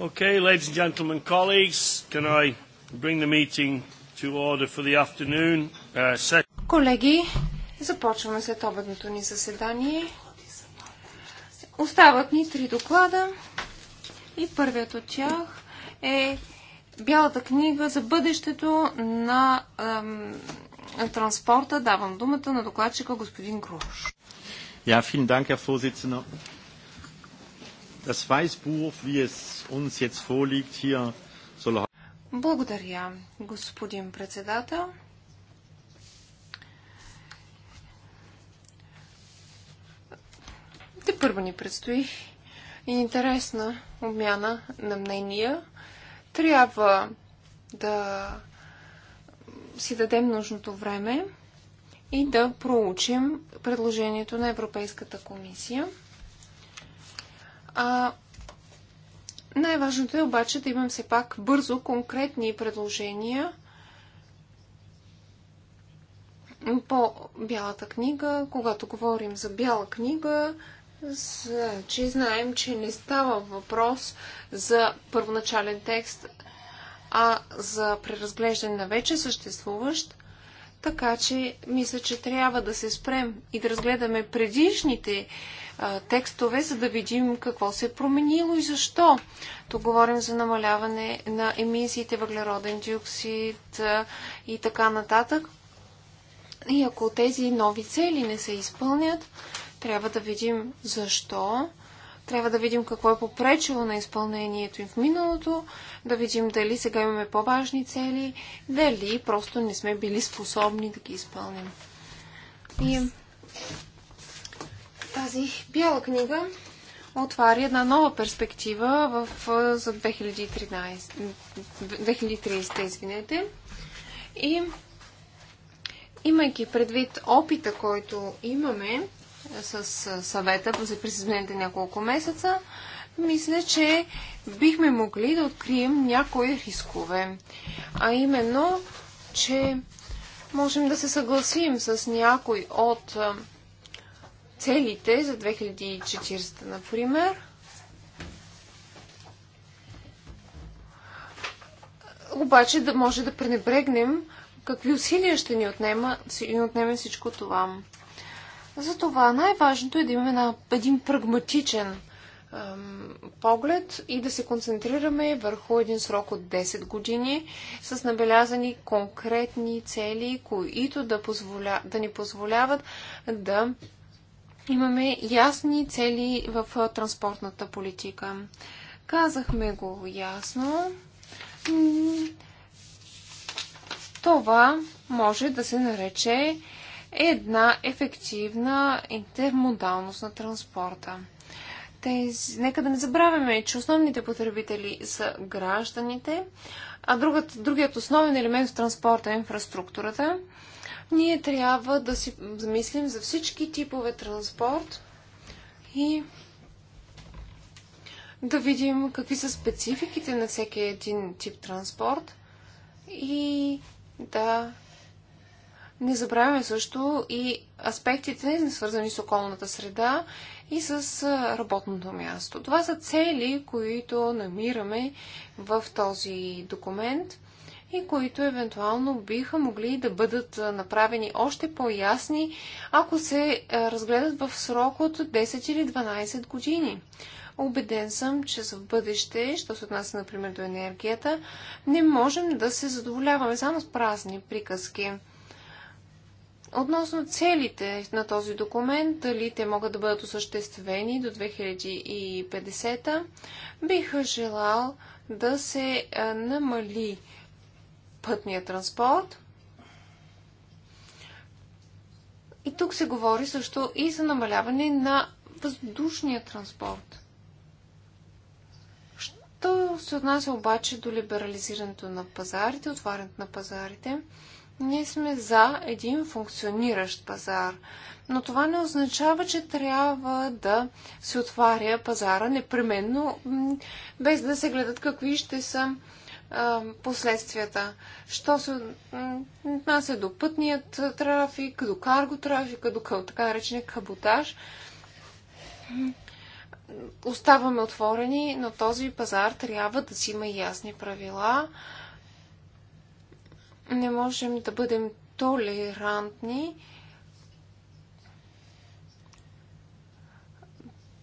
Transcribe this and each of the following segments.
Okay, ladies and gentlemen, colleagues, can I bring the meeting to order for the afternoon? Uh, Колеги, започваме след обедното ни заседание. Остават ни три доклада и първият от тях е Бялата книга за бъдещето на транспорта. Давам думата на докладчика господин Крош. Ja, vielen Dank, Herr Vorsitzender. Das Weißbuch, wie es uns jetzt vorliegt, hier soll... Благодаря, господин председател. Те първо ни предстои интересна обмяна на мнения. Трябва да си дадем нужното време и да проучим предложението на Европейската комисия. А, най-важното е обаче да имам все пак бързо конкретни предложения по бялата книга. Когато говорим за бяла книга, че значи знаем, че не става въпрос за първоначален текст, а за преразглеждане на вече съществуващ така че мисля, че трябва да се спрем и да разгледаме предишните а, текстове, за да видим какво се е променило и защо. Тук говорим за намаляване на емисиите въглероден диоксид а, и така нататък. И ако тези нови цели не се изпълнят, трябва да видим защо трябва да видим какво е попречило на изпълнението им в миналото, да видим дали сега имаме по-важни цели, дали просто не сме били способни да ги изпълним. И тази бяла книга отваря една нова перспектива в, за 2013, 2030, извинете. И имайки предвид опита, който имаме, с съвета за присъединените няколко месеца, мисля, че бихме могли да открием някои рискове. А именно, че можем да се съгласим с някой от целите за 2040, например, обаче да може да пренебрегнем какви усилия ще ни отнема, ни отнеме всичко това. Затова най-важното е да имаме на един прагматичен поглед и да се концентрираме върху един срок от 10 години с набелязани конкретни цели, които да, позволя, да ни позволяват да имаме ясни цели в транспортната политика. Казахме го ясно. Това може да се нарече е една ефективна интермодалност на транспорта. Тези... Нека да не забравяме, че основните потребители са гражданите, а другът, другият основен елемент в транспорта е инфраструктурата. Ние трябва да си замислим за всички типове транспорт и да видим какви са спецификите на всеки един тип транспорт и да не забравяме също и аспектите, свързани с околната среда и с работното място. Това са цели, които намираме в този документ и които евентуално биха могли да бъдат направени още по-ясни, ако се разгледат в срок от 10 или 12 години. Обеден съм, че в бъдеще, що се отнася, например, до енергията, не можем да се задоволяваме само с празни приказки. Относно целите на този документ, дали те могат да бъдат осъществени до 2050, бих желал да се намали пътния транспорт. И тук се говори също и за намаляване на въздушния транспорт. Що се отнася обаче до либерализирането на пазарите, отварянето на пазарите – ние сме за един функциониращ пазар, но това не означава, че трябва да се отваря пазара непременно, без да се гледат какви ще са а, последствията. Що се отнася до пътният трафик, до карго трафика, до така наречения каботаж, оставаме отворени, но този пазар трябва да си има ясни правила, не можем да бъдем толерантни,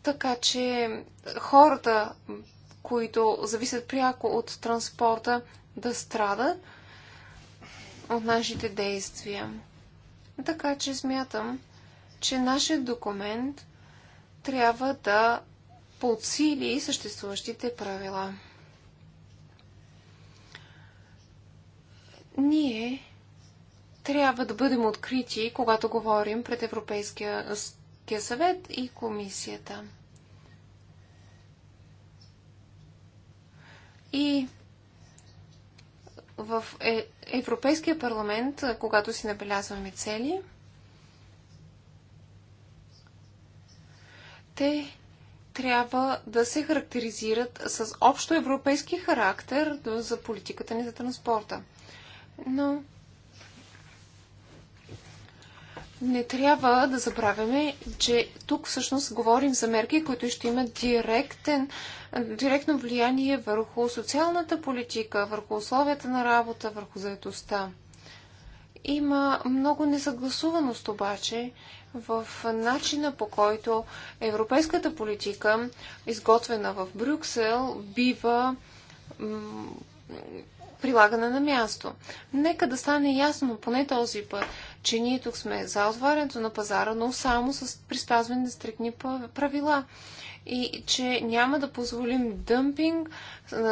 така че хората, които зависят пряко от транспорта, да страдат от нашите действия. Така че смятам, че нашия документ трябва да подсили съществуващите правила. Ние трябва да бъдем открити, когато говорим пред Европейския съвет и комисията. И в е, Европейския парламент, когато си набелязваме цели, те трябва да се характеризират с общо европейски характер за политиката ни за транспорта но не трябва да забравяме, че тук всъщност говорим за мерки, които ще имат директен, директно влияние върху социалната политика, върху условията на работа, върху заедостта. Има много несъгласуваност обаче в начина по който европейската политика, изготвена в Брюксел, бива прилагане на място. Нека да стане ясно поне този път, че ние тук сме за отварянето на пазара, но само с приспазване на стрикни правила. И че няма да позволим дъмпинг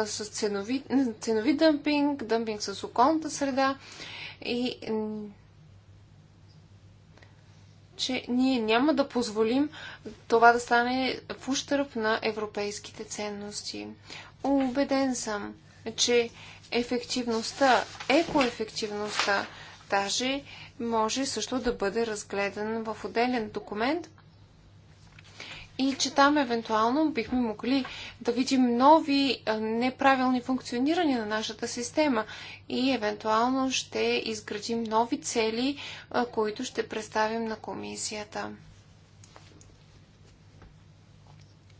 с ценови, ценови дъмпинг, дъмпинг с околната среда и че ние няма да позволим това да стане в ущърп на европейските ценности. Убеден съм, че ефективността, екоефективността даже може също да бъде разгледан в отделен документ и че там евентуално бихме могли да видим нови неправилни функционирания на нашата система и евентуално ще изградим нови цели, които ще представим на комисията.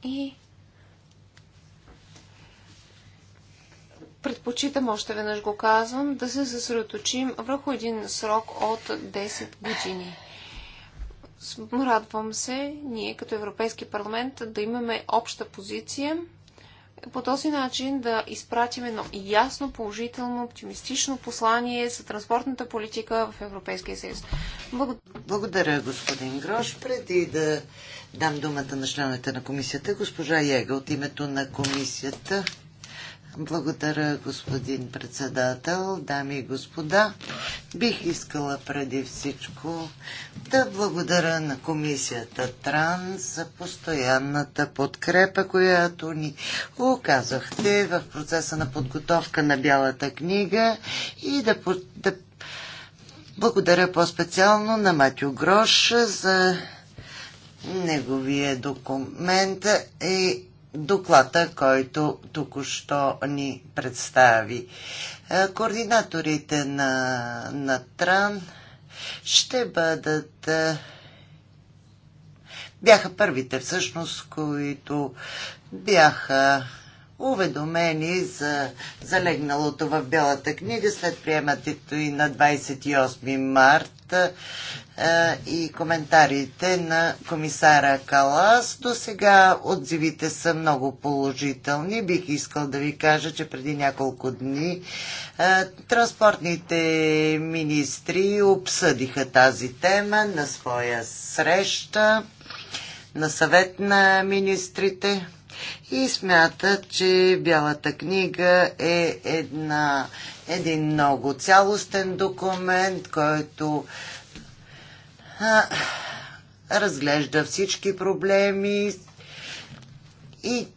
И предпочитам, още веднъж го казвам, да се съсредоточим върху един срок от 10 години. Радвам се ние като Европейски парламент да имаме обща позиция по този начин да изпратим едно ясно, положително, оптимистично послание за транспортната политика в Европейския съюз. Благодаря. Благодаря, господин Грош. Преди да дам думата на членовете на комисията, госпожа Ега от името на комисията благодаря, господин председател, дами и господа. Бих искала преди всичко да благодаря на комисията Тран за постоянната подкрепа, която ни оказахте в процеса на подготовка на Бялата книга и да, да благодаря по-специално на Матю Грош за неговия документ и е, доклада, който току-що ни представи. Е, координаторите на, на Тран ще бъдат е, бяха първите всъщност, които бяха уведомени за залегналото в Бялата книга след приемането и на 28 март текста и коментарите на комисара Калас. До сега отзивите са много положителни. Бих искал да ви кажа, че преди няколко дни транспортните министри обсъдиха тази тема на своя среща на съвет на министрите и смятат, че Бялата книга е една, един много цялостен документ, който а, разглежда всички проблеми и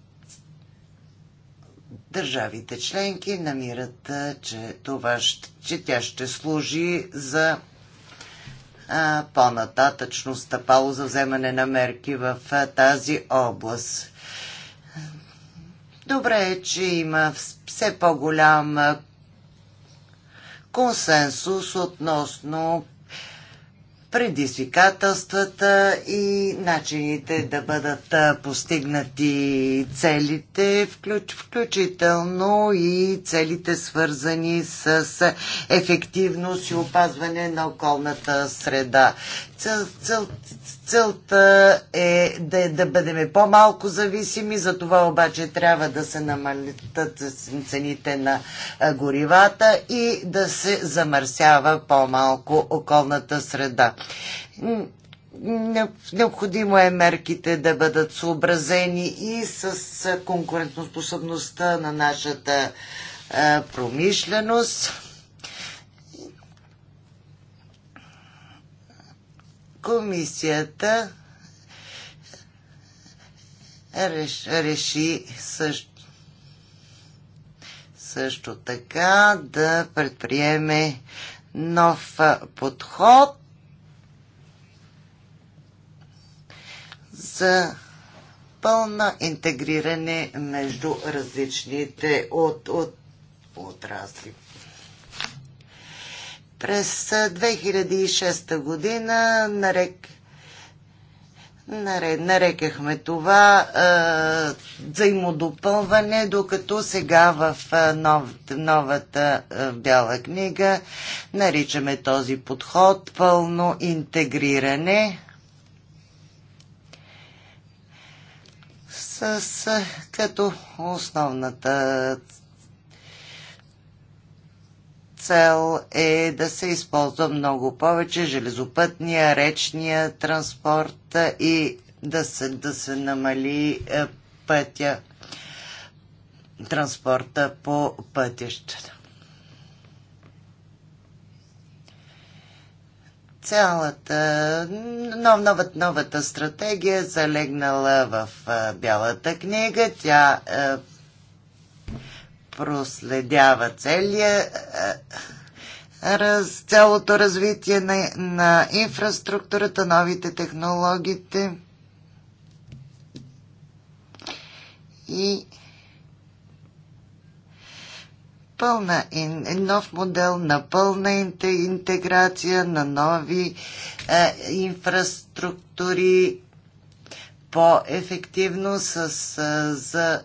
държавите членки намират, че, това, че тя ще служи за по-нататъчно стъпало за вземане на мерки в тази област. Добре е, че има все по-голям консенсус относно предизвикателствата и начините да бъдат постигнати целите, включително и целите свързани с ефективност и опазване на околната среда. Цел, цел, Целта е да, да бъдем по-малко зависими, за това обаче трябва да се намалят цените на горивата и да се замърсява по-малко околната среда. Необходимо е мерките да бъдат съобразени и с конкурентоспособността на нашата промишленост комисията реш, реши също, също така да предприеме нов подход за пълно интегриране между различните от, от, отрасли. През 2006 година нарек, нарек, нарекахме това е, взаимодопълване, докато сега в нов, новата е, бяла книга наричаме този подход пълно интегриране. с, като основната цел е да се използва много повече железопътния, речния транспорт и да се, да се намали е, пътя, транспорта по пътищата. цялата нов, новата, новата стратегия е залегнала в е, Бялата книга. Тя проследява целия е, раз, цялото развитие на, на инфраструктурата, новите технологиите и пълна, нов модел на пълна интеграция на нови е, инфраструктури по-ефективно с, е, за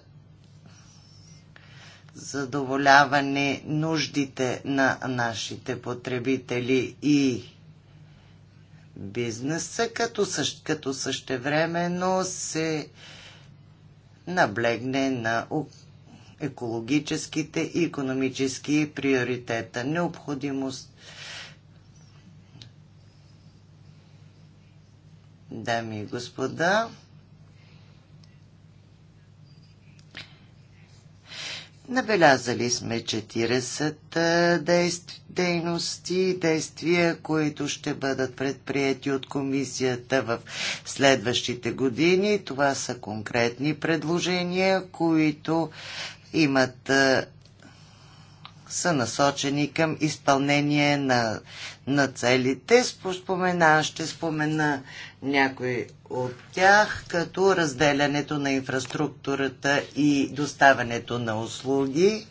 задоволяване нуждите на нашите потребители и бизнеса, като, същ, като същевременно се наблегне на екологическите и економически приоритета. Необходимост Дами и господа, Набелязали сме 40 действ... дейности, действия, които ще бъдат предприяти от комисията в следващите години. Това са конкретни предложения, които имат са насочени към изпълнение на, на целите. Спомена, ще спомена някой от тях, като разделянето на инфраструктурата и доставянето на услуги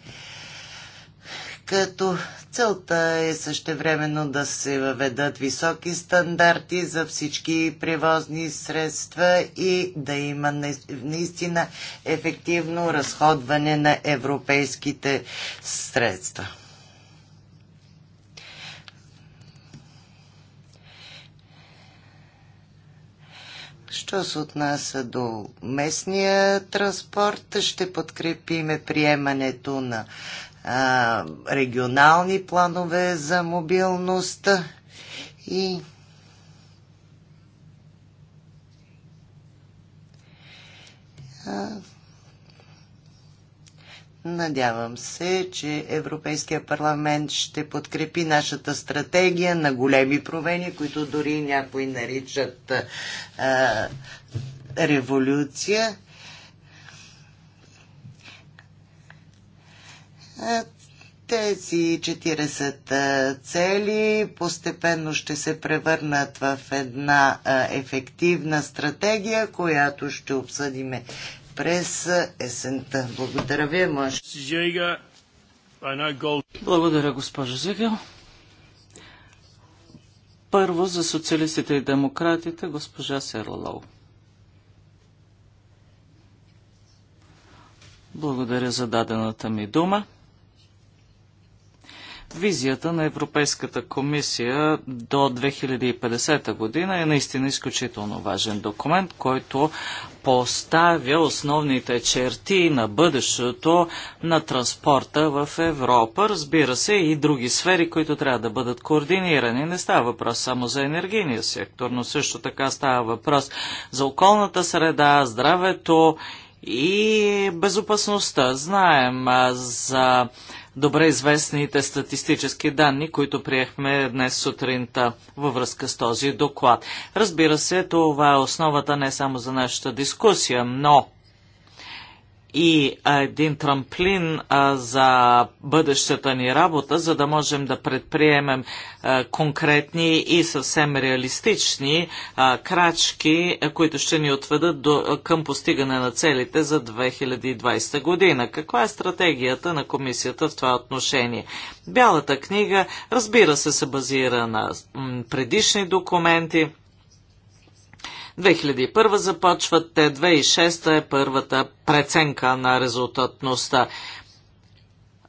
като целта е същевременно да се въведат високи стандарти за всички превозни средства и да има наистина ефективно разходване на европейските средства. Що се отнася до местния транспорт, ще подкрепиме приемането на а, регионални планове за мобилност и Надявам се, че Европейския парламент ще подкрепи нашата стратегия на големи провени, които дори някои наричат а, революция. Е, тези 40 е, цели постепенно ще се превърнат в една е, ефективна стратегия, която ще обсъдиме през есента. Благодаря ви, мъж. Благодаря, госпожо Зигел. Първо за социалистите и демократите, госпожа Серлоу. Благодаря за дадената ми дума. Визията на Европейската комисия до 2050 година е наистина изключително важен документ, който поставя основните черти на бъдещето на транспорта в Европа. Разбира се, и други сфери, които трябва да бъдат координирани. Не става въпрос само за енергийния сектор, но също така става въпрос за околната среда, здравето и безопасността. Знаем за добре известните статистически данни, които приехме днес сутринта във връзка с този доклад. Разбира се, това е основата не само за нашата дискусия, но и един трамплин за бъдещата ни работа, за да можем да предприемем конкретни и съвсем реалистични крачки, които ще ни отведат до, към постигане на целите за 2020 година. Каква е стратегията на комисията в това отношение? Бялата книга, разбира се, се базира на предишни документи, 2001 започват те, 2006 е първата преценка на резултатността.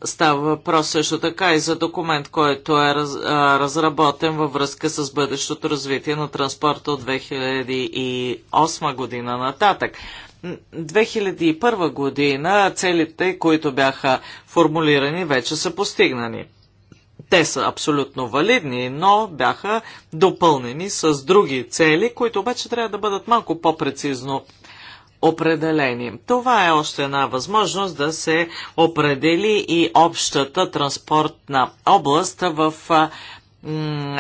Става въпрос също така и за документ, който е раз, а, разработен във връзка с бъдещото развитие на транспорта от 2008 година нататък. 2001 година целите, които бяха формулирани, вече са постигнани. Те са абсолютно валидни, но бяха допълнени с други цели, които обаче трябва да бъдат малко по-прецизно определени. Това е още една възможност да се определи и общата транспортна област в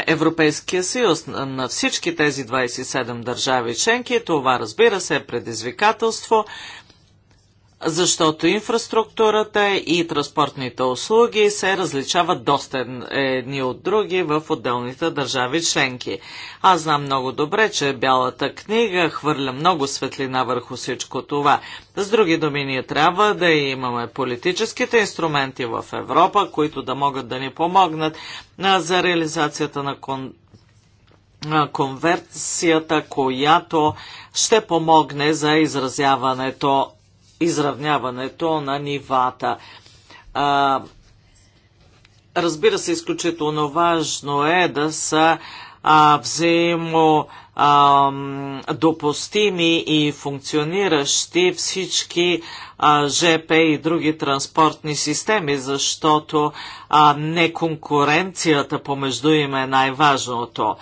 Европейския съюз на всички тези 27 държави членки. Това разбира се е предизвикателство, защото инфраструктурата и транспортните услуги се различават доста едни от други в отделните държави членки. Аз знам много добре, че Бялата книга хвърля много светлина върху всичко това. С други думи, ние трябва да имаме политическите инструменти в Европа, които да могат да ни помогнат за реализацията на кон конверсията, която ще помогне за изразяването изравняването на нивата. А, разбира се, изключително важно е да са а, взаимо а, допустими и функциониращи всички а, ЖП и други транспортни системи, защото а, не конкуренцията помежду им е най-важното.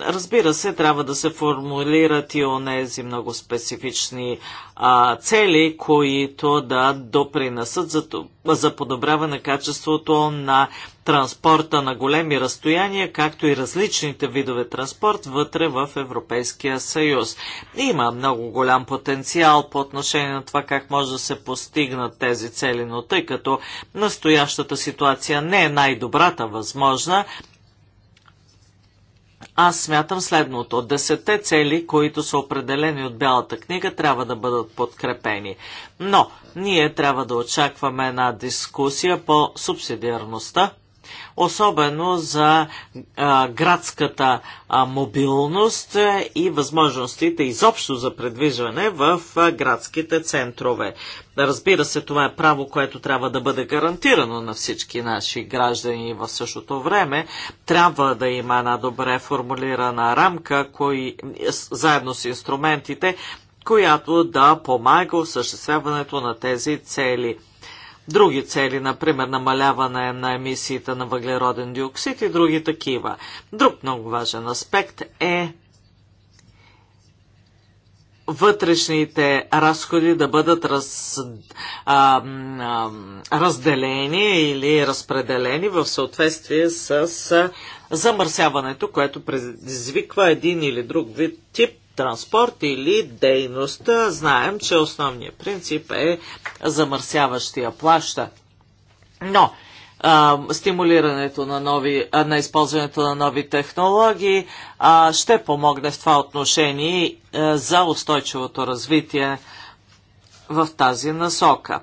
Разбира се, трябва да се формулират и онези много специфични а, цели, които да допринесат за, за подобряване качеството на транспорта на големи разстояния, както и различните видове транспорт вътре в Европейския съюз. Има много голям потенциал по отношение на това как може да се постигнат тези цели, но тъй като настоящата ситуация не е най-добрата възможна, аз смятам следното. десетте цели, които са определени от Бялата книга, трябва да бъдат подкрепени. Но ние трябва да очакваме една дискусия по субсидиарността особено за а, градската а, мобилност и възможностите изобщо за предвижване в а, градските центрове. Разбира се, това е право, което трябва да бъде гарантирано на всички наши граждани в същото време. Трябва да има една добре формулирана рамка, кои, заедно с инструментите, която да помага осъществяването на тези цели – други цели, например намаляване на емисиите на въглероден диоксид и други такива. Друг много важен аспект е вътрешните разходи да бъдат раз, а, а, разделени или разпределени в съответствие с замърсяването, което предизвиква един или друг вид тип транспорт или дейност. знаем, че основният принцип е замърсяващия плаща. Но а, стимулирането на, нови, а, на използването на нови технологии а, ще помогне в това отношение а, за устойчивото развитие в тази насока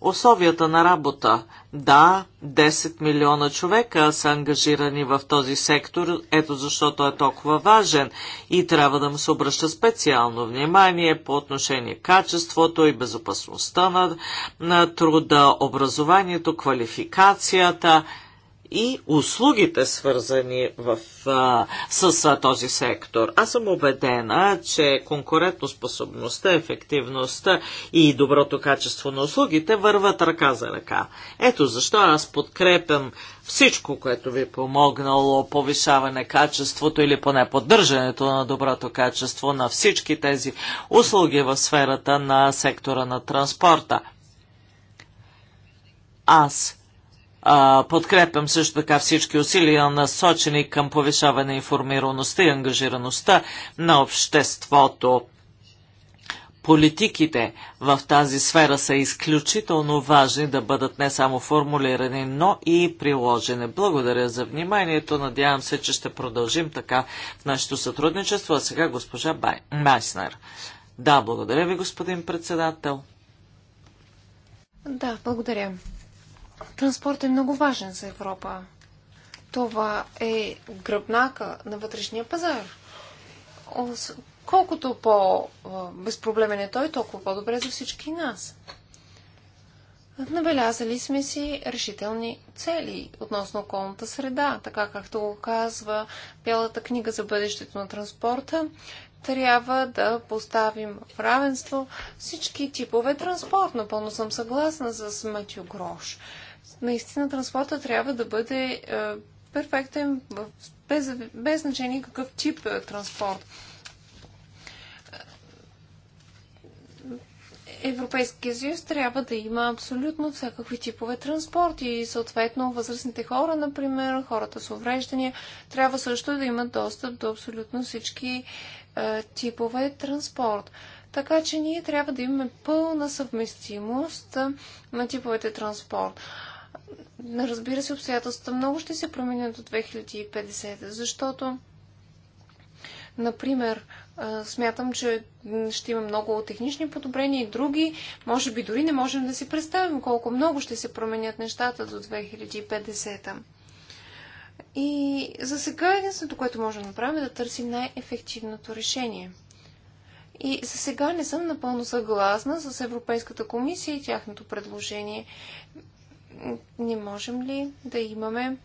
условията на работа. Да, 10 милиона човека са ангажирани в този сектор, ето защото е толкова важен и трябва да му се обръща специално внимание по отношение качеството и безопасността на, на труда, образованието, квалификацията – и услугите, свързани в, а, с а, този сектор. Аз съм убедена, че конкурентоспособността, ефективността и доброто качество на услугите върват ръка за ръка. Ето защо аз подкрепям всичко, което ви е помогнало повишаване качеството или поне поддържането на доброто качество на всички тези услуги в сферата на сектора на транспорта. Аз подкрепям също така всички усилия насочени към повишаване информираността и ангажираността на обществото. Политиките в тази сфера са изключително важни да бъдат не само формулирани, но и приложени. Благодаря за вниманието. Надявам се, че ще продължим така в нашето сътрудничество. А сега госпожа Бай... Майснер. Да, благодаря ви, господин председател. Да, благодаря. Транспорт е много важен за Европа. Това е гръбнака на вътрешния пазар. Колкото по-безпроблемен е той, толкова по-добре е за всички нас. Набелязали сме си решителни цели относно околната среда, така както го казва Бялата книга за бъдещето на транспорта. Трябва да поставим в равенство всички типове транспорт. Напълно съм съгласна с Матю Грош наистина транспорта трябва да бъде а, е, перфектен, без, без значение какъв тип е, транспорт. Европейския съюз трябва да има абсолютно всякакви типове транспорт и съответно възрастните хора, например, хората с увреждания, трябва също да имат достъп до абсолютно всички е, типове транспорт. Така че ние трябва да имаме пълна съвместимост е, на типовете транспорт разбира се, обстоятелствата много ще се променят до 2050, защото, например, смятам, че ще има много технични подобрения и други. Може би дори не можем да си представим колко много ще се променят нещата до 2050. И за сега единственото, което можем да направим е да търсим най-ефективното решение. И за сега не съм напълно съгласна с Европейската комисия и тяхното предложение не можем ли да имаме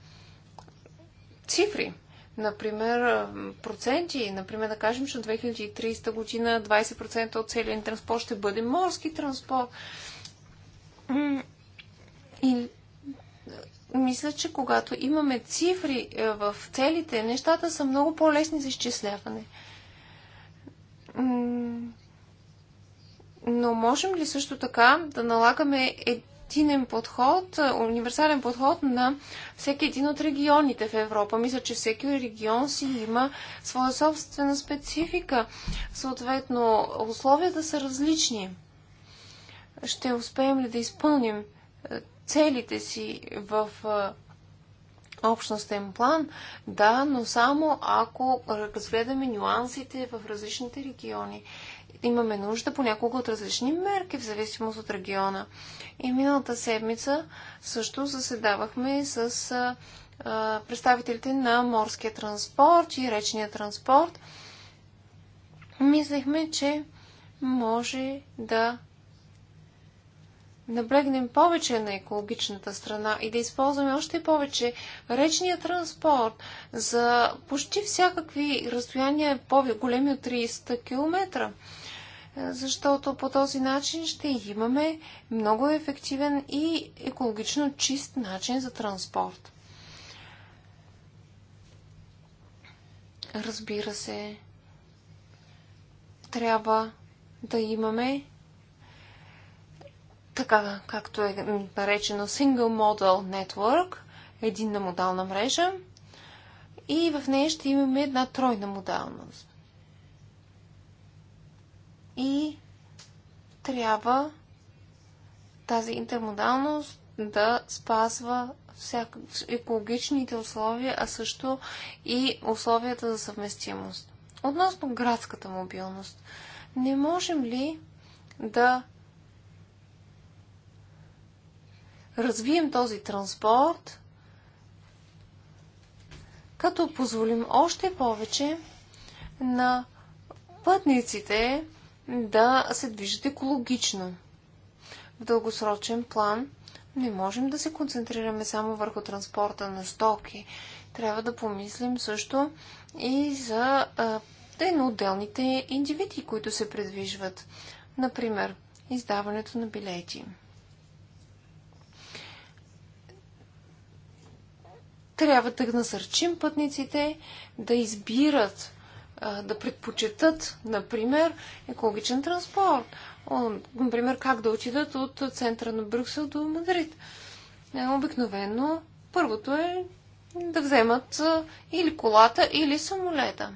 цифри? Например, проценти. Например, да кажем, че от 2030 година 20% от целия транспорт ще бъде морски транспорт. И мисля, че когато имаме цифри е, в целите, нещата са много по-лесни за изчисляване. Но можем ли също така да налагаме партинен подход, е, универсален подход на всеки един от регионите в Европа. Мисля, че всеки регион си има своя собствена специфика. Съответно, условията са различни. Ще успеем ли да изпълним е, целите си в е, общностен план? Да, но само ако разгледаме нюансите в различните региони имаме нужда понякога от различни мерки в зависимост от региона. И миналата седмица също заседавахме с а, а, представителите на морския транспорт и речния транспорт. Мислехме, че може да наблегнем повече на екологичната страна и да използваме още повече речния транспорт за почти всякакви разстояния по-големи от 300 км защото по този начин ще имаме много ефективен и екологично чист начин за транспорт. Разбира се, трябва да имаме така, както е наречено Single Model Network, единна модална мрежа. И в нея ще имаме една тройна модалност и трябва тази интермодалност да спазва всяко, екологичните условия, а също и условията за съвместимост. Относно градската мобилност, не можем ли да развием този транспорт, като позволим още повече на пътниците, да се движат екологично. В дългосрочен план не можем да се концентрираме само върху транспорта на стоки. Трябва да помислим също и за те на отделните индивиди, които се предвижват. Например, издаването на билети. Трябва да насърчим пътниците да избират да предпочитат, например, екологичен транспорт. Например, как да отидат от центъра на Брюксел до Мадрид. Е, обикновено първото е да вземат или колата, или самолета.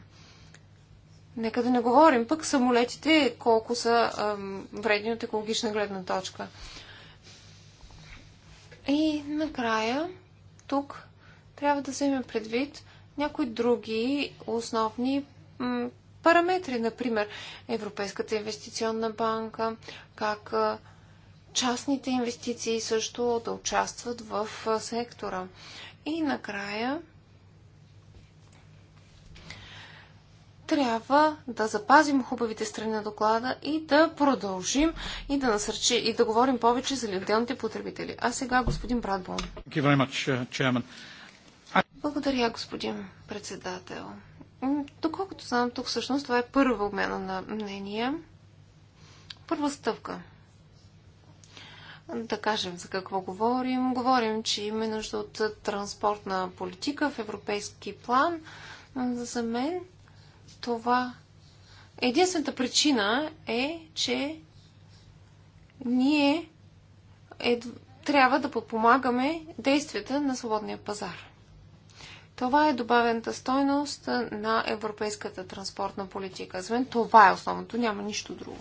Нека да не говорим пък самолетите колко са ам, вредни от екологична гледна точка. И накрая, тук трябва да вземем предвид някои други основни параметри, например Европейската инвестиционна банка, как частните инвестиции също да участват в сектора. И накрая трябва да запазим хубавите страни на доклада и да продължим и да насърчим и да говорим повече за отделните потребители. А сега господин Брадбон. Uh, Благодаря, господин председател. Доколкото знам тук, всъщност това е първа обмена на мнения. Първа стъпка. Да кажем за какво говорим. Говорим, че има нужда от транспортна политика в европейски план. За мен това единствената причина е, че ние е, трябва да подпомагаме действията на свободния пазар. Това е добавената стойност на европейската транспортна политика. За мен това е основното, няма нищо друго.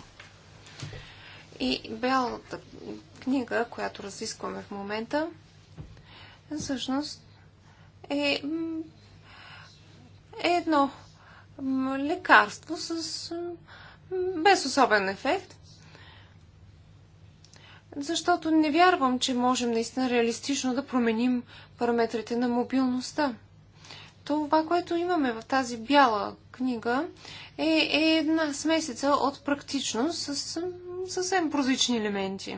И бялата книга, която разискваме в момента, всъщност е, е едно лекарство с, без особен ефект, защото не вярвам, че можем наистина реалистично да променим параметрите на мобилността. Това, което имаме в тази бяла книга, е, е една смесица от практичност с съвсем прозични елементи.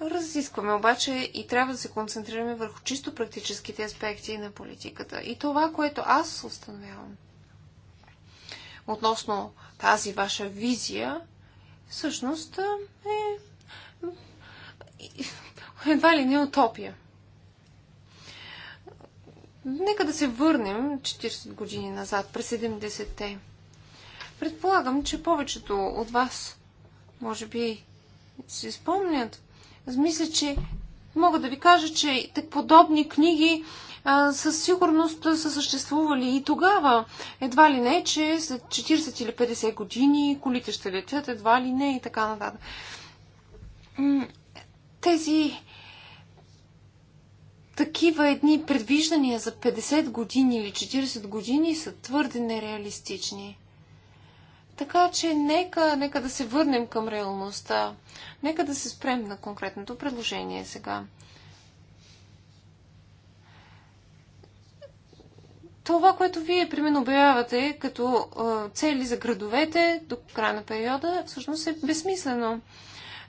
Разискваме обаче и трябва да се концентрираме върху чисто практическите аспекти на политиката. И това, което аз установявам относно тази ваша визия, всъщност е, е едва ли не утопия. Нека да се върнем 40 години назад, през 70-те. Предполагам, че повечето от вас, може би, си спомнят. Аз мисля, че мога да ви кажа, че подобни книги а, със сигурност са съществували и тогава. Едва ли не, че след 40 или 50 години колите ще летят, едва ли не и така нататък. Тези такива едни предвиждания за 50 години или 40 години са твърде нереалистични. Така че нека, нека да се върнем към реалността. Нека да се спрем на конкретното предложение сега. Това, което вие, примерно, обявявате като цели за градовете до края на периода, всъщност е безсмислено.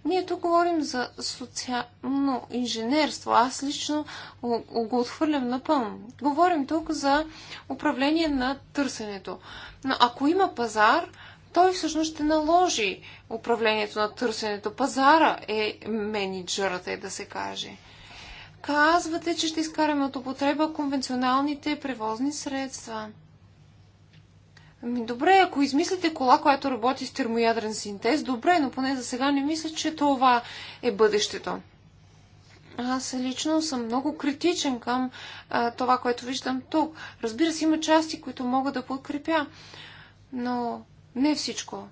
Ние тук говорим за социално инженерство. Аз лично го отхвърлям напълно. Говорим тук за управление на търсенето. Но ако има пазар, той всъщност ще наложи управлението на търсенето. Пазара е менеджерът, е да се каже. Казвате, че ще изкараме от употреба конвенционалните превозни средства. Ами добре, ако измислите кола, която работи с термоядрен синтез, добре, но поне за сега не мисля, че това е бъдещето. Аз лично съм много критичен към а, това, което виждам тук. Разбира се, има части, които мога да подкрепя, но не всичко.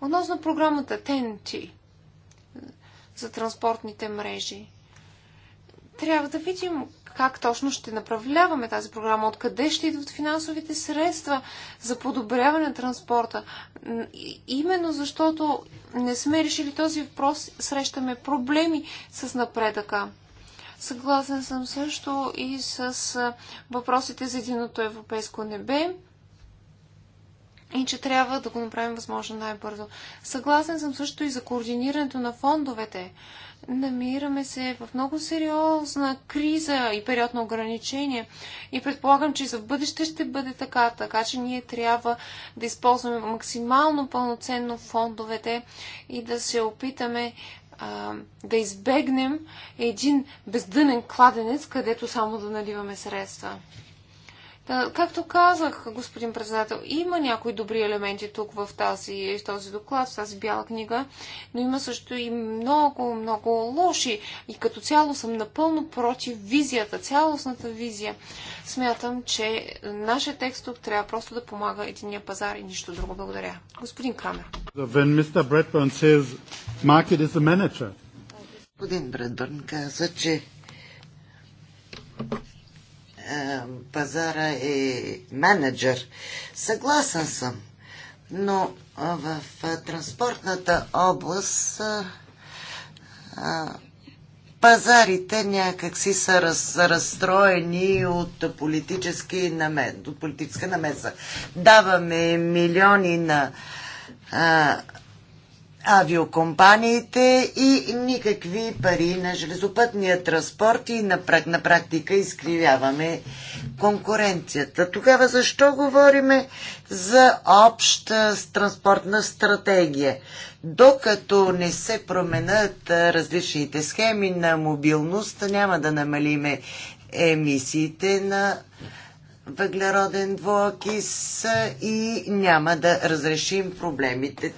Относно програмата TNT за транспортните мрежи, трябва да видим как точно ще направляваме тази програма, откъде ще идват финансовите средства за подобряване на транспорта. Именно защото не сме решили този въпрос, срещаме проблеми с напредъка. Съгласен съм също и с въпросите за единото европейско небе и че трябва да го направим възможно най-бързо. Съгласен съм също и за координирането на фондовете. Намираме се в много сериозна криза и период на ограничения. И предполагам, че и за бъдеще ще бъде така, така че ние трябва да използваме максимално пълноценно фондовете и да се опитаме а, да избегнем един бездънен кладенец, където само да наливаме средства. Е, както казах, господин председател, има някои добри елементи тук в, тази, в този доклад, в тази бяла книга, но има също и много, много лоши. И като цяло съм напълно против визията, цялостната визия. Смятам, че нашия текст тук трябва просто да помага единия пазар и нищо друго. Благодаря. Господин Крамер. Господин Бредбърн каза, че е, пазара е менеджер. Съгласен съм, но в транспортната област пазарите някакси са, раз, са разстроени от, политически намес, от политическа намеса. Даваме милиони на а, авиокомпаниите и никакви пари на железопътния транспорт и на, на практика изкривяваме конкуренцията. Тогава защо говориме за обща транспортна стратегия? Докато не се променят различните схеми на мобилност, няма да намалиме емисиите на въглероден двуокис и няма да разрешим проблемите.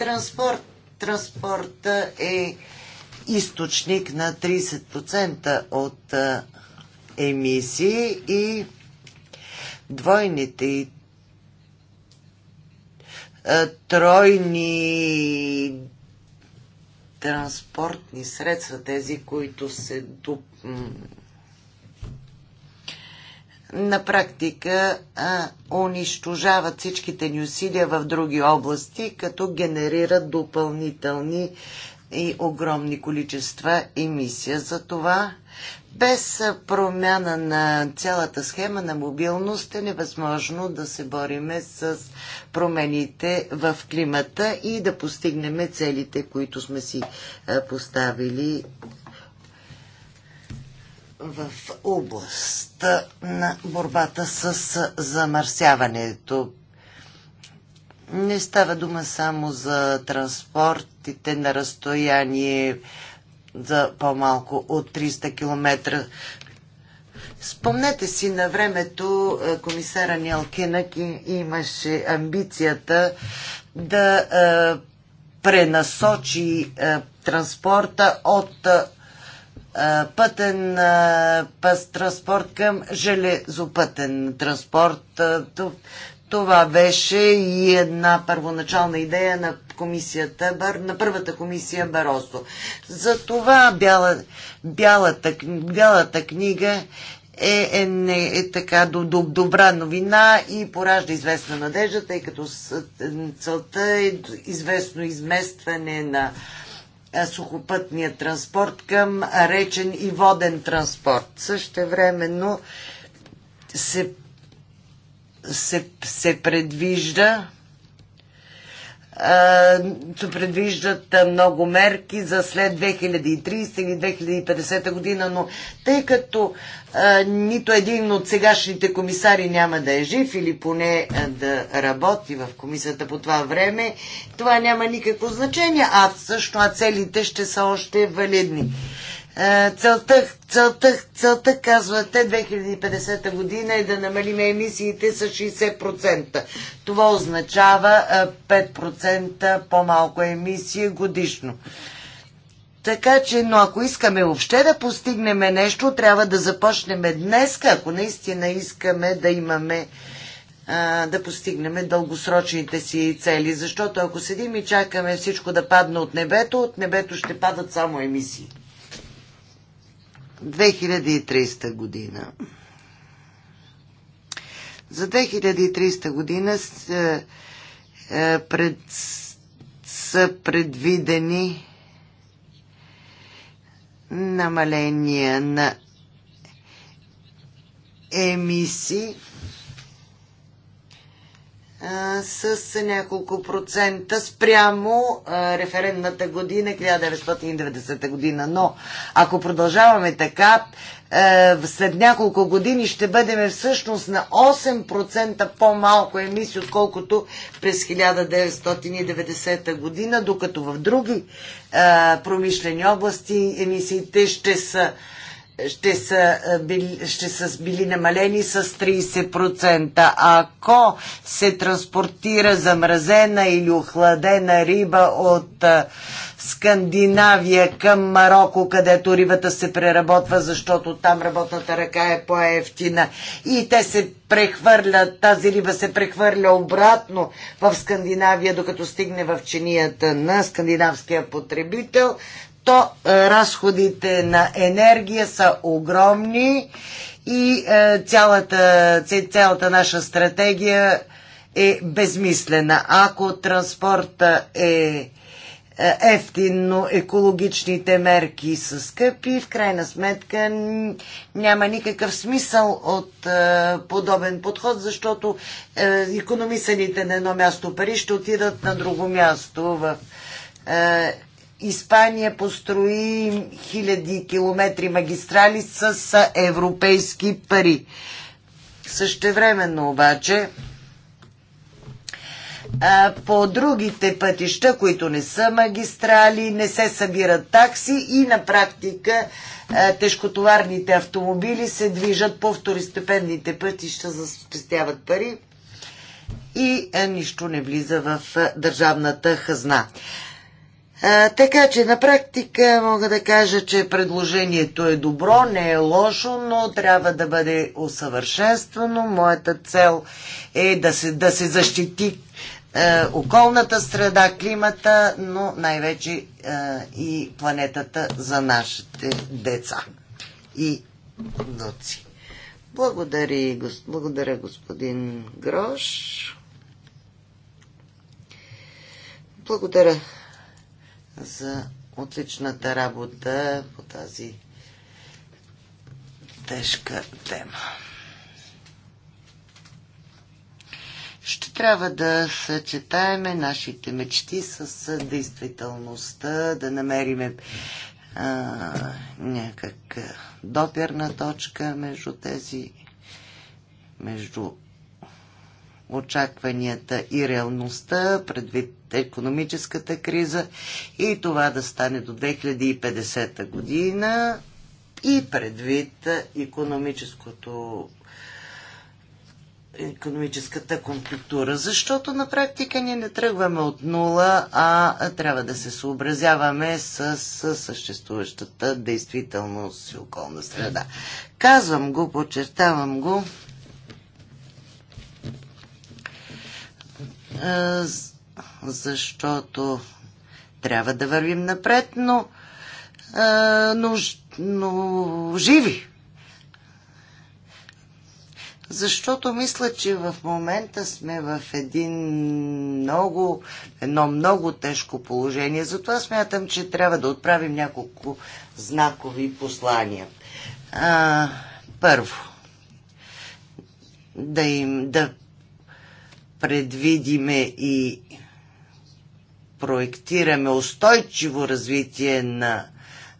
Транспорт, транспорта е източник на 30% от емисии и двойните и тройни транспортни средства, тези, които се на практика а, унищожават всичките ни усилия в други области, като генерират допълнителни и огромни количества емисия. За това без промяна на цялата схема на мобилност е невъзможно да се бориме с промените в климата и да постигнем целите, които сме си поставили в областта на борбата с замърсяването. Не става дума само за транспортите на разстояние за по-малко от 300 км. Спомнете си на времето е, комисара Нялкинък имаше амбицията да е, пренасочи е, транспорта от пътен пъс транспорт към железопътен транспорт. Това беше и една първоначална идея на комисията, на първата комисия Баросо. За това бяла, бялата, бялата книга е, е, не, е така до, до, добра новина и поражда известна надежда, тъй като целта е известно изместване на е, сухопътния транспорт към речен и воден транспорт. Същевременно се, се, се предвижда се предвиждат много мерки за след 2030 или 2050 година, но тъй като нито един от сегашните комисари няма да е жив или поне да работи в комисията по това време, това няма никакво значение, а всъщност целите ще са още валидни. Е, целта, целта, целта казвате 2050 година е да намалим емисиите с 60%. Това означава 5% е, по-малко емисии годишно. Така че, но ако искаме въобще да постигнем нещо, трябва да започнем днес, ако наистина искаме да имаме е, да постигнем дългосрочните си цели. Защото ако седим и чакаме всичко да падне от небето, от небето ще падат само емисии. 2300 година. За 2300 година са, е, пред, са предвидени намаления на емисии с няколко процента спрямо референдната година 1990 година. Но ако продължаваме така, след няколко години ще бъдем всъщност на 8% по-малко емисии, отколкото през 1990 година, докато в други промишлени области емисиите ще са ще са, е, били, ще са били намалени с 30%. Ако се транспортира замразена или охладена риба от е, Скандинавия към Марокко, където рибата се преработва, защото там работната ръка е по-ефтина и те се прехвърлят, тази риба се прехвърля обратно в Скандинавия, докато стигне в чинията на скандинавския потребител, защо е, разходите на енергия са огромни и е, цялата, цялата наша стратегия е безмислена. Ако транспорта е, е ефтин, но екологичните мерки са скъпи, в крайна сметка няма никакъв смисъл от подобен подход, защото економисаните на едно място пари ще отидат на друго място в Испания построи хиляди километри магистрали с европейски пари. Същевременно обаче по другите пътища, които не са магистрали, не се събират такси и на практика тежкотоварните автомобили се движат по второстепенните пътища, за спестяват пари и нищо не влиза в държавната хазна. А, така че на практика мога да кажа, че предложението е добро, не е лошо, но трябва да бъде усъвършенствано. Моята цел е да се, да се защити е, околната среда, климата, но най-вече е, и планетата за нашите деца и внуци. Благодаря, гос, благодаря господин Грош. Благодаря за отличната работа по тази тежка тема. Ще трябва да съчетаеме нашите мечти с действителността, да намериме а, някак допирна точка между тези, между очакванията и реалността, предвид економическата криза и това да стане до 2050 година и предвид економическото економическата конфликтура, защото на практика ние не тръгваме от нула, а трябва да се съобразяваме с, с съществуващата действителност и околна среда. Казвам го, подчертавам го. Е, защото трябва да вървим напред, но, а, но, но живи. Защото мисля, че в момента сме в един много, едно много тежко положение. Затова смятам, че трябва да отправим няколко знакови послания. А, първо, да им да предвидиме и проектираме устойчиво развитие на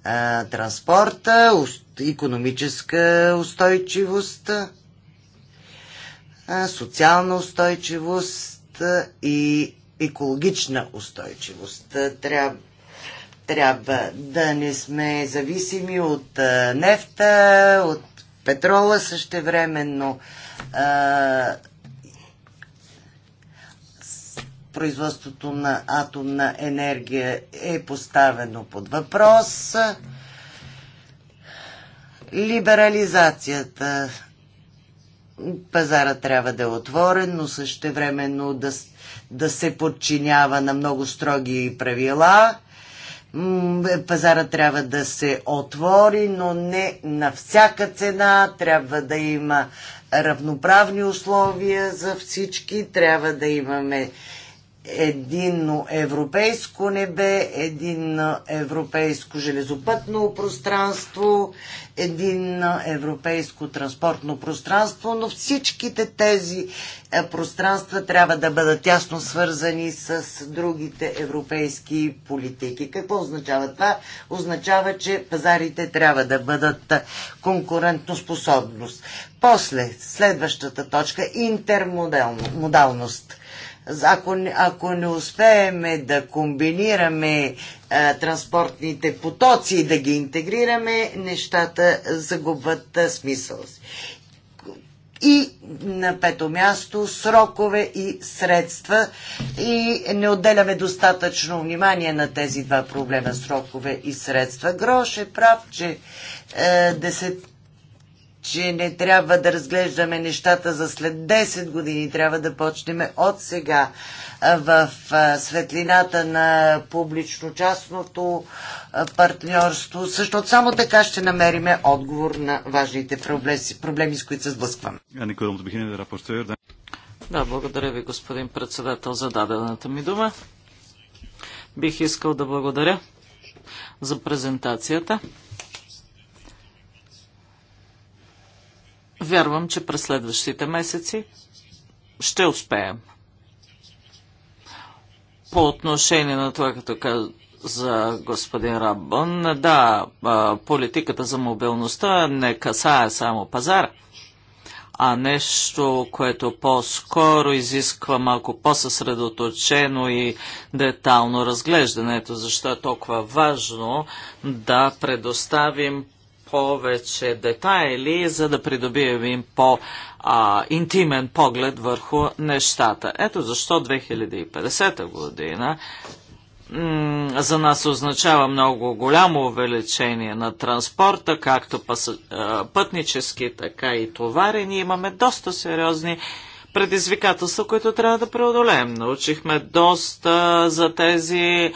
а, транспорта, економическа устойчивост, а, социална устойчивост и екологична устойчивост. Трябва трябва да не сме зависими от а, нефта, от петрола също време, А, производството на атомна енергия е поставено под въпрос. Либерализацията пазара трябва да е отворен, но също времено да, да се подчинява на много строги правила. Пазара трябва да се отвори, но не на всяка цена. Трябва да има равноправни условия за всички. Трябва да имаме единно европейско небе, единно европейско железопътно пространство, единно европейско транспортно пространство, но всичките тези е, пространства трябва да бъдат тясно свързани с другите европейски политики. Какво означава това? Означава, че пазарите трябва да бъдат е, способност. После, следващата точка, интермодалност ако, ако не успеем да комбинираме а, е, транспортните потоци и да ги интегрираме, нещата загубват а, е, смисъл И на пето място срокове и средства. И не отделяме достатъчно внимание на тези два проблема срокове и средства. Грош е прав, че 10, е, че не трябва да разглеждаме нещата за след 10 години, трябва да почнем от сега в светлината на публично-частното партньорство, защото само така ще намерим отговор на важните проблеми, с които се сблъскваме. Да, благодаря ви, господин председател, за дадената ми дума. Бих искал да благодаря за презентацията. Вярвам, че през следващите месеци ще успеем. По отношение на това, като каза господин Раббон, да, политиката за мобилността не касае само пазара, а нещо, което по-скоро изисква малко по-съсредоточено и детално разглеждането, защо е толкова важно да предоставим повече детайли, за да придобием по-интимен поглед върху нещата. Ето защо 2050 година за нас означава много голямо увеличение на транспорта, както пътнически, така и товарени. Имаме доста сериозни предизвикателства, които трябва да преодолеем. Научихме доста за тези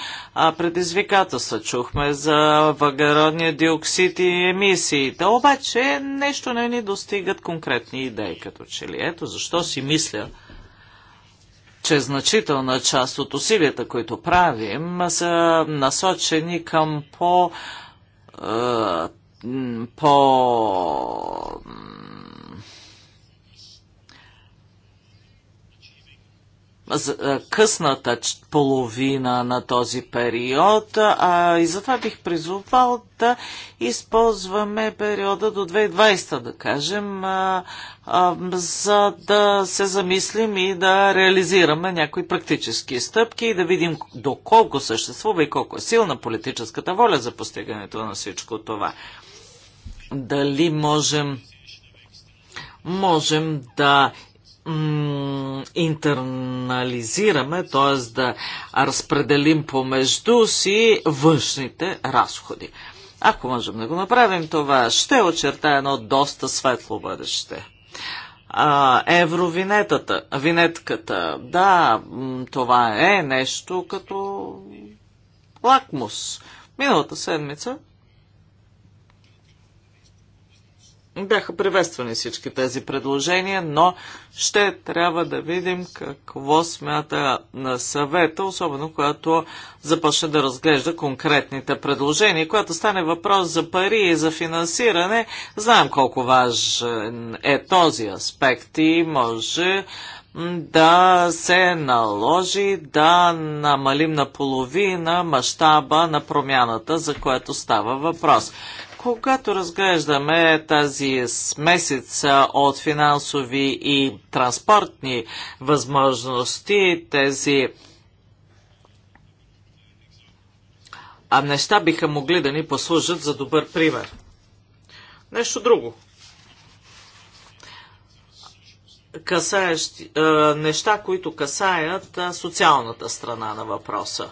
предизвикателства. Чухме за въглеродния диоксид и емисиите. Обаче нещо не ни достигат конкретни идеи, като че ли. Ето защо си мисля, че значителна част от усилията, които правим, са насочени към по по късната половина на този период а, и затова бих призовал да използваме периода до 2020, да кажем, а, а, за да се замислим и да реализираме някои практически стъпки и да видим доколко съществува и колко е силна политическата воля за постигането на всичко това. Дали можем можем да интернализираме, т.е. да разпределим помежду си външните разходи. Ако можем да го направим това, ще очертая едно доста светло бъдеще. А, евровинетата, винетката, да, това е нещо като лакмус. Миналата седмица Бяха приветствани всички тези предложения, но ще трябва да видим какво смята на съвета, особено когато започне да разглежда конкретните предложения. Когато стане въпрос за пари и за финансиране, знаем колко важен е този аспект и може да се наложи да намалим наполовина мащаба на промяната, за което става въпрос. Когато разглеждаме тази смесица от финансови и транспортни възможности, тези а неща биха могли да ни послужат за добър пример. Нещо друго. Касаещ, е, неща, които касаят е, социалната страна на въпроса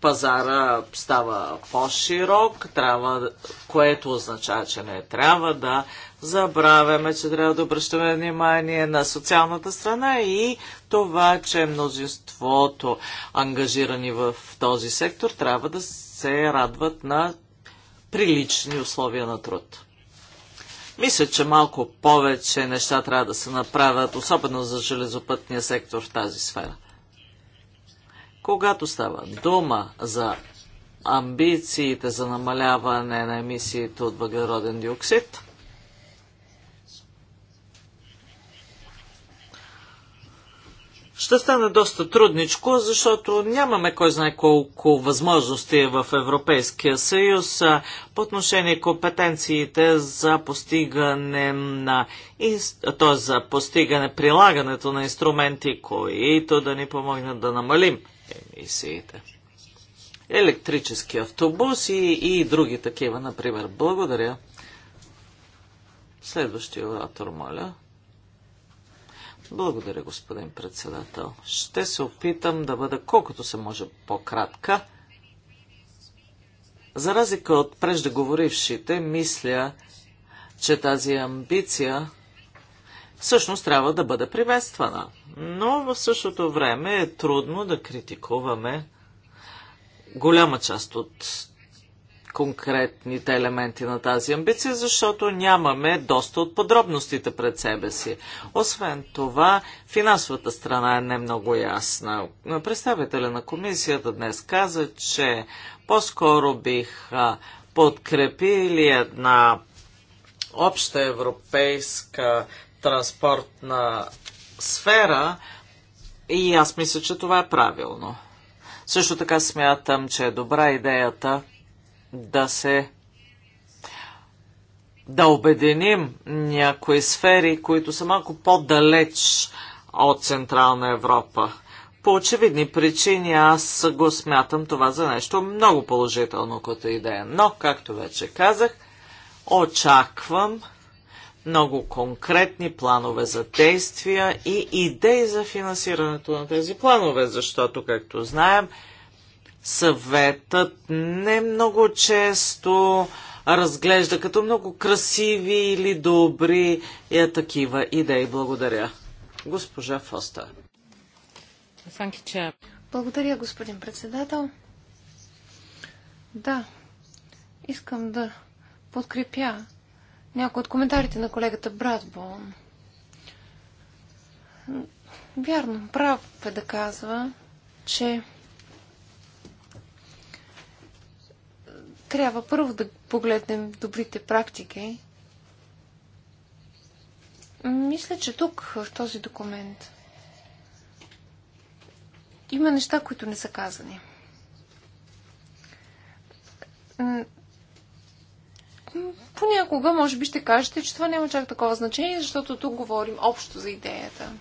пазара става по-широк, трябва, което означава, че не трябва да забравяме, че трябва да обръщаме внимание на социалната страна и това, че мнозинството ангажирани в този сектор трябва да се радват на прилични условия на труд. Мисля, че малко повече неща трябва да се направят, особено за железопътния сектор в тази сфера. Когато става дума за амбициите за намаляване на емисиите от въглероден диоксид, ще стане доста трудничко, защото нямаме кой знае колко възможности в Европейския съюз по отношение компетенциите за постигане на т.е. за постигане прилагането на инструменти, които да ни помогнат да намалим емисиите. Електрически автобуси и, и други такива, например. Благодаря. Следващия оратор, моля. Благодаря, господин председател. Ще се опитам да бъда колкото се може по-кратка. За разлика от преждеговорившите, мисля, че тази амбиция всъщност трябва да бъде приветствана. Но в същото време е трудно да критикуваме голяма част от конкретните елементи на тази амбиция, защото нямаме доста от подробностите пред себе си. Освен това, финансовата страна е не много ясна. Представителя на комисията днес каза, че по-скоро бих подкрепили една обща европейска транспортна сфера и аз мисля, че това е правилно. Също така смятам, че е добра идеята да се да обединим някои сфери, които са малко по-далеч от Централна Европа. По очевидни причини аз го смятам това за нещо много положително като идея. Но, както вече казах, очаквам много конкретни планове за действия и идеи за финансирането на тези планове, защото, както знаем, съветът не много често разглежда като много красиви или добри е, такива идеи. Благодаря. Госпожа Фостер. Благодаря, господин председател. Да, искам да подкрепя някои от коментарите на колегата Братбон. Вярно, прав е да казва, че трябва първо да погледнем добрите практики. Мисля, че тук, в този документ, има неща, които не са казани понякога, може би, ще кажете, че това няма чак такова значение, защото тук говорим общо за идеята.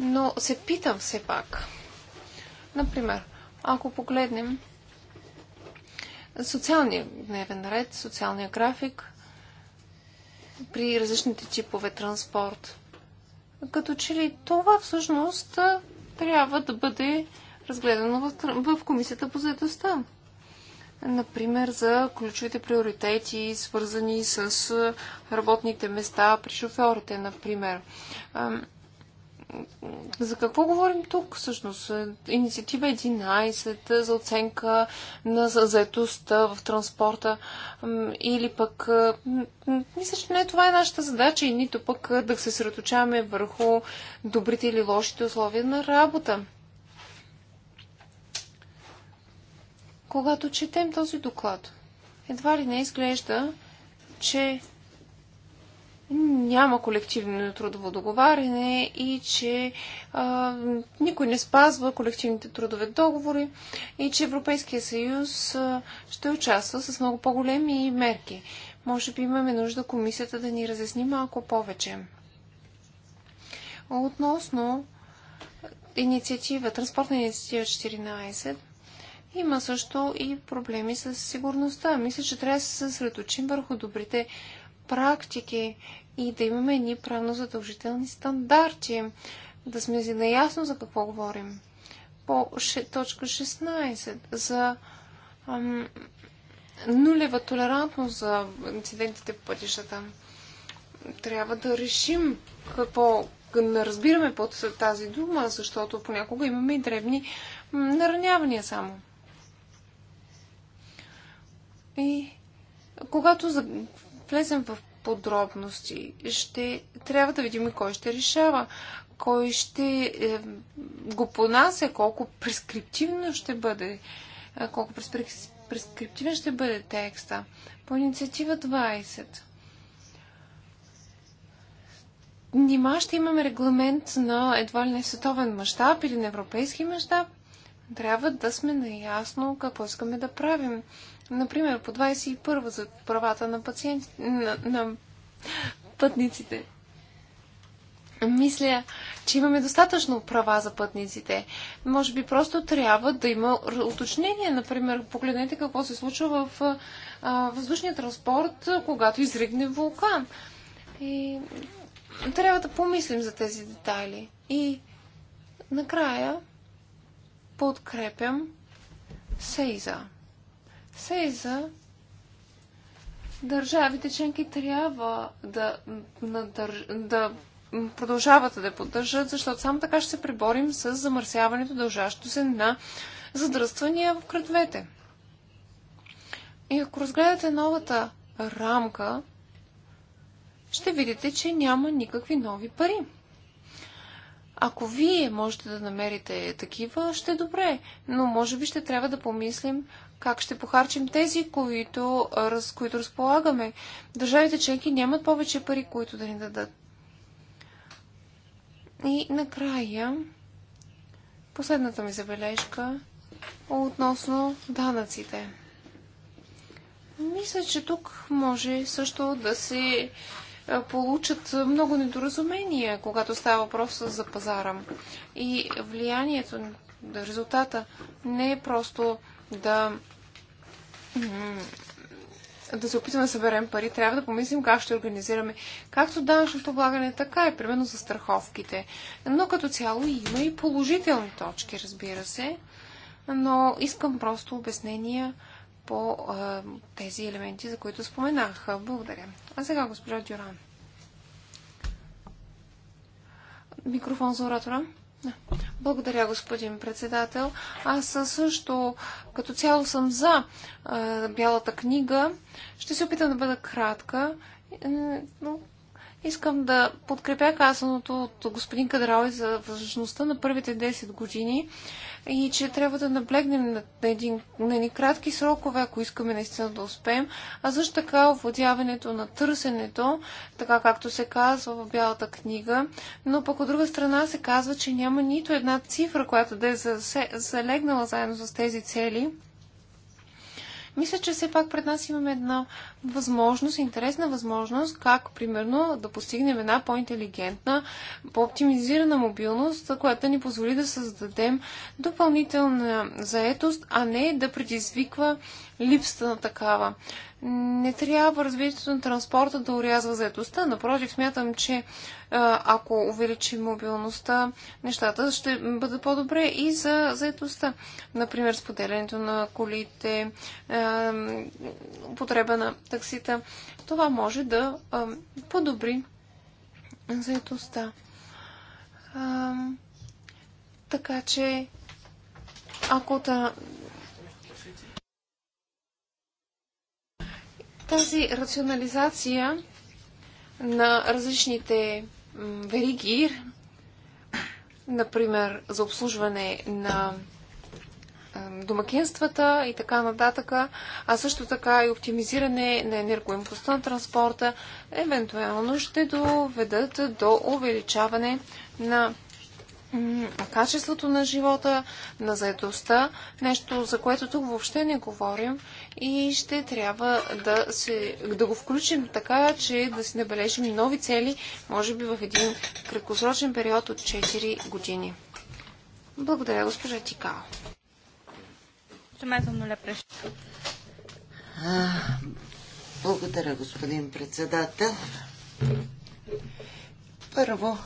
Но се питам все пак. Например, ако погледнем социалния дневен ред, социалния график при различните типове транспорт, като че ли това всъщност трябва да бъде разгледано в, в Комисията по заедостта например, за ключовите приоритети, свързани с работните места при шофьорите, например. За какво говорим тук всъщност? Инициатива 11 за оценка на заетостта в транспорта или пък... Мисля, че не това е нашата задача и нито пък да се средоточаваме върху добрите или лошите условия на работа. Когато четем този доклад, едва ли не изглежда, че няма колективно трудово договаряне и че а, никой не спазва колективните трудове договори и че Европейския съюз а, ще участва с много по-големи мерки. Може би имаме нужда комисията да ни разясни малко повече. Относно инициатива, транспортна инициатива 14, има също и проблеми с сигурността. Мисля, че трябва да се съсредоточим върху добрите практики и да имаме едни правно задължителни стандарти. Да сме си наясно за какво говорим. По точка 16 за ам, нулева толерантност за инцидентите по пътищата. Трябва да решим какво не разбираме под тази дума, защото понякога имаме и древни наранявания само. И когато влезем в подробности, ще трябва да видим и кой ще решава, кой ще е, го понася, колко прескриптивно ще бъде, е, колко прескриптивен ще бъде текста. По инициатива 20. Нима ще имаме регламент на едва ли не световен мащаб или на европейски мащаб? Трябва да сме наясно какво искаме да правим. Например, по 21 за правата на, пациенти, на, на пътниците. Мисля, че имаме достатъчно права за пътниците. Може би просто трябва да има уточнение. Например, погледнете какво се случва в въздушния транспорт, когато изригне вулкан. И трябва да помислим за тези детайли. И накрая подкрепям Сейза за държавите членки трябва да, надър... да продължават да поддържат, защото само така ще се приборим с замърсяването, дължащо се на задръствания в градовете. И ако разгледате новата рамка, ще видите, че няма никакви нови пари. Ако вие можете да намерите такива, ще е добре, но може би ще трябва да помислим как ще похарчим тези, които, с които разполагаме? Държавите членки нямат повече пари, които да ни дадат. И накрая, последната ми забележка относно данъците. Мисля, че тук може също да се получат много недоразумения, когато става въпрос за пазара. И влиянието, резултата не е просто да да се опитаме да съберем пари, трябва да помислим как ще организираме както данъчното облагане, така и примерно за страховките. Но като цяло има и положителни точки, разбира се, но искам просто обяснения по а, тези елементи, за които споменах. Благодаря. А сега госпожа Дюран. Микрофон за оратора. Благодаря, господин председател. Аз също като цяло съм за а, Бялата книга. Ще се опитам да бъда кратка. Е, но Искам да подкрепя казаното от господин Кадрауи за възможността на първите 10 години и че трябва да наблегнем на, един, на един кратки срокове, ако искаме наистина да успеем, а също така овладяването на търсенето, така както се казва в Бялата книга, но пък от друга страна се казва, че няма нито една цифра, която да е залегнала заедно с тези цели мисля, че все пак пред нас имаме една възможност, интересна възможност, как примерно да постигнем една по-интелигентна, по-оптимизирана мобилност, която ни позволи да създадем допълнителна заетост, а не да предизвиква липсата на такава. Не трябва развитието на транспорта да урязва заедостта. Напротив, смятам, че ако увеличим мобилността, нещата ще бъдат по-добре и за заедостта. Например, споделянето на колите, употреба на таксита. Това може да подобри заедостта. Така че, ако Тази рационализация на различните вериги, например за обслужване на домакинствата и така нататък, а също така и оптимизиране на енергоемкостта на транспорта, евентуално ще доведат до увеличаване на качеството на живота, на заедостта, нещо за което тук въобще не говорим и ще трябва да, се, да го включим така, че да си набележим нови цели, може би в един краткосрочен период от 4 години. Благодаря, госпожа Тикао. Благодаря, господин председател. Първо,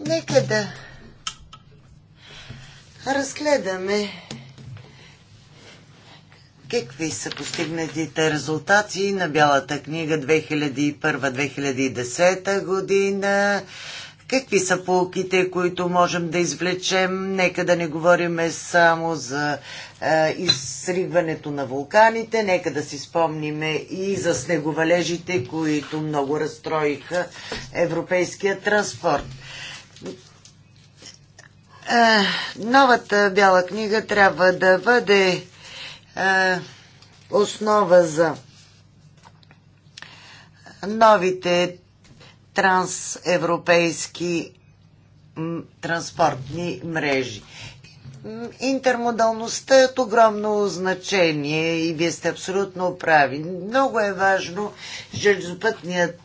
нека да разгледаме Какви са постигнатите резултати на Бялата книга 2001-2010 година? Какви са полките, които можем да извлечем? Нека да не говорим само за е, изсриването на вулканите, нека да си спомним и за снеговалежите, които много разстроиха европейския транспорт. Е, новата бяла книга трябва да бъде е, основа за новите трансевропейски транспортни мрежи. Интермодалността е от огромно значение и вие сте абсолютно прави. Много е важно железопътният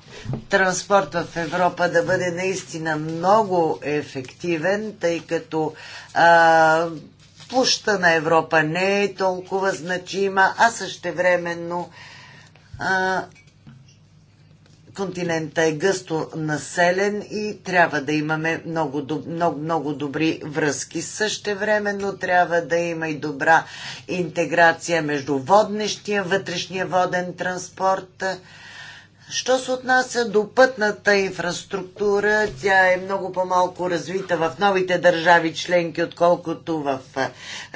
транспорт в Европа да бъде наистина много ефективен, тъй като а, площа на Европа не е толкова значима, а същевременно а, континента е гъсто населен и трябва да имаме много, много, много добри връзки. Същевременно трябва да има и добра интеграция между воднещия, вътрешния воден транспорт, Що се отнася до пътната инфраструктура, тя е много по-малко развита в новите държави членки, отколкото в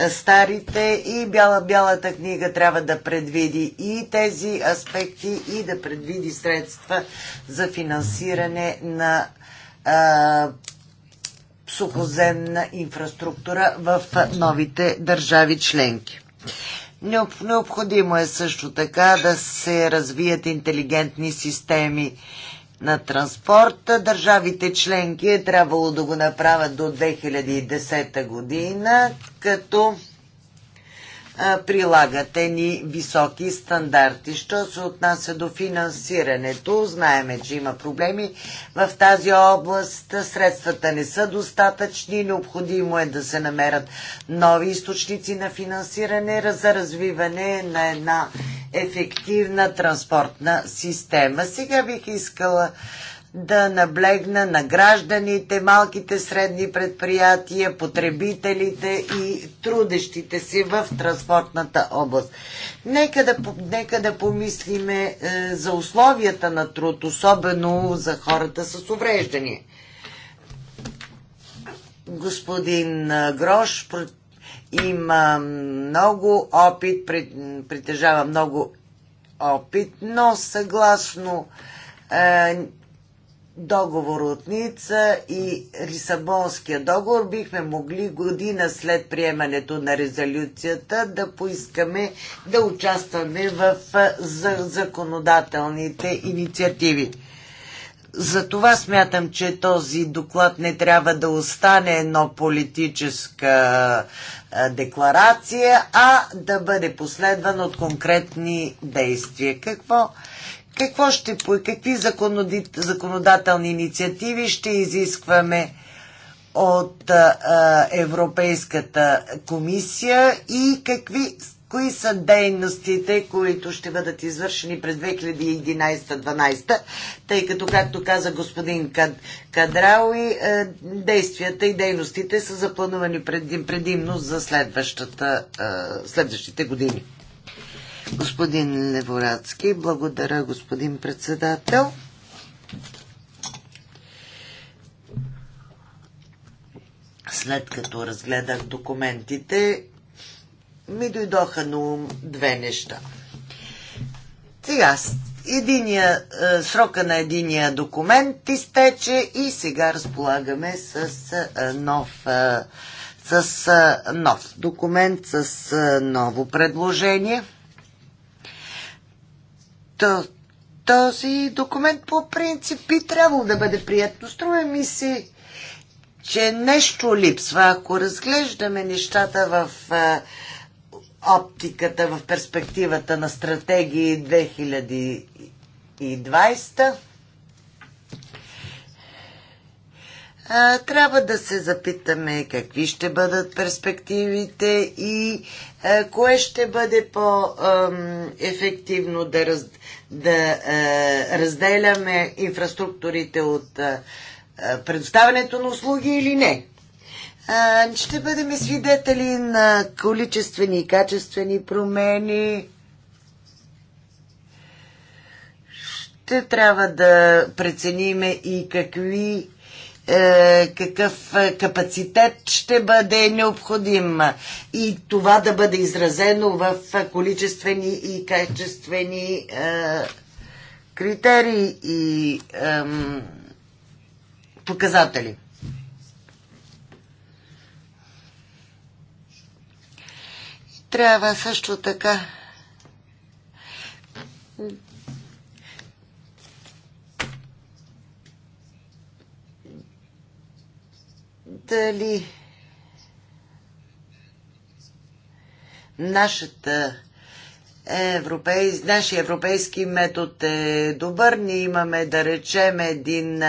старите и бяла, бялата книга трябва да предвиди и тези аспекти и да предвиди средства за финансиране на а, сухоземна инфраструктура в новите държави членки. Необходимо е също така да се развият интелигентни системи на транспорта. Държавите членки е трябвало да го направят до 2010 година, като прилагат ни високи стандарти. Що се отнася до финансирането, знаеме, че има проблеми в тази област. Средствата не са достатъчни, необходимо е да се намерят нови източници на финансиране за развиване на една ефективна транспортна система. Сега бих искала да наблегна на гражданите, малките средни предприятия, потребителите и трудещите си в транспортната област. Нека да, нека да помислиме е, за условията на труд, особено за хората с увреждания. Господин е, Грош има много опит, притежава много опит, но съгласно е, договор от Ница и Лисабонския договор бихме могли година след приемането на резолюцията да поискаме да участваме в законодателните инициативи. Затова смятам, че този доклад не трябва да остане едно политическа декларация, а да бъде последван от конкретни действия. Какво какво ще, какви законодателни инициативи ще изискваме от а, Европейската комисия и какви, кои са дейностите, които ще бъдат извършени през 2011-2012, тъй като, както каза господин Кад, Кадрауи, а, е, действията и дейностите са запланувани предим, предимно за следващата, а, е, следващите години. Господин Леворадски, благодаря, господин председател. След като разгледах документите, ми дойдоха на ум две неща. Сега, единия, е, срока на единия документ изтече и сега разполагаме с е, нов е, с е, нов документ, с е, ново предложение този документ по принцип би трябвало да бъде приятно. струва ми се, че нещо липсва. Ако разглеждаме нещата в а, оптиката, в перспективата на стратегии 2020, а, трябва да се запитаме какви ще бъдат перспективите и а, кое ще бъде по-ефективно да, раз, да а, разделяме инфраструктурите от а, предоставянето на услуги или не. А, ще бъдем свидетели на количествени и качествени промени. Ще трябва да прецениме и какви е, какъв е, капацитет ще бъде необходим и това да бъде изразено в количествени и качествени е, критерии и е, показатели. Трябва също така дали нашата европейс, нашия европейски метод е добър. Ние имаме, да речем, един,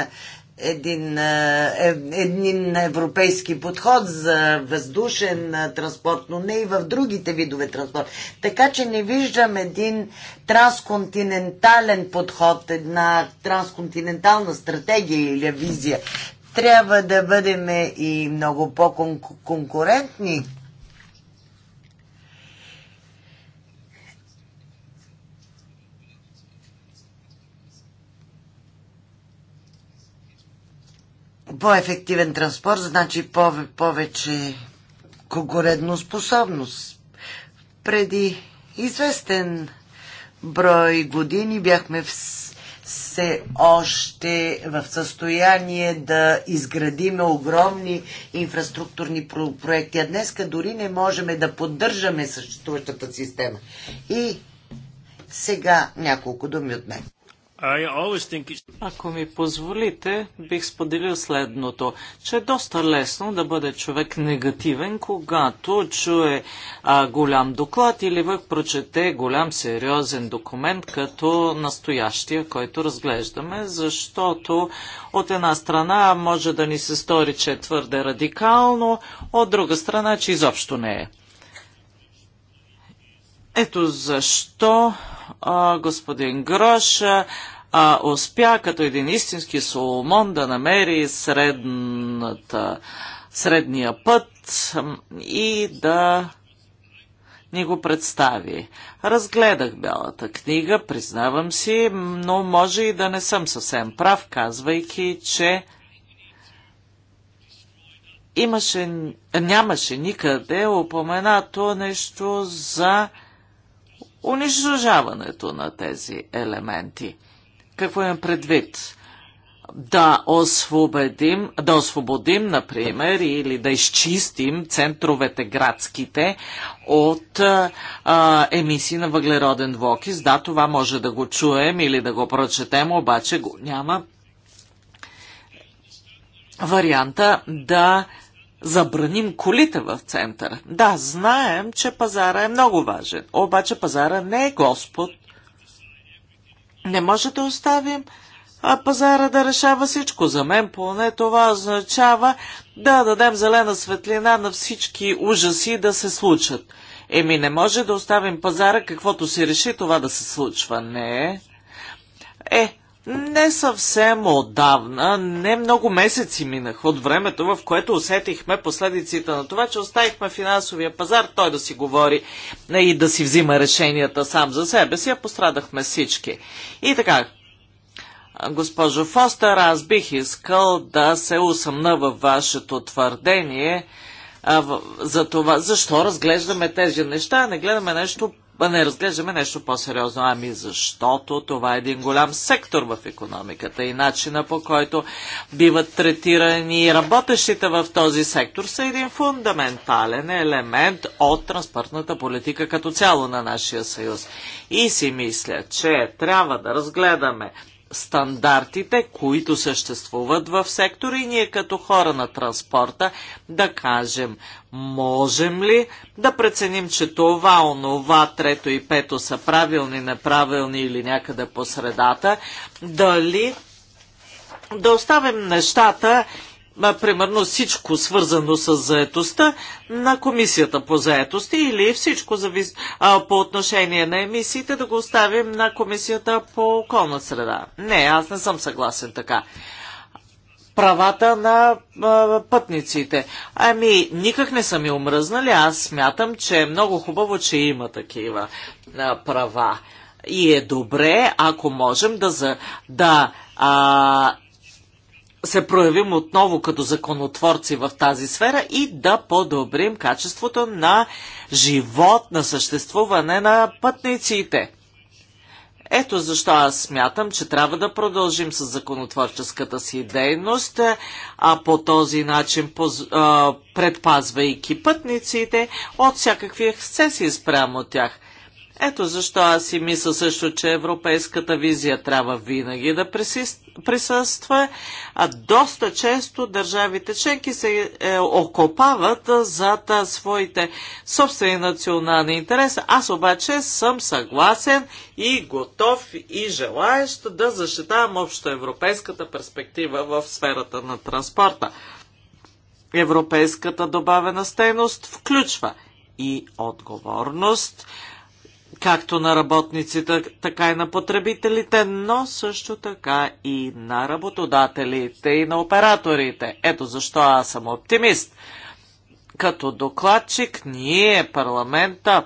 един, е, един европейски подход за въздушен транспорт, но не и в другите видове транспорт. Така че не виждам един трансконтинентален подход, една трансконтинентална стратегия или визия. Трябва да бъдем и много по-конкурентни. По-ефективен транспорт значи повече конкурентно способност. Преди известен брой години бяхме в все още в състояние да изградиме огромни инфраструктурни проекти. А днес дори не можем да поддържаме съществуващата система. И сега няколко думи от мен. Ако ми позволите, бих споделил следното, че е доста лесно да бъде човек негативен, когато чуе а, голям доклад или пък прочете голям сериозен документ, като настоящия, който разглеждаме, защото от една страна може да ни се стори, че е твърде радикално, от друга страна, че изобщо не е. Ето защо а, господин Грош а, успя като един истински Соломон да намери средната, средния път и да ни го представи. Разгледах бялата книга, признавам си, но може и да не съм съвсем прав, казвайки, че имаше, нямаше никъде упоменато нещо за унищожаването на тези елементи. Какво имам предвид? да освободим, да освободим, например, или да изчистим центровете градските от а, емисии на въглероден двокис. Да, това може да го чуем или да го прочетем, обаче го няма варианта да забраним колите в центъра. Да, знаем, че пазара е много важен, обаче пазара не е Господ не може да оставим а пазара да решава всичко. За мен поне това означава да дадем зелена светлина на всички ужаси да се случат. Еми не може да оставим пазара каквото си реши това да се случва. Не. Е, не съвсем отдавна, не много месеци минаха от времето, в което усетихме последиците на това, че оставихме финансовия пазар, той да си говори и да си взима решенията сам за себе си, а пострадахме всички. И така, госпожо Фостер, аз бих искал да се усъмна във вашето твърдение а, в, за това, защо разглеждаме тези неща, а не гледаме нещо не разглеждаме нещо по-сериозно. Ами защото това е един голям сектор в економиката и начина по който биват третирани работещите в този сектор са един фундаментален елемент от транспортната политика като цяло на нашия съюз. И си мисля, че трябва да разгледаме стандартите, които съществуват в сектора и ние като хора на транспорта да кажем, можем ли да преценим, че това, онова, трето и пето са правилни, неправилни или някъде по средата, дали да оставим нещата примерно всичко свързано с заетостта на комисията по заетост или всичко завис... а, по отношение на емисиите да го оставим на комисията по околна среда. Не, аз не съм съгласен така. Правата на а, пътниците. Ами, никак не са ми омръзнали. Аз смятам, че е много хубаво, че има такива а, права. И е добре, ако можем да, за, да а, се проявим отново като законотворци в тази сфера и да подобрим качеството на живот, на съществуване на пътниците. Ето защо аз смятам, че трябва да продължим с законотворческата си дейност, а по този начин предпазвайки пътниците от всякакви ексцесии спрямо тях. Ето защо аз и мисля също, че европейската визия трябва винаги да присъства, а доста често държавите членки се е, окопават зад своите собствени национални интереси. Аз обаче съм съгласен и готов и желаещ да защитавам общо европейската перспектива в сферата на транспорта. Европейската добавена стейност включва и отговорност – както на работниците, така и на потребителите, но също така и на работодателите и на операторите. Ето защо аз съм оптимист. Като докладчик, ние, парламента,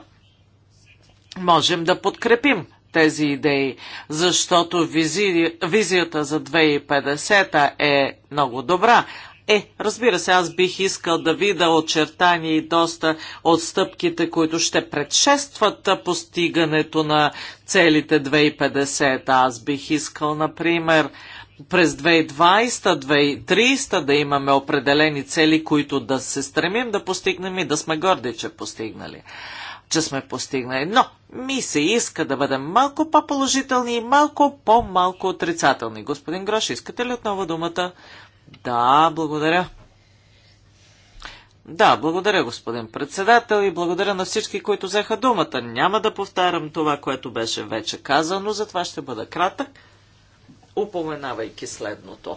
можем да подкрепим тези идеи, защото визи, визията за 2050 е много добра, е, разбира се, аз бих искал да видя очертания и доста от стъпките, които ще предшестват постигането на целите 2050. Аз бих искал, например, през 2020-2030 да имаме определени цели, които да се стремим да постигнем и да сме горди, че постигнали че сме постигнали. Но ми се иска да бъдем малко по-положителни и малко по-малко отрицателни. Господин Грош, искате ли отново думата? Да, благодаря. Да, благодаря, господин председател, и благодаря на всички, които взеха думата. Няма да повтарям това, което беше вече казано, затова ще бъда кратък, упоменавайки следното.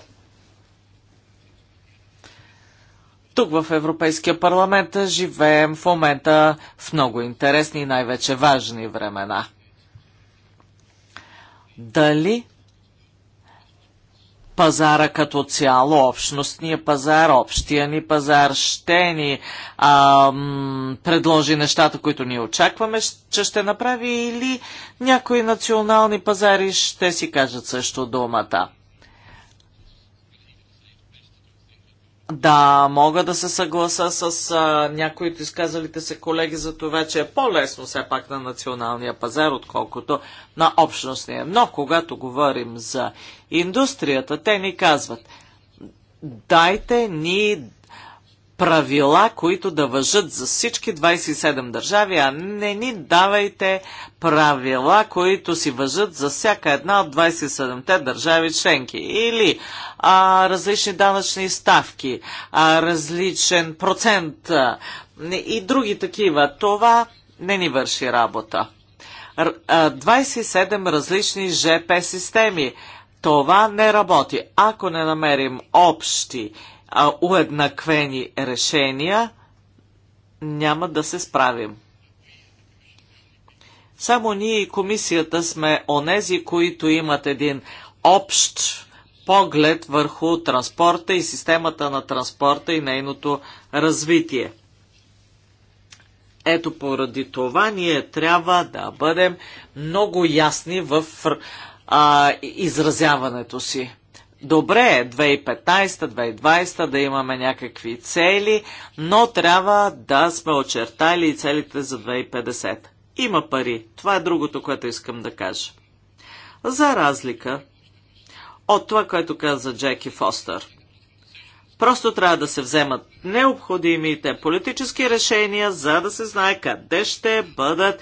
Тук в Европейския парламент живеем в момента в много интересни и най-вече важни времена. Дали пазара като цяло, общностния пазар, общия ни пазар ще ни ам, предложи нещата, които ни очакваме, че ще направи или някои национални пазари ще си кажат също думата. Да, мога да се съгласа с а, някои от изказалите се колеги за това, че е по-лесно все пак на националния пазар, отколкото на общностния. Но когато говорим за индустрията, те ни казват, дайте ни правила, които да въжат за всички 27 държави, а не ни давайте правила, които си въжат за всяка една от 27-те държави членки. Или а, различни данъчни ставки, а, различен процент а, и други такива. Това не ни върши работа. 27 различни ЖП системи. Това не работи. Ако не намерим общи а, уеднаквени решения, няма да се справим. Само ние и комисията сме онези, които имат един общ поглед върху транспорта и системата на транспорта и нейното развитие. Ето поради това ние трябва да бъдем много ясни в а, изразяването си. Добре е 2015-2020 да имаме някакви цели, но трябва да сме очертали и целите за 2050. Има пари. Това е другото, което искам да кажа. За разлика от това, което каза Джеки Фостър. Просто трябва да се вземат необходимите политически решения, за да се знае къде ще бъдат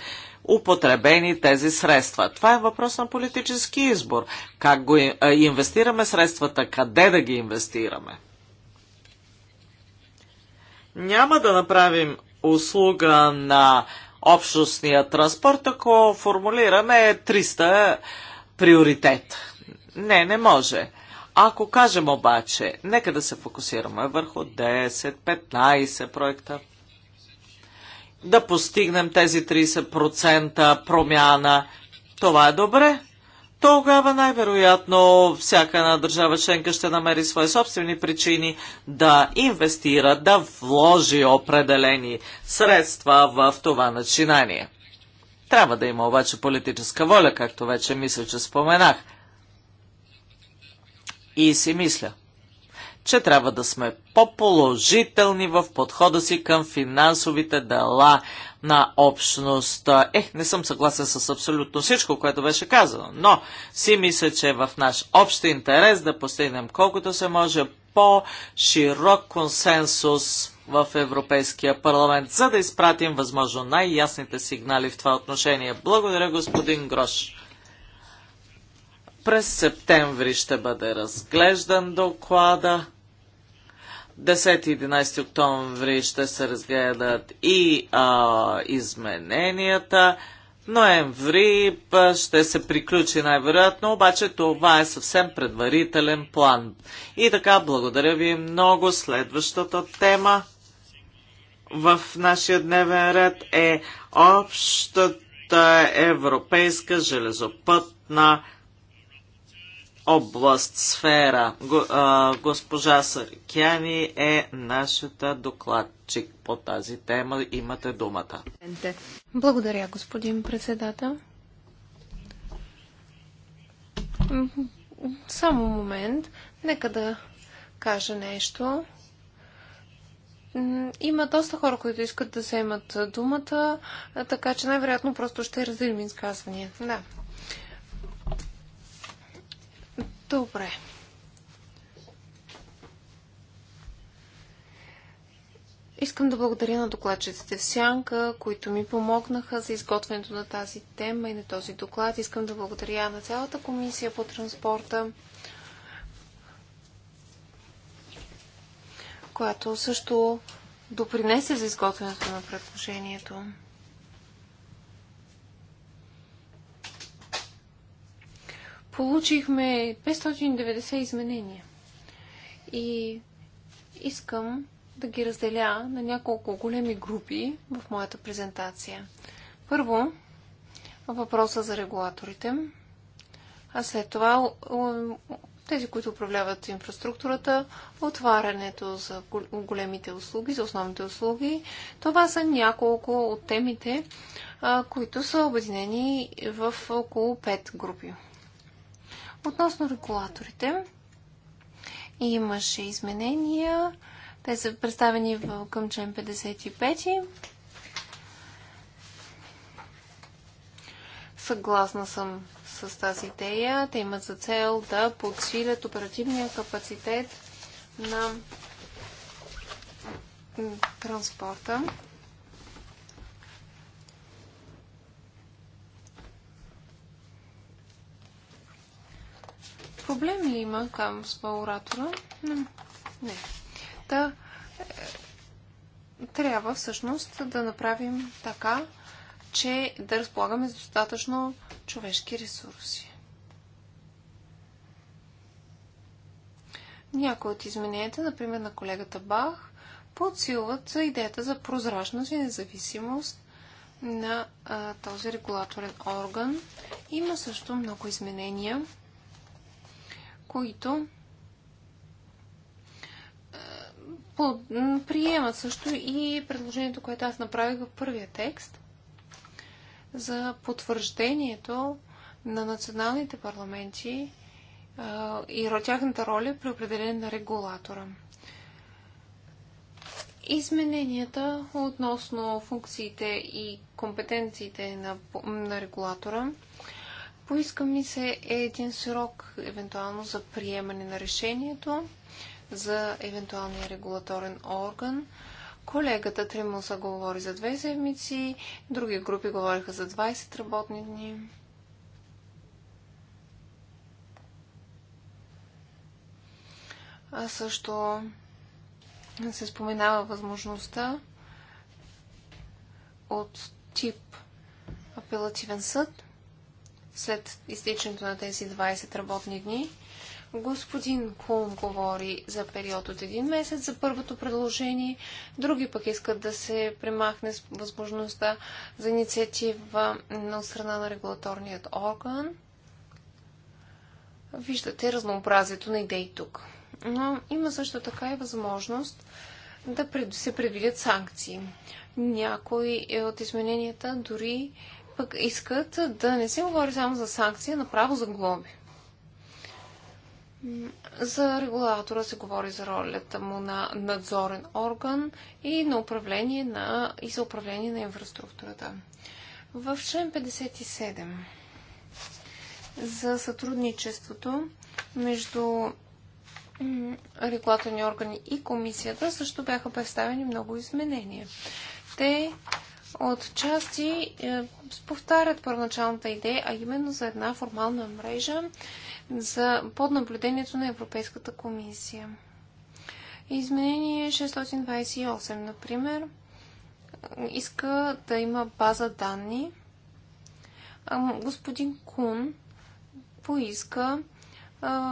употребени тези средства. Това е въпрос на политически избор. Как го е, инвестираме средствата, къде да ги инвестираме. Няма да направим услуга на общностния транспорт, ако формулираме 300 приоритет. Не, не може. Ако кажем обаче, нека да се фокусираме върху 10-15 проекта, да постигнем тези 30% промяна. Това е добре. Тогава най-вероятно всяка една държава членка ще намери свои собствени причини да инвестира, да вложи определени средства в това начинание. Трябва да има обаче политическа воля, както вече мисля, че споменах. И си мисля – че трябва да сме по-положителни в подхода си към финансовите дела на общността. Ех, не съм съгласен с абсолютно всичко, което беше казано, но си мисля, че е в наш общ интерес да постигнем колкото се може по-широк консенсус в Европейския парламент, за да изпратим възможно най-ясните сигнали в това отношение. Благодаря, господин Грош. През септември ще бъде разглеждан доклада. 10 11 октомври ще се разгледат и а, измененията. Ноември ще се приключи най-вероятно, обаче това е съвсем предварителен план. И така, благодаря ви много. Следващата тема в нашия дневен ред е общата европейска железопътна област, сфера. Госпожа Саркяни е нашата докладчик по тази тема. Имате думата. Благодаря, господин председател. Само момент. Нека да кажа нещо. Има доста хора, които искат да вземат думата, така че най-вероятно просто ще разделим изказвания. Да, Добре. Искам да благодаря на докладчиците в Сянка, които ми помогнаха за изготвянето на тази тема и на този доклад. Искам да благодаря на цялата комисия по транспорта, която също допринесе за изготвянето на предложението. получихме 590 изменения. И искам да ги разделя на няколко големи групи в моята презентация. Първо, въпроса за регулаторите, а след това тези, които управляват инфраструктурата, отварянето за големите услуги, за основните услуги. Това са няколко от темите, които са обединени в около 5 групи. Относно регулаторите, имаше изменения. Те са представени в, към член 55. Съгласна съм с тази идея. Те имат за цел да подсилят оперативния капацитет на транспорта. Проблем ли има към с оратора? Не. не. Та, е, трябва всъщност да направим така, че да разполагаме с достатъчно човешки ресурси. Някои от измененията, например на колегата Бах, подсилват идеята за прозрачност и независимост на а, този регулаторен орган. Има също много изменения, които е, приемат също и предложението, което аз направих в първия текст за потвърждението на националните парламенти е, и тяхната роля при определение на регулатора. Измененията относно функциите и компетенциите на, на регулатора Поиска ми се е един срок, евентуално за приемане на решението, за евентуалния регулаторен орган. Колегата Тримуса говори за две седмици, други групи говориха за 20 работни дни. А също се споменава възможността от тип апелативен съд – след изтичането на тези 20 работни дни. Господин Кун говори за период от един месец за първото предложение, други пък искат да се премахне с възможността за инициатива на страна на регулаторният орган. Виждате разнообразието на идеи тук. Но има също така и възможност да се предвидят санкции. Някои от измененията дори пък искат да не се говори само за санкции, а направо за глоби. За регулатора се говори за ролята му на надзорен орган и, на управление на, и за управление на инфраструктурата. В член 57 за сътрудничеството между регулаторни органи и комисията също бяха представени много изменения. Те от части е, повтарят първоначалната идея, а именно за една формална мрежа за поднаблюдението на Европейската комисия. Изменение 628, например, иска да има база данни. господин Кун поиска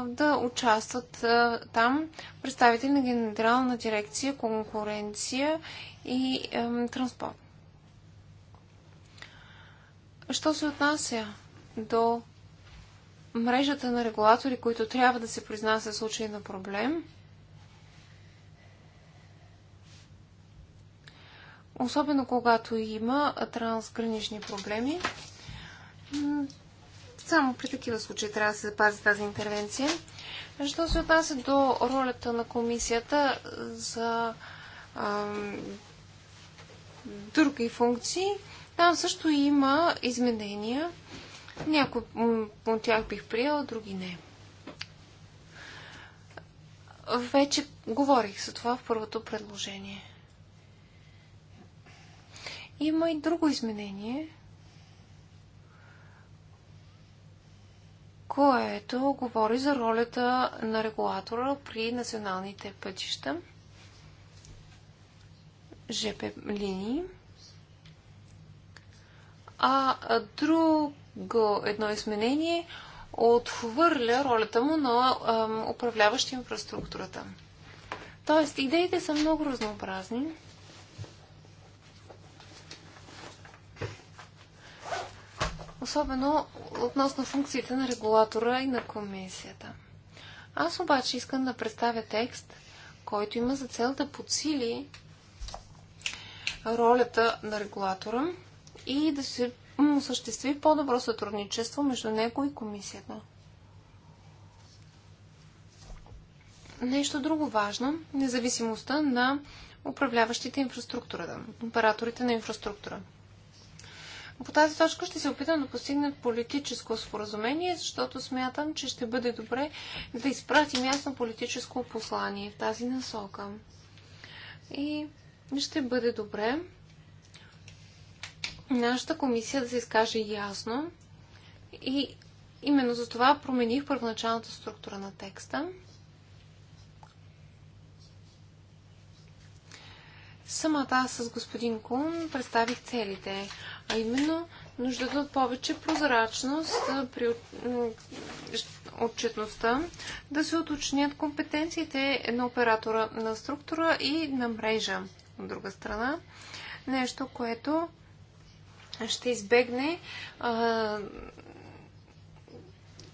да участват там представители на Генерална дирекция конкуренция и транспорт. Що се отнася до мрежата на регулатори, които трябва да се произнася в случай на проблем, особено когато има трансгранични проблеми, само при такива случаи трябва да се запази тази интервенция. Що се отнася до ролята на комисията за ам, други функции, там също има изменения. Някои от тях бих приела, други не. Вече говорих за това в първото предложение. Има и друго изменение, което говори за ролята на регулатора при националните пътища, ЖП линии а друго едно изменение отхвърля ролята му на управляващи инфраструктурата. Тоест, идеите са много разнообразни. Особено относно функциите на регулатора и на комисията. Аз обаче искам да представя текст, който има за цел да подсили ролята на регулатора и да се осъществи по-добро сътрудничество между него и комисията. Нещо друго важно независимостта на управляващите инфраструктурата, операторите на инфраструктура. По тази точка ще се опитам да постигнат политическо споразумение, защото смятам, че ще бъде добре да изпратим ясно политическо послание в тази насока. И ще бъде добре нашата комисия да се изкаже ясно и именно за това промених първоначалната структура на текста. Самата аз с господин Кун представих целите, а именно нуждата от повече прозрачност при отчетността, да се уточнят компетенциите на оператора на структура и на мрежа, от друга страна. Нещо, което ще избегне а,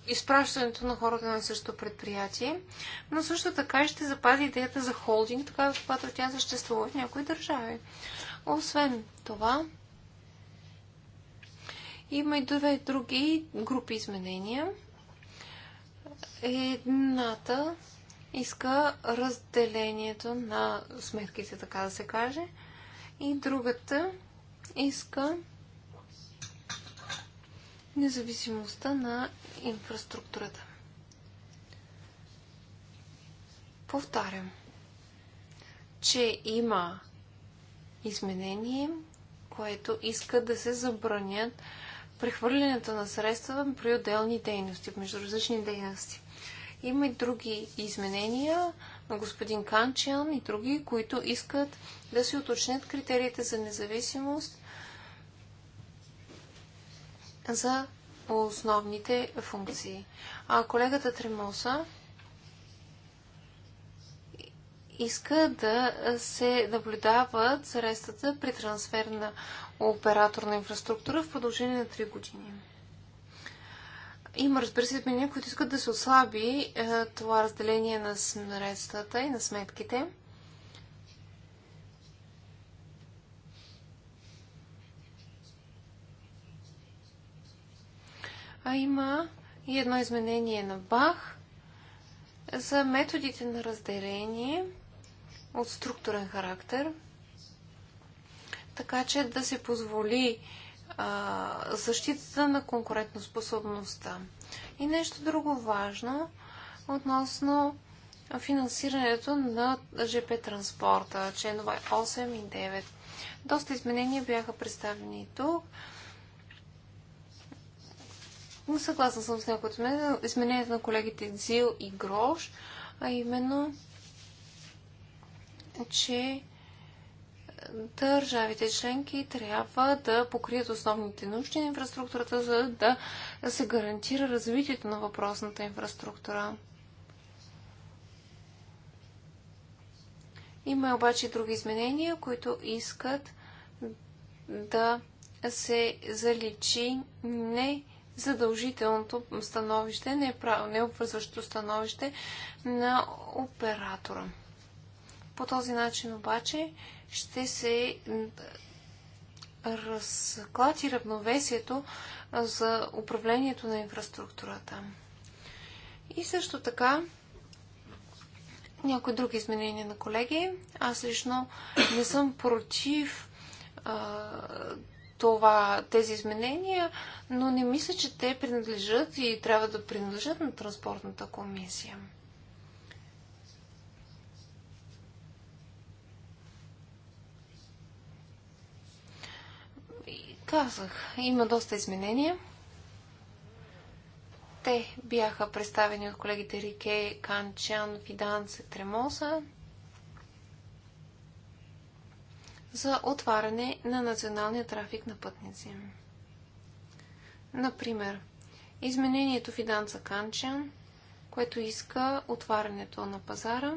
изпращането на хората на същото предприятие, но също така и ще запази идеята за холдинг, така каквато тя съществува в някои държави. Освен това, има и две други групи изменения. Едната иска разделението на сметките, така да се каже, и другата иска независимостта на инфраструктурата. Повтарям, че има изменение, което иска да се забранят прехвърлянето на средства при отделни дейности, между различни дейности. Има и други изменения на господин Канчиан и други, които искат да се уточнят критериите за независимост за основните функции. А колегата Тремоса иска да се наблюдават средствата при трансфер на оператор на инфраструктура в продължение на 3 години. Има, разбира се, изменения, които искат да се ослаби е, това разделение на средствата и на сметките. а има и едно изменение на Бах за методите на разделение от структурен характер, така че да се позволи а, защитата на конкурентоспособността. И нещо друго важно относно финансирането на ЖП транспорта, членове 8 и 9. Доста изменения бяха представени тук. Но съгласна съм с някои от измененията на колегите Зил и Грош, а именно, че е, държавите членки трябва да покрият основните нужди на инфраструктурата, за да се гарантира развитието на въпросната инфраструктура. Има обаче и други изменения, които искат да се заличи не задължителното становище, не е прав... необвързващото е становище на оператора. По този начин обаче ще се разклати равновесието за управлението на инфраструктурата. И също така, някои други изменения на колеги. Аз лично не съм против а, това, тези изменения, но не мисля, че те принадлежат и трябва да принадлежат на Транспортната комисия. И казах, има доста изменения. Те бяха представени от колегите Рике, Канчан, Фиданце, Тремоса. Тремоса. за отваряне на националния трафик на пътници. Например, изменението Фиданца канча, Канчан, което иска отварянето на пазара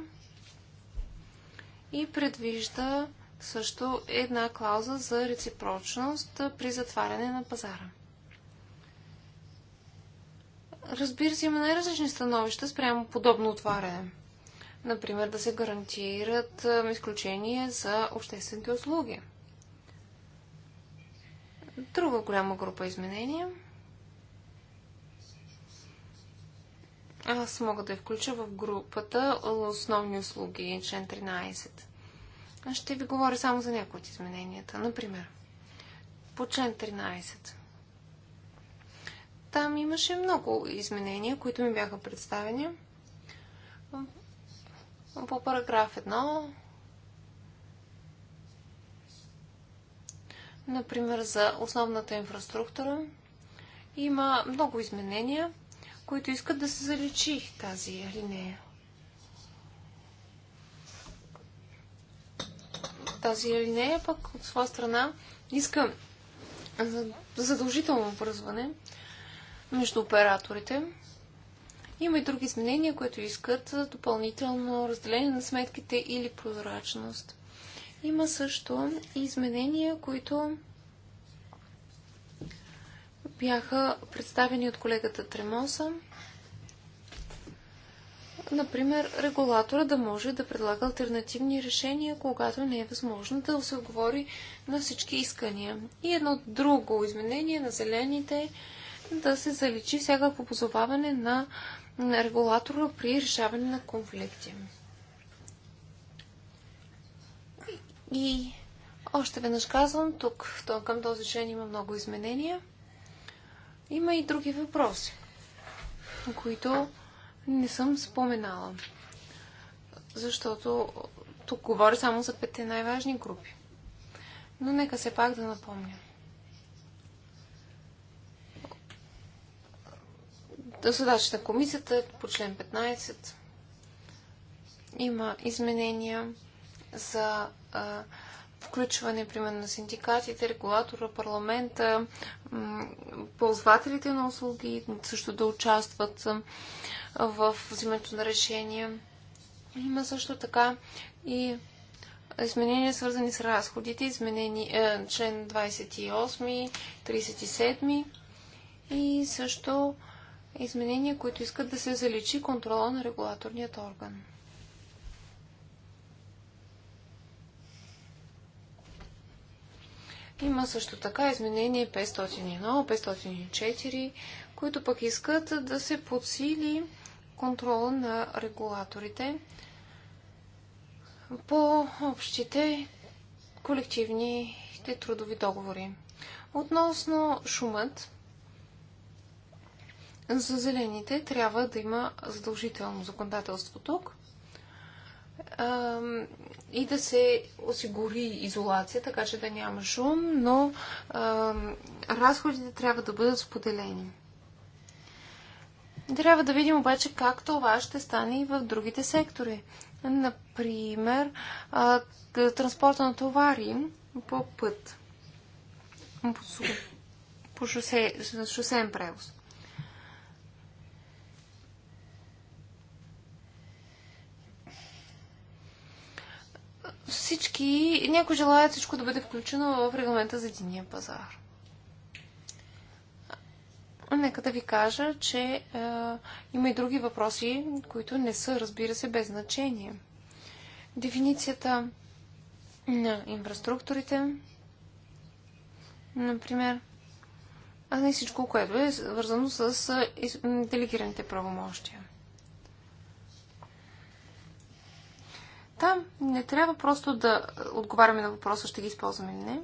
и предвижда също една клауза за реципрочност при затваряне на пазара. Разбира се, има най-различни становища спрямо подобно отваряне – Например, да се гарантират изключения за обществените услуги. Друга голяма група изменения. Аз мога да я включа в групата основни услуги, член 13. Ще ви говоря само за някои от измененията. Например, по член 13. Там имаше много изменения, които ми бяха представени. По параграф 1, например за основната инфраструктура, има много изменения, които искат да се заличи тази алинея. Тази алинея пък от своя страна иска задължително връзване между операторите има и други изменения, които искат допълнително разделение на сметките или прозрачност. Има също и изменения, които бяха представени от колегата Тремоса. Например, регулатора да може да предлага альтернативни решения, когато не е възможно да се отговори на всички искания. И едно друго изменение на зелените да се заличи всякакво позоваване на на регулатора при решаване на конфликти. И още веднъж казвам, тук към този член има много изменения. Има и други въпроси, които не съм споменала. Защото тук говоря само за петте най-важни групи. Но нека се пак да напомня. задачата на комисията е по член 15 има изменения за а, включване, примерно, на синдикатите, регулатора, парламента, ползвателите на услуги също да участват в взимането на решения. Има също така и изменения, свързани с разходите, изменени, е, член 28, 37 и също изменения, които искат да се заличи контрола на регулаторният орган. Има също така изменение 501, 504, които пък искат да се подсили контрола на регулаторите по общите колективните трудови договори. Относно шумът, за зелените трябва да има задължително законодателство тук и да се осигури изолация, така че да няма шум, но а, разходите трябва да бъдат споделени. Трябва да видим обаче как това ще стане и в другите сектори. Например, а, транспорта на товари по път, по, по шосе, шосен превоз. всички, някои желаят всичко да бъде включено в регламента за единния пазар. Нека да ви кажа, че е, има и други въпроси, които не са, разбира се, без значение. Дефиницията на инфраструктурите, например, а не всичко, което е свързано с е, делегираните правомощия. Там не трябва просто да отговаряме на въпроса, ще ги използваме или не.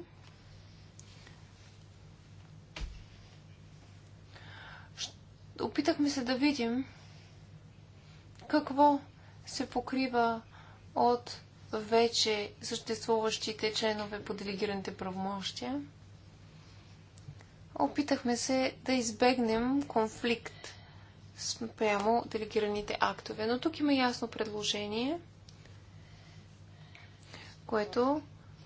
Опитахме се да видим какво се покрива от вече съществуващите членове по делегираните правомощия. Опитахме се да избегнем конфликт спрямо делегираните актове. Но тук има ясно предложение – което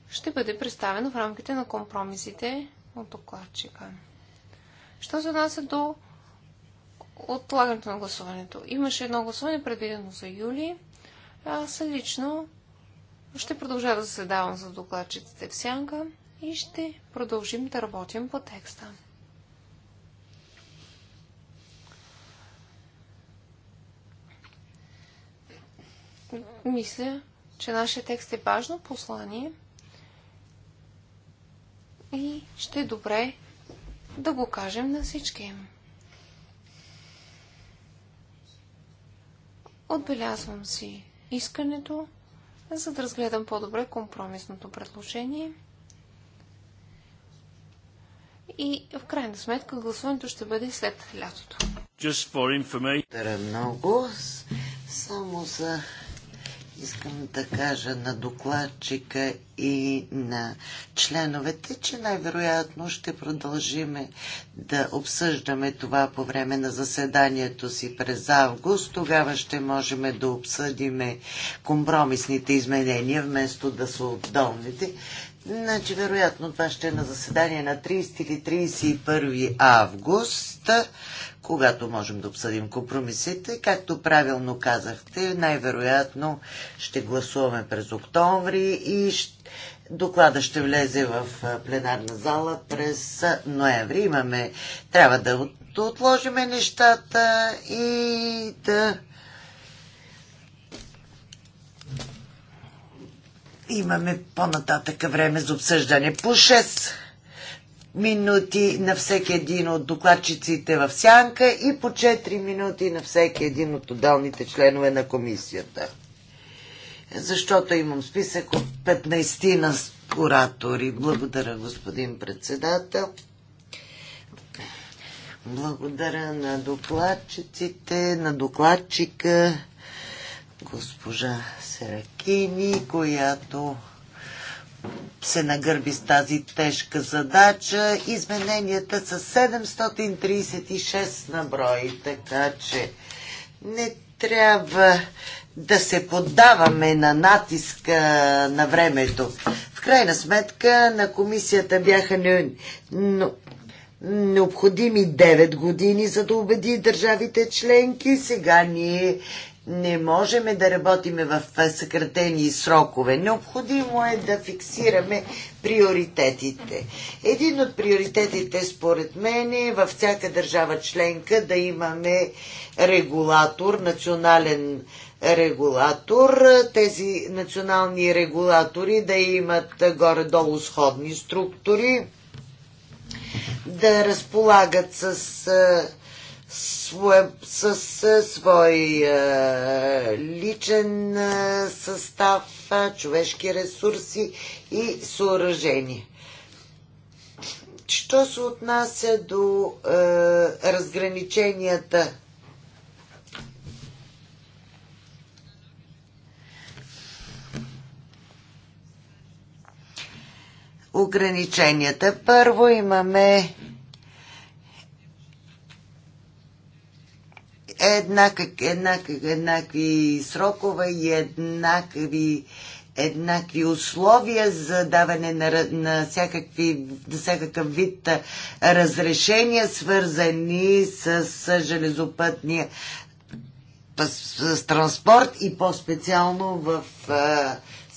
ще бъде представено в рамките на компромисите от докладчика. Що се отнася до отлагането на гласуването? Имаше едно гласуване предвидено за юли. Аз лично ще продължа да заседавам за докладчиците в сянка и ще продължим да работим по текста. Мисля, че нашия текст е важно послание и ще е добре да го кажем на всички. Отбелязвам си искането, за да разгледам по-добре компромисното предложение. И в крайна сметка гласуването ще бъде след лятото. Just for information. Много, само за Искам да кажа на докладчика и на членовете, че най-вероятно ще продължиме да обсъждаме това по време на заседанието си през август. Тогава ще можем да обсъдиме компромисните изменения, вместо да са отдолните. Значи, вероятно, това ще е на заседание на 30 или 31 август когато можем да обсъдим компромисите. Както правилно казахте, най-вероятно ще гласуваме през октомври и доклада ще влезе в пленарна зала през ноември. Имаме, трябва да отложиме нещата и да имаме по-нататъка време за обсъждане. По 6 минути на всеки един от докладчиците в сянка и по 4 минути на всеки един от отдалните членове на комисията. Защото имам списък от 15 на оратори. Благодаря, господин председател. Благодаря на докладчиците, на докладчика, госпожа Серакини, която се нагърби с тази тежка задача. Измененията са 736 на брой, така че не трябва да се поддаваме на натиска на времето. В крайна сметка на комисията бяха не, но, необходими 9 години, за да убеди държавите членки. Сега ние не можем да работиме в съкратени срокове. Необходимо е да фиксираме приоритетите. Един от приоритетите, според мен, е във всяка държава членка да имаме регулатор, национален регулатор. Тези национални регулатори да имат горе-долу сходни структури, да разполагат с с, с свой е, личен е, състав, е, човешки ресурси и съоръжения. Що се отнася до разграниченията? Ограниченията. Първо имаме еднакък, еднакък, еднакви срокове и еднакви, еднакви условия за даване на, на, всякакви, на всякакъв вид разрешения, свързани с, с железопътния с транспорт и по-специално в,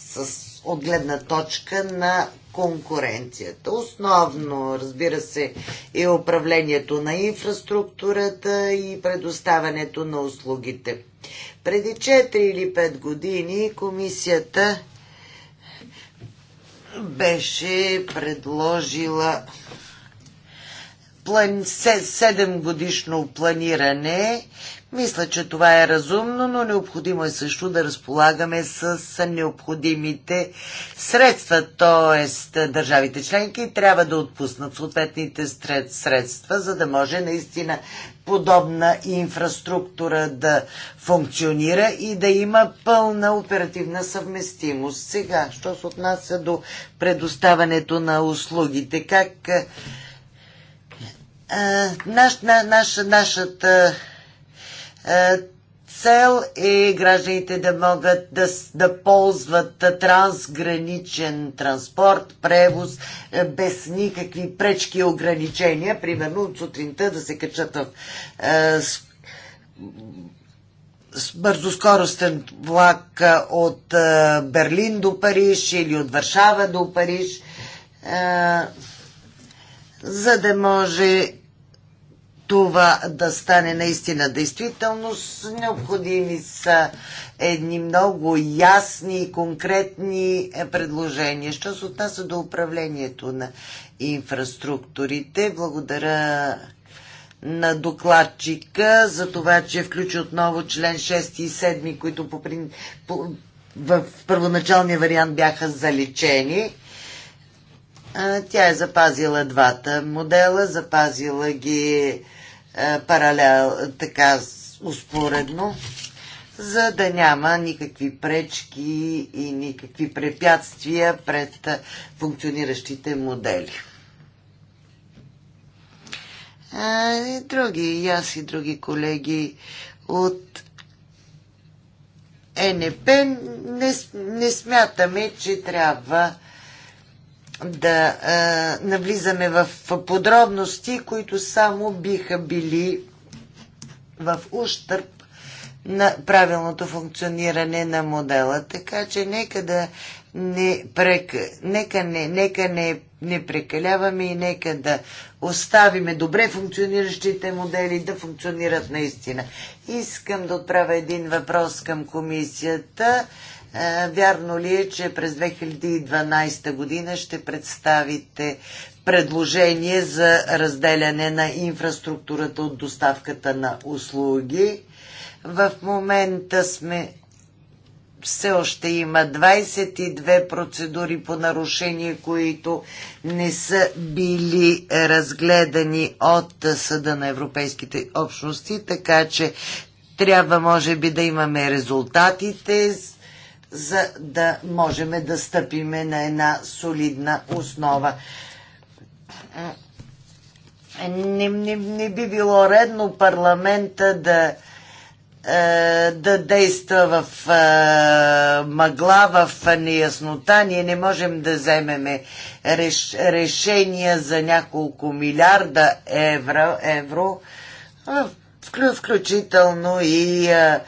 с, от гледна точка на конкуренцията. Основно, разбира се, е управлението на инфраструктурата и предоставянето на услугите. Преди 4 или 5 години комисията беше предложила 7 годишно планиране, мисля, че това е разумно, но необходимо е също да разполагаме с необходимите средства, т.е. държавите членки трябва да отпуснат съответните средства, за да може наистина подобна инфраструктура да функционира и да има пълна оперативна съвместимост. Сега, що се отнася до предоставането на услугите, как а, наш, на, наш, нашата е, цел е гражданите да могат да, да ползват трансграничен транспорт, превоз, е, без никакви пречки и ограничения. Примерно от сутринта да се качат в е, с, с бързоскоростен влак е, от е, Берлин до Париж или от Варшава до Париж, е, за да може това да стане наистина действителност, необходими са едни много ясни и конкретни е, предложения. Що се отнася до управлението на инфраструктурите, благодаря на докладчика за това, че включи отново член 6 и 7, които по, по, в първоначалния вариант бяха заличени. Тя е запазила двата модела, запазила ги е, паралел, така успоредно, за да няма никакви пречки и никакви препятствия пред функциониращите модели. Е, и други, и аз и други колеги от ЕНП не, не смятаме, че трябва да а, навлизаме в подробности, които само биха били в ущърп на правилното функциониране на модела. Така че нека да не, прек... нека не, нека не, не прекаляваме и нека да оставиме добре функциониращите модели да функционират наистина. Искам да отправя един въпрос към комисията. Е, вярно ли е, че през 2012 година ще представите предложение за разделяне на инфраструктурата от доставката на услуги? В момента сме все още има 22 процедури по нарушение, които не са били разгледани от Съда на Европейските общности, така че трябва може би да имаме резултатите за да можем да стъпиме на една солидна основа. Не, не, не би било редно парламента да, е, да действа в е, мъгла, в неяснота. Ние не можем да вземеме решения за няколко милиарда евро, евро включително и е,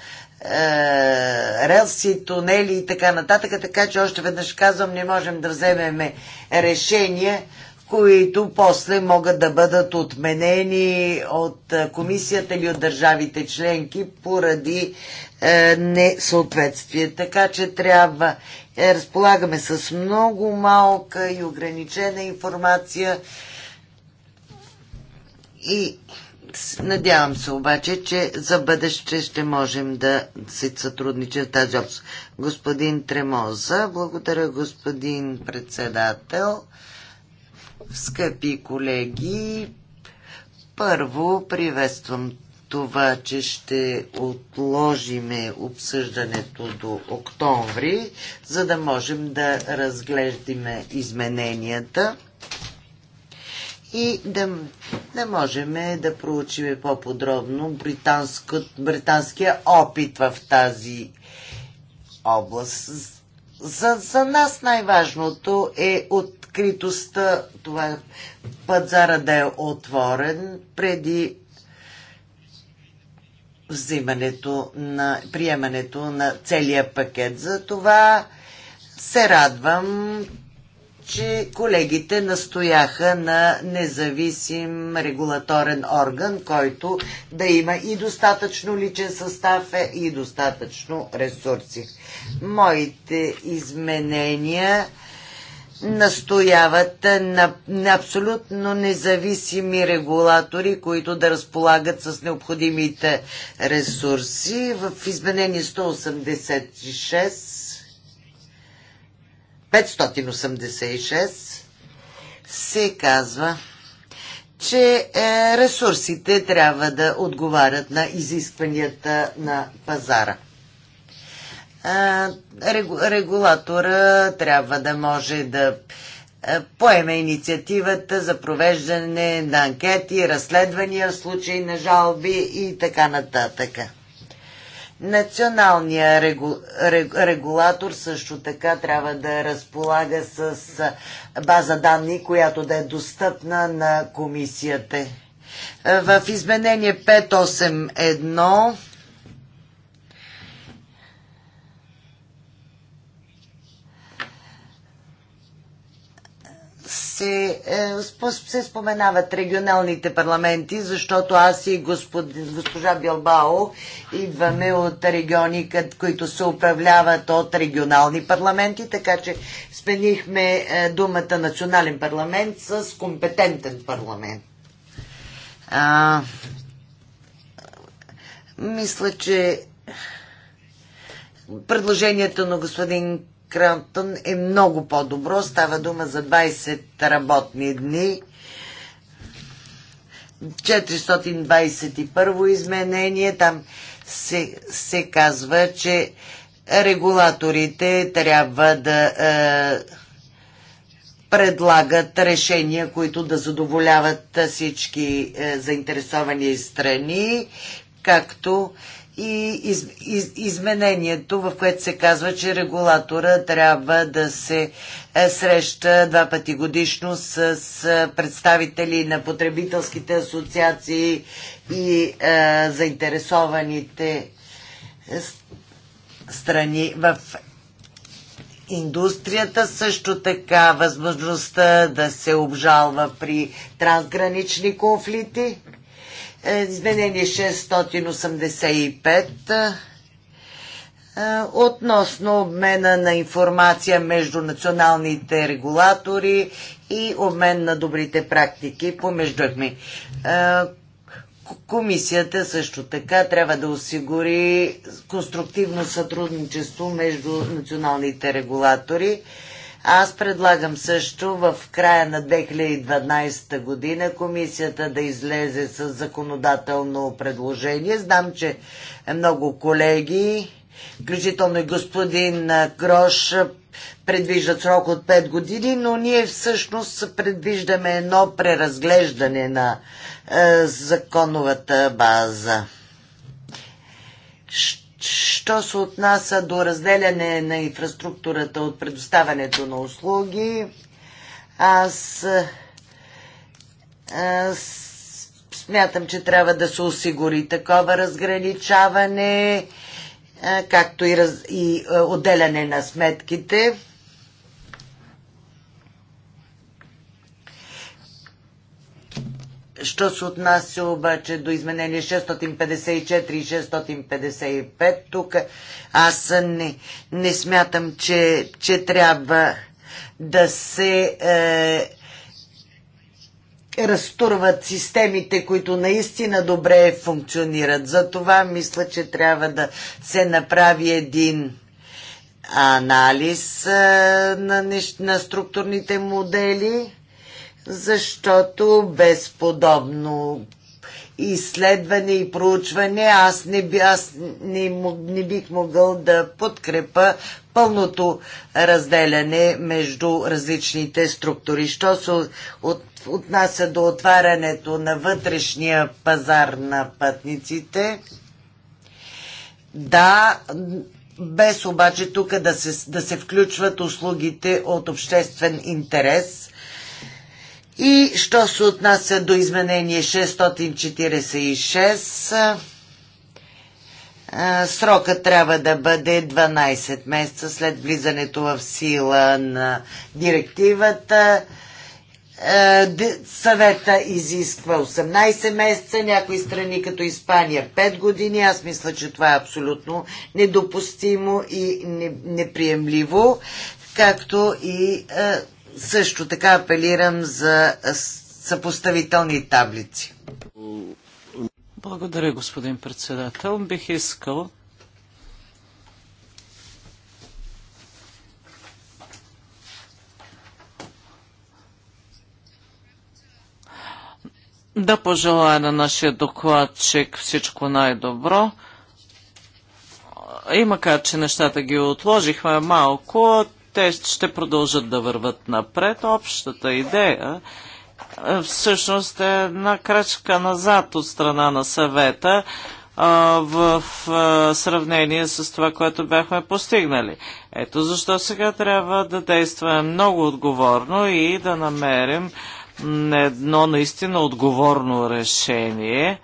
е, релси, тунели и така нататък. Така че още веднъж казвам, не можем да вземем решения, които после могат да бъдат отменени от е, комисията или от държавите членки поради е, несъответствие. Така че трябва, е, разполагаме с много малка и ограничена информация и Надявам се обаче, че за бъдеще ще можем да се сътрудничим в тази област. Господин Тремоза, благодаря господин председател. Скъпи колеги, първо приветствам това, че ще отложиме обсъждането до октомври, за да можем да разглеждаме измененията и да, да можем да проучим по-подробно британския опит в тази област. За, за нас най-важното е откритостта, това е пазара да е отворен преди взимането на, приемането на целия пакет. За това се радвам, че колегите настояха на независим регулаторен орган, който да има и достатъчно личен състав е, и достатъчно ресурси. Моите изменения настояват на, на абсолютно независими регулатори, които да разполагат с необходимите ресурси. В изменение 186 586 се казва, че е, ресурсите трябва да отговарят на изискванията на пазара. Е, регулатора трябва да може да е, поеме инициативата за провеждане на анкети, разследвания в случай на жалби и така нататък. Националният регу, регу, регулатор също така трябва да разполага с база данни, която да е достъпна на комисията. В изменение 581 се, е, се споменават регионалните парламенти, защото аз и господ, госпожа Билбао идваме от региони, които се управляват от регионални парламенти, така че сменихме е, думата национален парламент с компетентен парламент. А, мисля, че предложението на господин Крантън е много по-добро. Става дума за 20 работни дни. 421 изменение. Там се, се казва, че регулаторите трябва да е, предлагат решения, които да задоволяват всички е, заинтересовани страни, както е, и из, из, изменението, в което се казва, че регулатора трябва да се е, среща два пъти годишно с, с представители на потребителските асоциации и е, заинтересованите страни в индустрията, също така възможността да се обжалва при трансгранични конфликти е, изменение 685 е, относно обмена на информация между националните регулатори и обмен на добрите практики помежду ми. Е, комисията също така трябва да осигури конструктивно сътрудничество между националните регулатори аз предлагам също в края на 2012 година комисията да излезе с законодателно предложение. Знам, че много колеги, включително и господин Крош, предвиждат срок от 5 години, но ние всъщност предвиждаме едно преразглеждане на е, законовата база. Що се отнася до разделяне на инфраструктурата от предоставянето на услуги, аз, смятам, че трябва да се осигури такова разграничаване, както и отделяне на сметките. Що се отнася обаче до изменение 654 и 655, тук аз не, не смятам, че, че трябва да се е, разтурват системите, които наистина добре функционират. Затова мисля, че трябва да се направи един анализ е, на, на структурните модели защото без подобно изследване и проучване аз не, би, аз не, не бих могъл да подкрепа пълното разделяне между различните структури. Що се от, отнася до отварянето на вътрешния пазар на пътниците, да, без обаче тук да се, да се включват услугите от обществен интерес, и що се отнася до изменение 646, срока трябва да бъде 12 месеца след влизането в сила на директивата. Съвета изисква 18 месеца, някои страни като Испания 5 години. Аз мисля, че това е абсолютно недопустимо и неприемливо, както и също така апелирам за съпоставителни таблици. Благодаря, господин председател. Бих искал да пожелая на нашия докладчик всичко най-добро. И макар, че нещата ги отложихме малко, те ще продължат да върват напред. Общата идея е, всъщност е една крачка назад от страна на съвета е, в е, сравнение с това, което бяхме постигнали. Ето защо сега трябва да действаме много отговорно и да намерим едно наистина отговорно решение,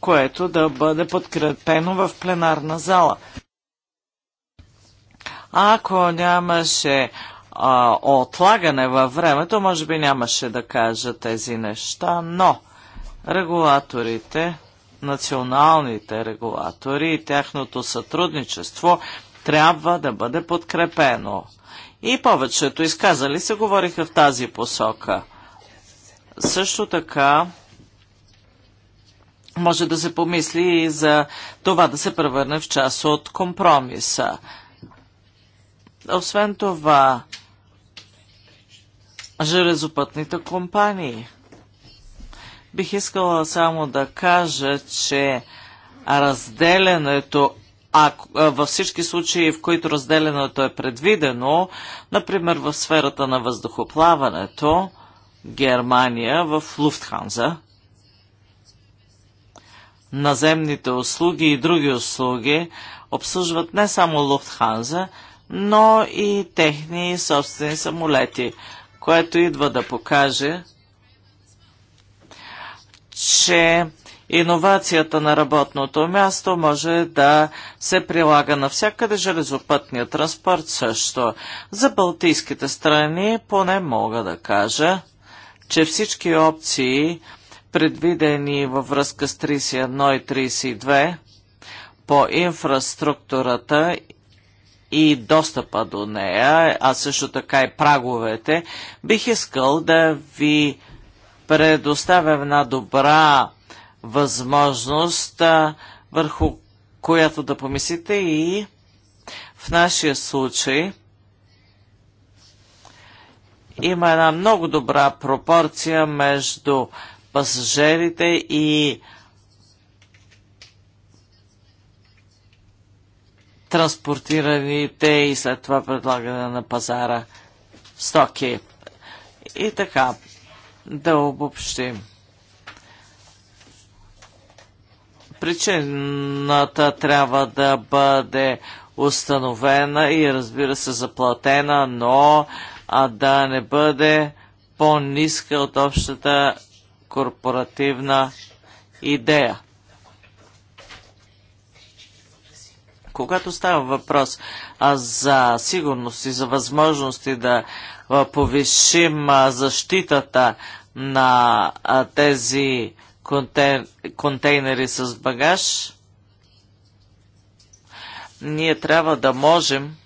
което да бъде подкрепено в пленарна зала. Ако нямаше а, отлагане във времето, може би нямаше да кажа тези неща, но регулаторите, националните регулатори и тяхното сътрудничество трябва да бъде подкрепено. И повечето изказали се говориха в тази посока. Също така може да се помисли и за това да се превърне в част от компромиса. Освен това, железопътните компании. Бих искала само да кажа, че разделянето а във всички случаи, в които разделеното е предвидено, например в сферата на въздухоплаването, Германия в Луфтханза, наземните услуги и други услуги обслужват не само Луфтханза, но и техни собствени самолети, което идва да покаже, че иновацията на работното място може да се прилага навсякъде, железопътния транспорт също. За балтийските страни поне мога да кажа, че всички опции, предвидени във връзка с 31 и 32, по инфраструктурата и достъпа до нея, а също така и праговете, бих искал да ви предоставя една добра възможност върху която да помислите и в нашия случай има една много добра пропорция между пасажирите и транспортираните и след това предлагане на пазара стоки. И така, да обобщим. Причината трябва да бъде установена и разбира се заплатена, но а да не бъде по-ниска от общата корпоративна идея. Когато става въпрос а, за сигурност и за възможности да а, повишим а, защитата на а, тези контей... контейнери с багаж, ние трябва да можем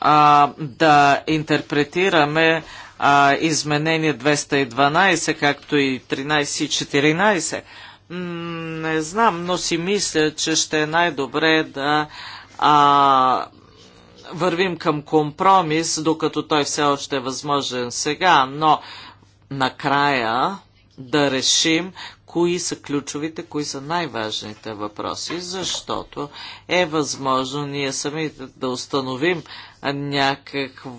а, да интерпретираме а, изменение 212, както и 13 и 14. Не знам, но си мисля, че ще е най-добре да а, вървим към компромис, докато той все още е възможен сега, но накрая да решим кои са ключовите, кои са най-важните въпроси, защото е възможно ние самите да установим някакво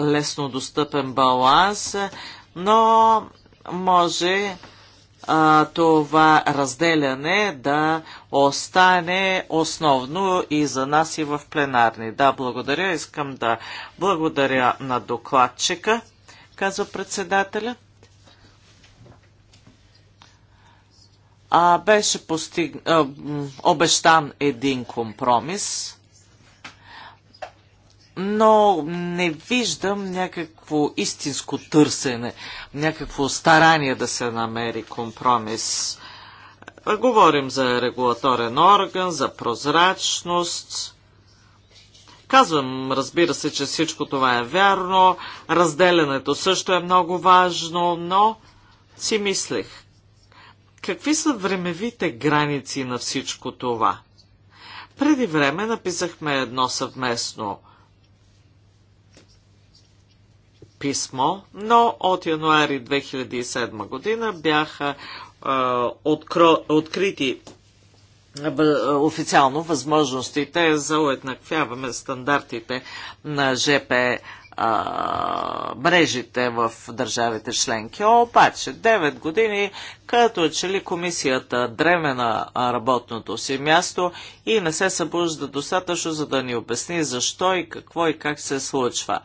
лесно достъпен баланс, но може а, това разделяне да остане основно и за нас и в пленарни. Да, благодаря. Искам да благодаря на докладчика, казва председателя. А, беше постиг... а, обещан един компромис но не виждам някакво истинско търсене, някакво старание да се намери компромис. Говорим за регулаторен орган, за прозрачност. Казвам, разбира се, че всичко това е вярно, разделянето също е много важно, но си мислех, какви са времевите граници на всичко това? Преди време написахме едно съвместно писмо, но от януари 2007 година бяха а, е, откро, открити е, официално възможностите за уеднаквяване стандартите на ЖП е, мрежите в държавите членки. Обаче 9 години, като че ли комисията дреме на работното си място и не се събужда достатъчно, за да ни обясни защо и какво и как се случва.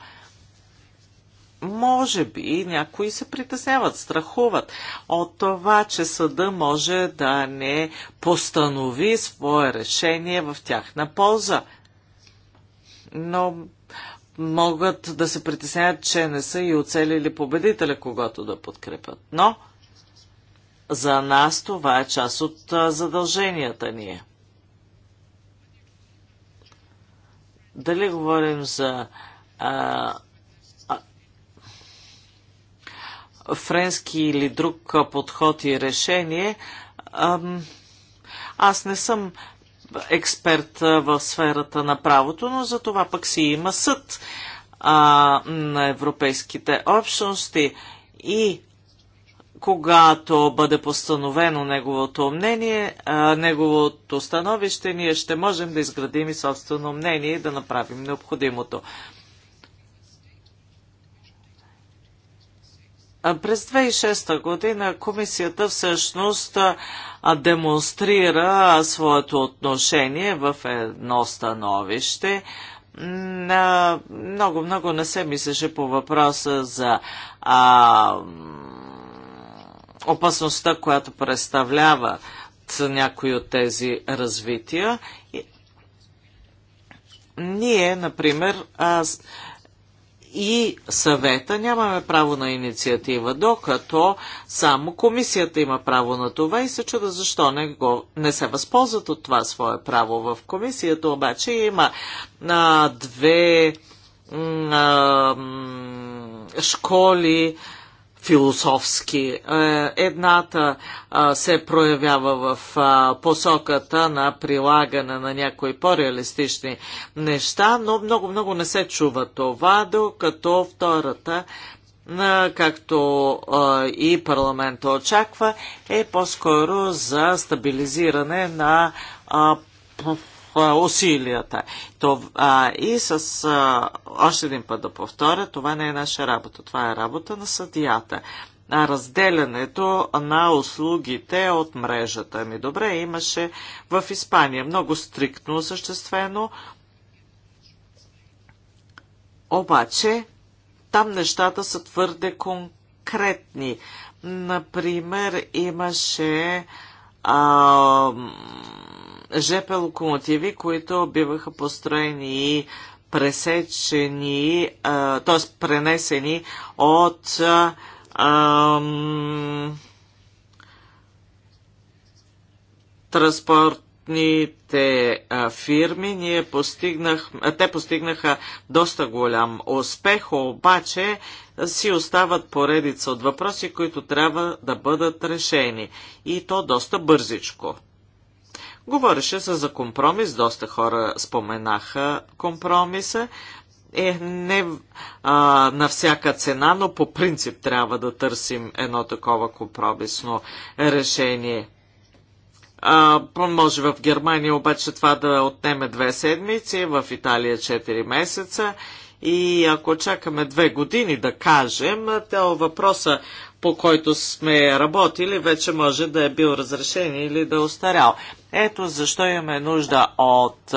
Може би някои се притесняват, страхуват от това, че съда може да не постанови свое решение в тяхна полза. Но могат да се притесняват, че не са и оцелили победителя, когато да подкрепят. Но за нас това е част от задълженията ни. Дали говорим за а, френски или друг подход и решение. Аз не съм експерт в сферата на правото, но за това пък си има съд на европейските общности и когато бъде постановено неговото мнение, неговото становище, ние ще можем да изградим и собствено мнение и да направим необходимото. През 2006 година комисията всъщност демонстрира своето отношение в едно становище. Много-много не се мислеше по въпроса за а, опасността, която представлява някои от тези развития. Ние, например, аз, и съвета нямаме право на инициатива, докато само комисията има право на това и се чуда защо не, го, не се възползват от това свое право. В комисията обаче има а, две а, школи философски. Е, едната се проявява в посоката на прилагане на някои по-реалистични неща, но много-много не се чува това, докато втората както и парламента очаква, е по-скоро за стабилизиране на усилията. Това, и с а, още един път да повторя, това не е наша работа, това е работа на съдията. А разделянето на услугите от мрежата. Ми добре, имаше в Испания много стриктно осъществено, обаче там нещата са твърде конкретни. Например, имаше а, ЖП локомотиви, които биваха построени и пресечени, т.е. пренесени от транспортните фирми. Ние постигнах, те постигнаха доста голям успех, обаче си остават поредица от въпроси, които трябва да бъдат решени. И то доста бързичко. Говореше се за компромис, доста хора споменаха компромиса. Е, не а, на всяка цена, но по принцип трябва да търсим едно такова компромисно решение. А, може в Германия обаче това да отнеме две седмици, в Италия 4 месеца. И ако чакаме две години да кажем, то въпроса по който сме работили, вече може да е бил разрешен или да е устарял. Ето защо имаме нужда от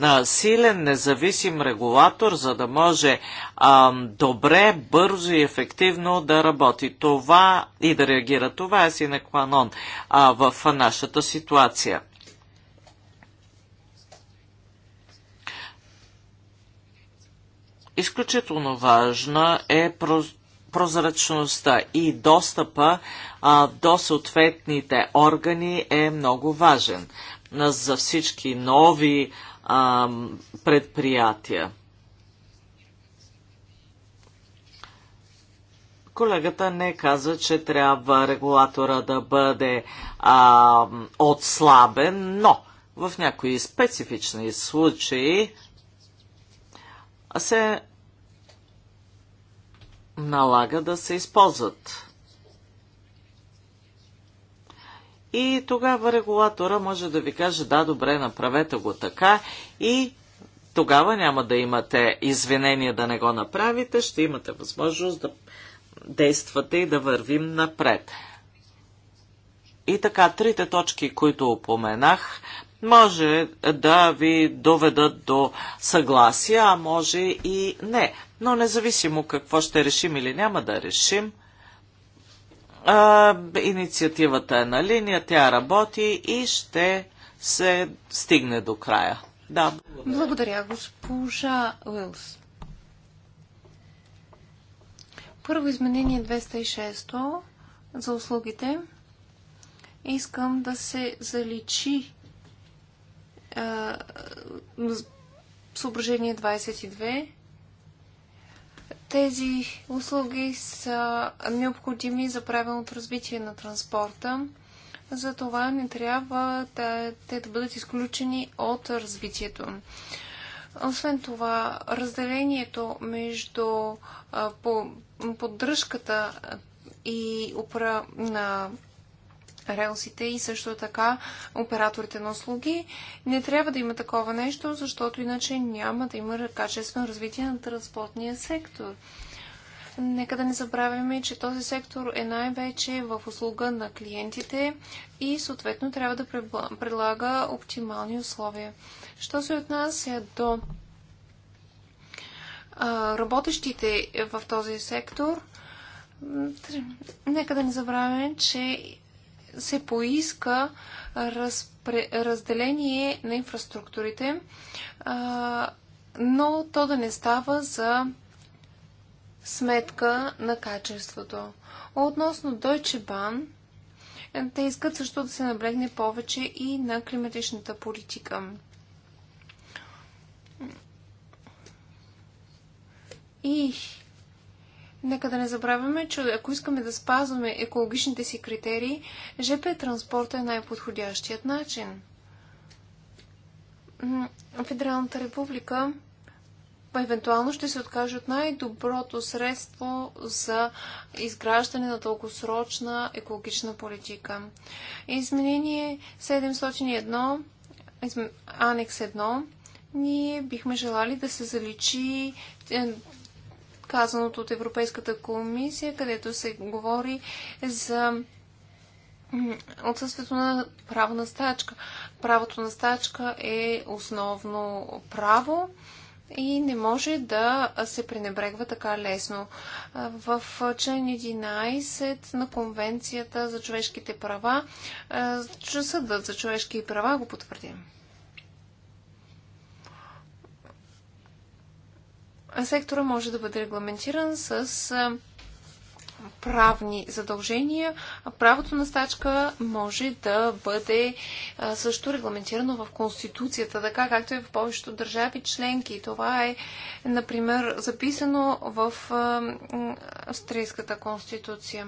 а, силен, независим регулатор, за да може а, добре, бързо и ефективно да работи това и да реагира. Това е синекванон в нашата ситуация. Изключително важна е прост прозрачността и достъпа а, до съответните органи е много важен за всички нови а, предприятия. Колегата не каза, че трябва регулатора да бъде а, отслабен, но в някои специфични случаи се налага да се използват. И тогава регулатора може да ви каже, да, добре, направете го така и тогава няма да имате извинения да не го направите, ще имате възможност да действате и да вървим напред. И така, трите точки, които упоменах, може да ви доведат до съгласие, а може и не но независимо какво ще решим или няма да решим, а, инициативата е на линия, тя работи и ще се стигне до края. Да, благодаря. благодаря, госпожа Уилс. Първо изменение 206 за услугите. Искам да се заличи а, съображение 22 тези услуги са необходими за правилното развитие на транспорта. Затова не трябва да, те да бъдат изключени от развитието. Освен това, разделението между а, по, поддръжката и упра, на релсите и също така операторите на услуги. Не трябва да има такова нещо, защото иначе няма да има качествено развитие на транспортния сектор. Нека да не забравяме, че този сектор е най-вече в услуга на клиентите и съответно трябва да предлага оптимални условия. Що се отнася до работещите в този сектор, нека да не забравяме, че се поиска разпре, разделение на инфраструктурите, а, но то да не става за сметка на качеството. Относно Deutsche Bahn, е, те искат също да се наблегне повече и на климатичната политика. И Нека да не забравяме, че ако искаме да спазваме екологичните си критерии, ЖП транспорта е най-подходящият начин. Федералната република евентуално ще се откаже от най-доброто средство за изграждане на дългосрочна екологична политика. Изменение 701, анекс 1, ние бихме желали да се заличи е, казаното от Европейската комисия, където се говори за отсъствието на право на стачка. Правото на стачка е основно право и не може да се пренебрегва така лесно. В член 11 на Конвенцията за човешките права, съдът за човешки права го потвърди. сектора може да бъде регламентиран с правни задължения, правото на стачка може да бъде също регламентирано в Конституцията, така както е в повечето държави членки. Това е, например, записано в Австрийската конституция.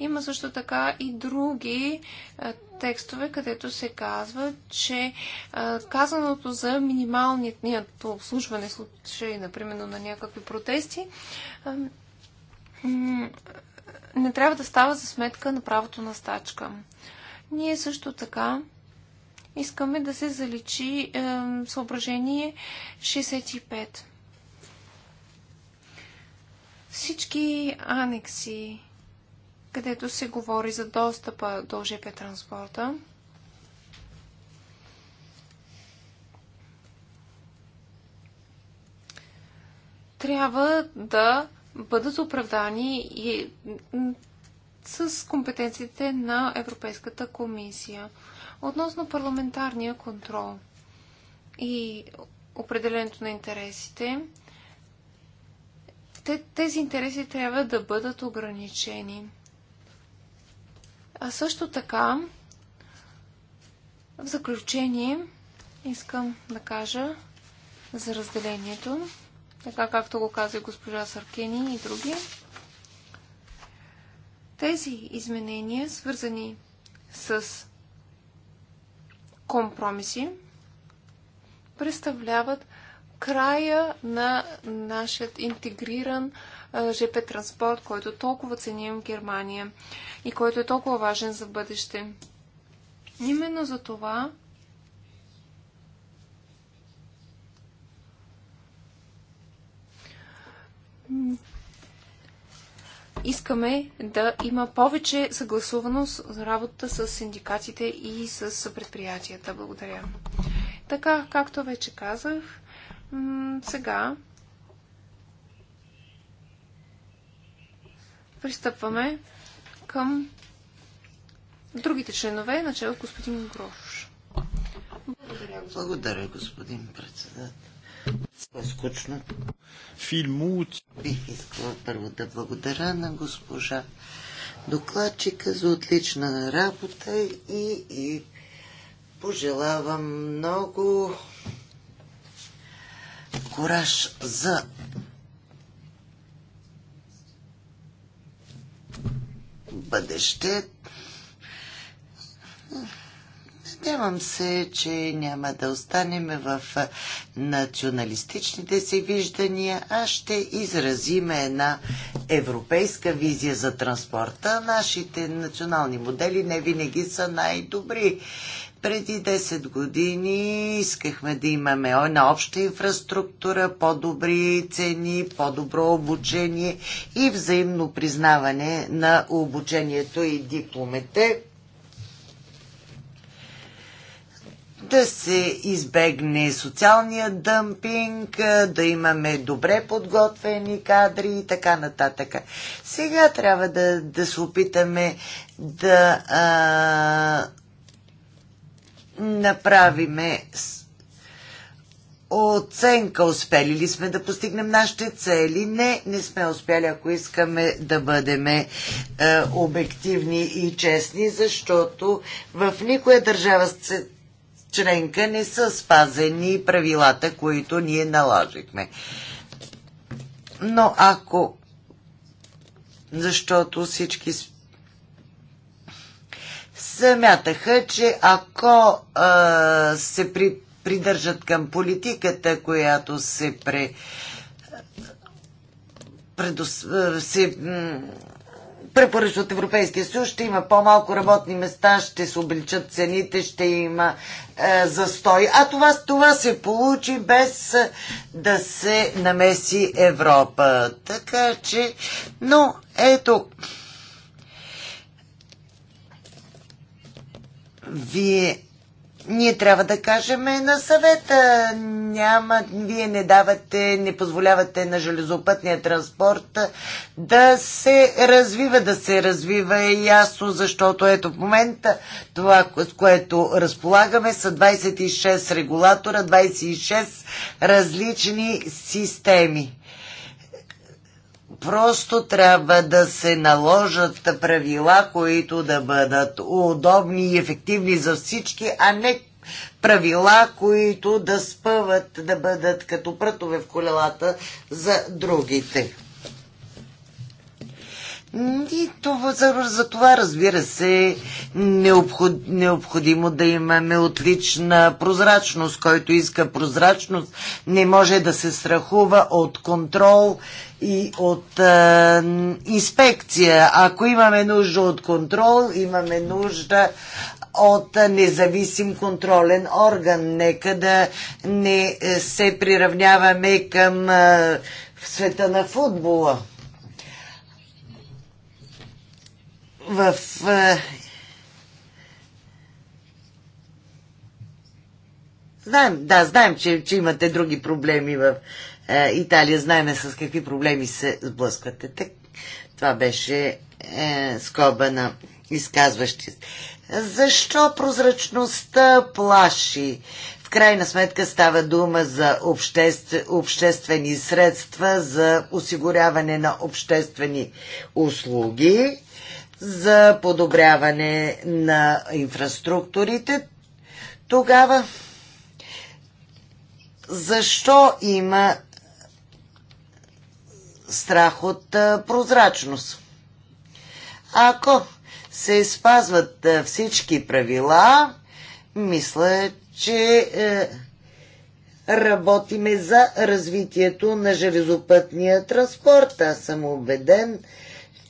Има също така и други текстове, където се казва, че казаното за минималният обслужване, случай, например, на някакви протести, не трябва да става за сметка на правото на стачка. Ние също така искаме да се заличи е, съображение 65. Всички анекси, където се говори за достъпа до ЖП транспорта, трябва да бъдат оправдани и с компетенциите на Европейската комисия. Относно парламентарния контрол и определенето на интересите, тези интереси трябва да бъдат ограничени. А също така, в заключение, искам да кажа за разделението така както го каза госпожа Саркени и други. Тези изменения, свързани с компромиси, представляват края на нашия интегриран ЖП транспорт, който толкова ценим в Германия и който е толкова важен за бъдеще. Именно за това искаме да има повече съгласуваност за работа с синдикатите и с предприятията. Благодаря. Така, както вече казах, сега пристъпваме към другите членове, начало господин Грош. Благодаря, господин председател. Скучно. Филмут. Бих искала първо да благодаря на госпожа докладчика за отлична работа и, и пожелавам много кораж за бъдеще. Притеснявам се, че няма да останем в националистичните си виждания, а ще изразиме една европейска визия за транспорта. Нашите национални модели не винаги са най-добри. Преди 10 години искахме да имаме една обща инфраструктура, по-добри цени, по-добро обучение и взаимно признаване на обучението и дипломите. да се избегне социалния дъмпинг, да имаме добре подготвени кадри и така нататък. Сега трябва да, да се опитаме да а, направиме оценка. Успели ли сме да постигнем нашите цели? Не, не сме успели, ако искаме да бъдем е, обективни и честни, защото в никоя държава членка не са спазени правилата, които ние наложихме. Но ако защото всички смятаха, че ако а, се при, придържат към политиката, която се пре, предос, се препоръч от Европейския съюз, ще има по-малко работни места, ще се обличат цените, ще има е, застой. А това, това се получи без е, да се намеси Европа. Така че, но ето, вие ние трябва да кажем на съвета. Няма, вие не давате, не позволявате на железопътния транспорт да се развива, да се развива е ясно, защото ето в момента това, с което разполагаме, са 26 регулатора, 26 различни системи. Просто трябва да се наложат правила, които да бъдат удобни и ефективни за всички, а не правила, които да спъват да бъдат като прътове в колелата за другите. И това, за, за това, разбира се, необход, необходимо да имаме отлична прозрачност. Който иска прозрачност, не може да се страхува от контрол и от а, инспекция. Ако имаме нужда от контрол, имаме нужда от независим контролен орган. Нека да не се приравняваме към а, в света на футбола. в е, Знаем, да, знаем, че, че имате други проблеми в е, Италия. Знаем с какви проблеми се сблъсквате. Так, това беше е, скоба на изказващи. Защо прозрачността плаши? В крайна сметка става дума за обществ, обществени средства, за осигуряване на обществени услуги за подобряване на инфраструктурите, тогава защо има страх от прозрачност? Ако се спазват всички правила, мисля, че е, работиме за развитието на железопътния транспорт. Аз съм убеден,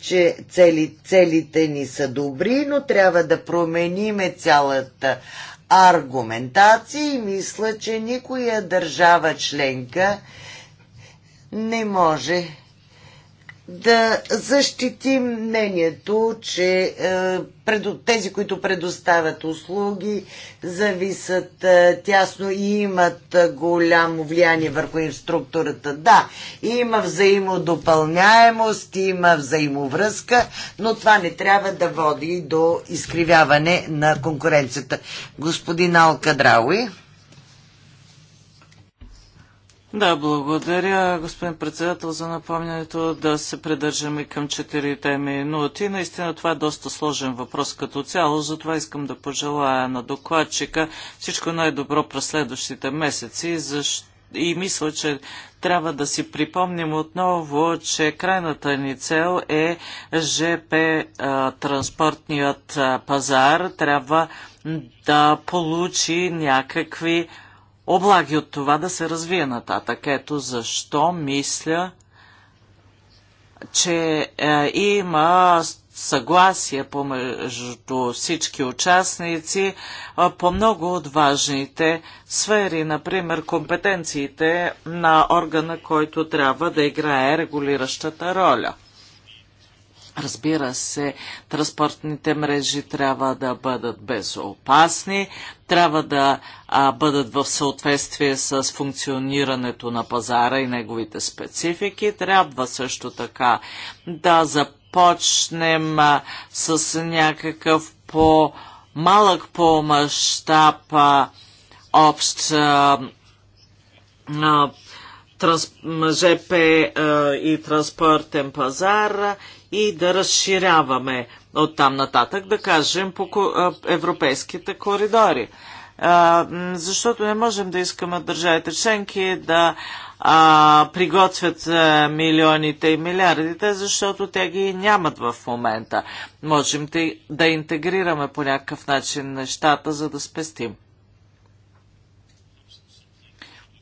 че цели, целите ни са добри, но трябва да промениме цялата аргументация и мисля, че никоя държава членка не може да защитим мнението, че е, тези, които предоставят услуги, зависят е, тясно и имат е, голямо влияние върху инструктурата. Да, има взаимодопълняемост, има взаимовръзка, но това не трябва да води до изкривяване на конкуренцията. Господин Алкадрауи. Да, благодаря, господин председател, за напомнянето да се придържаме към четирите минути. Наистина това е доста сложен въпрос като цяло, затова искам да пожелая на докладчика всичко най-добро през следващите месеци, защото и мисля, че трябва да си припомним отново, че крайната ни цел е ЖП транспортният пазар трябва да получи някакви облаги от това да се развие нататък. Ето защо мисля, че е, има съгласие между всички участници е, по много от важните сфери, например компетенциите на органа, който трябва да играе регулиращата роля. Разбира се, транспортните мрежи трябва да бъдат безопасни, трябва да а, бъдат в съответствие с функционирането на пазара и неговите специфики. Трябва също така да започнем а, с някакъв по-малък по мащаб общ а, а, транс, ЖП а, и транспортен пазар и да разширяваме от там нататък, да кажем, по европейските коридори. Защото не можем да искаме от държавите членки да а, приготвят милионите и милиардите, защото те ги нямат в момента. Можем да, да интегрираме по някакъв начин нещата, за да спестим.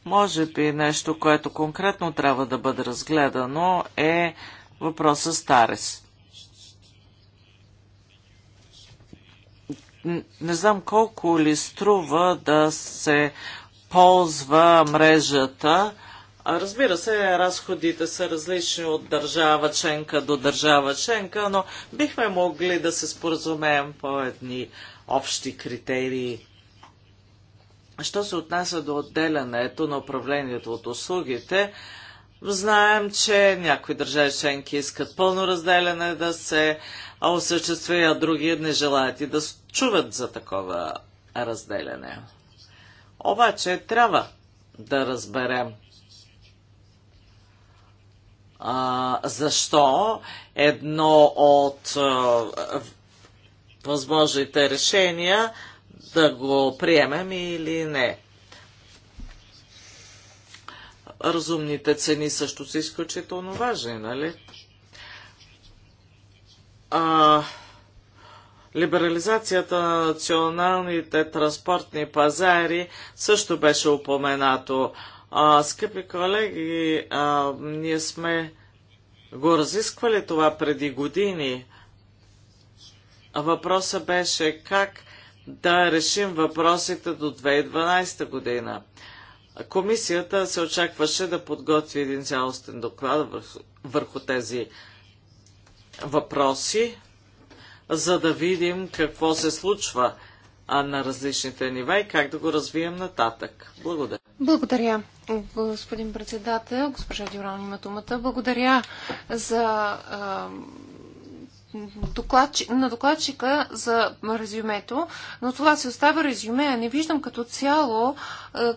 Може би нещо, което конкретно трябва да бъде разгледано е въпроса с Тарес. Не знам колко ли струва да се ползва мрежата. Разбира се, разходите са различни от държава членка до държава членка, но бихме могли да се споразумеем по едни общи критерии. Що се отнася до отделянето на управлението от услугите, Знаем, че някои държави членки искат пълно разделяне да се осъществи, а други не желаят и да чуват за такова разделяне. Обаче трябва да разберем а, защо едно от а, възможните решения да го приемем или не разумните цени също са изключително важни, нали? А, либерализацията на националните транспортни пазари също беше упоменато. А, скъпи колеги, а, ние сме го разисквали това преди години. Въпросът беше как да решим въпросите до 2012 година. Комисията се очакваше да подготви един цялостен доклад върху, върху тези въпроси, за да видим какво се случва на различните нива и как да го развием нататък. Благодаря. Благодаря, господин председател. Госпожа Дюран има думата. Благодаря за доклад, на докладчика за резюмето, но това се оставя резюме, а не виждам като цяло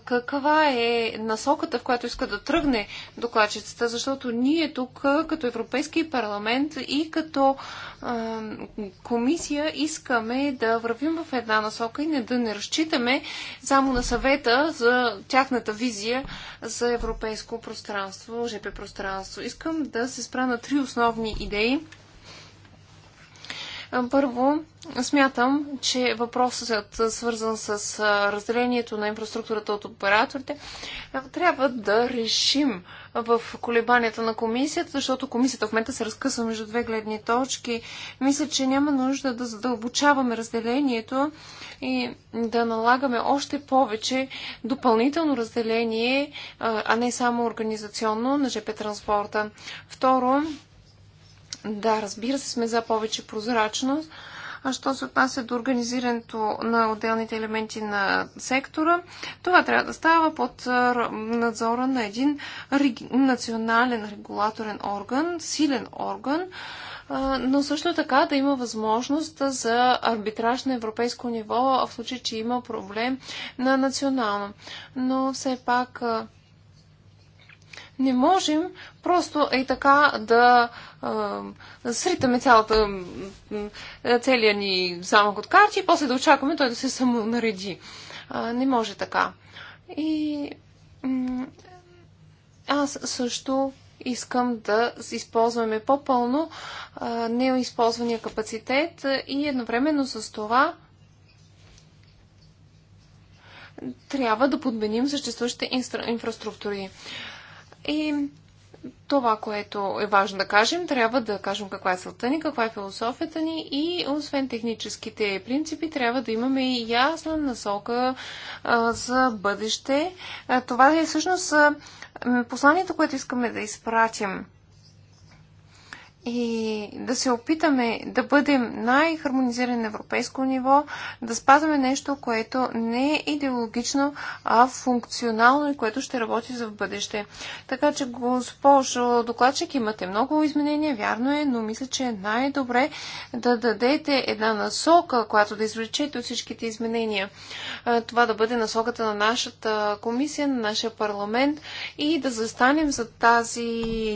каква е насоката, в която иска да тръгне докладчицата, защото ние тук, като Европейски парламент и като а, комисия, искаме да вървим в една насока и не да не разчитаме само на съвета за тяхната визия за европейско пространство, ЖП пространство. Искам да се спра на три основни идеи първо, смятам, че въпросът, свързан с разделението на инфраструктурата от операторите, трябва да решим в колебанията на комисията, защото комисията в момента се разкъсва между две гледни точки. Мисля, че няма нужда да задълбочаваме разделението и да налагаме още повече допълнително разделение, а не само организационно на ЖП транспорта. Второ, да, разбира се, сме за повече прозрачност. А що се отнася до организирането на отделните елементи на сектора, това трябва да става под надзора на един национален регулаторен орган, силен орган, но също така да има възможност за арбитраж на европейско ниво, в случай, че има проблем на национално. Но все пак не можем просто е така да а, сритаме цялата, целия ни замък от карти и после да очакваме той да се самонареди. А, не може така. И аз също искам да използваме по-пълно неоизползвания капацитет и едновременно с това трябва да подменим съществуващите инфраструктури. И това, което е важно да кажем, трябва да кажем каква е целта ни, каква е философията ни и освен техническите принципи, трябва да имаме и ясна насока а, за бъдеще. А, това е всъщност а, посланието, което искаме да изпратим и да се опитаме да бъдем най-хармонизирани на европейско ниво, да спазваме нещо, което не е идеологично, а функционално и което ще работи за в бъдеще. Така че, госпожо докладчик, имате много изменения, вярно е, но мисля, че е най-добре да дадете една насока, която да извлечете от всичките изменения. Това да бъде насоката на нашата комисия, на нашия парламент и да застанем за тази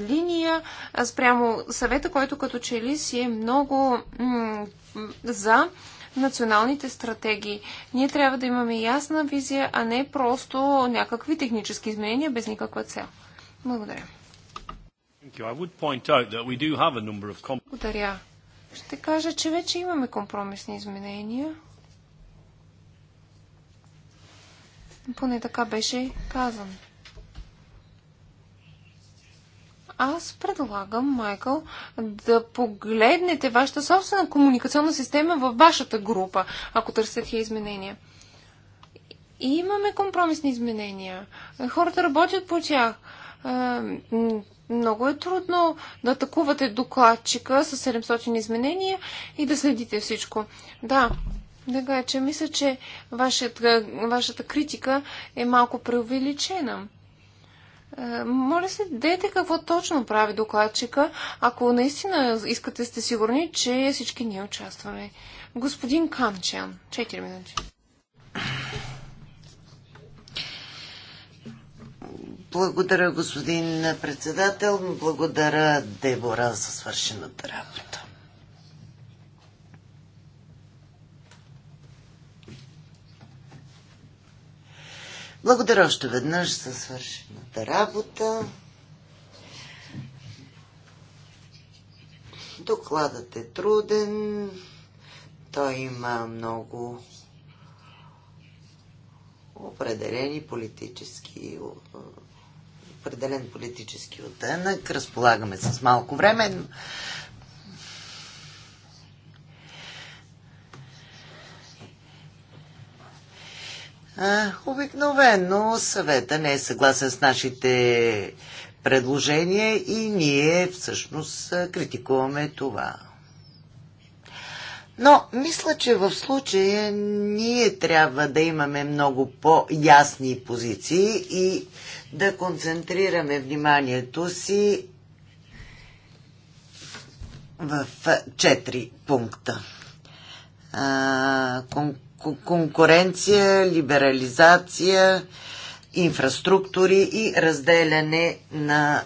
линия спрямо съвет съвета, който като че ли си е много за националните стратегии. Ние трябва да имаме ясна визия, а не просто някакви технически изменения без никаква цел. Благодаря. Благодаря. Ще кажа, че вече имаме компромисни изменения. Поне така беше казано. Аз предлагам, Майкъл, да погледнете вашата собствена комуникационна система във вашата група, ако търсите изменения. И имаме компромисни изменения. Хората работят по тях. Е, много е трудно да атакувате докладчика с 700 изменения и да следите всичко. Да, така е, че мисля, че вашата, вашата критика е малко преувеличена. Е, моля се, дайте какво точно прави докладчика, ако наистина искате сте сигурни, че всички ние участваме. Господин Камчан, 4 минути. Благодаря, господин председател. Благодаря, Дебора, за свършената работа. Благодаря още веднъж за свършената работа. Докладът е труден. Той има много определени политически определен политически оттенък. Разполагаме с малко време. Обикновено съвета не е съгласен с нашите предложения и ние всъщност критикуваме това. Но мисля, че в случая ние трябва да имаме много по-ясни позиции и да концентрираме вниманието си в четири пункта. А, конкуренция, либерализация, инфраструктури и разделяне на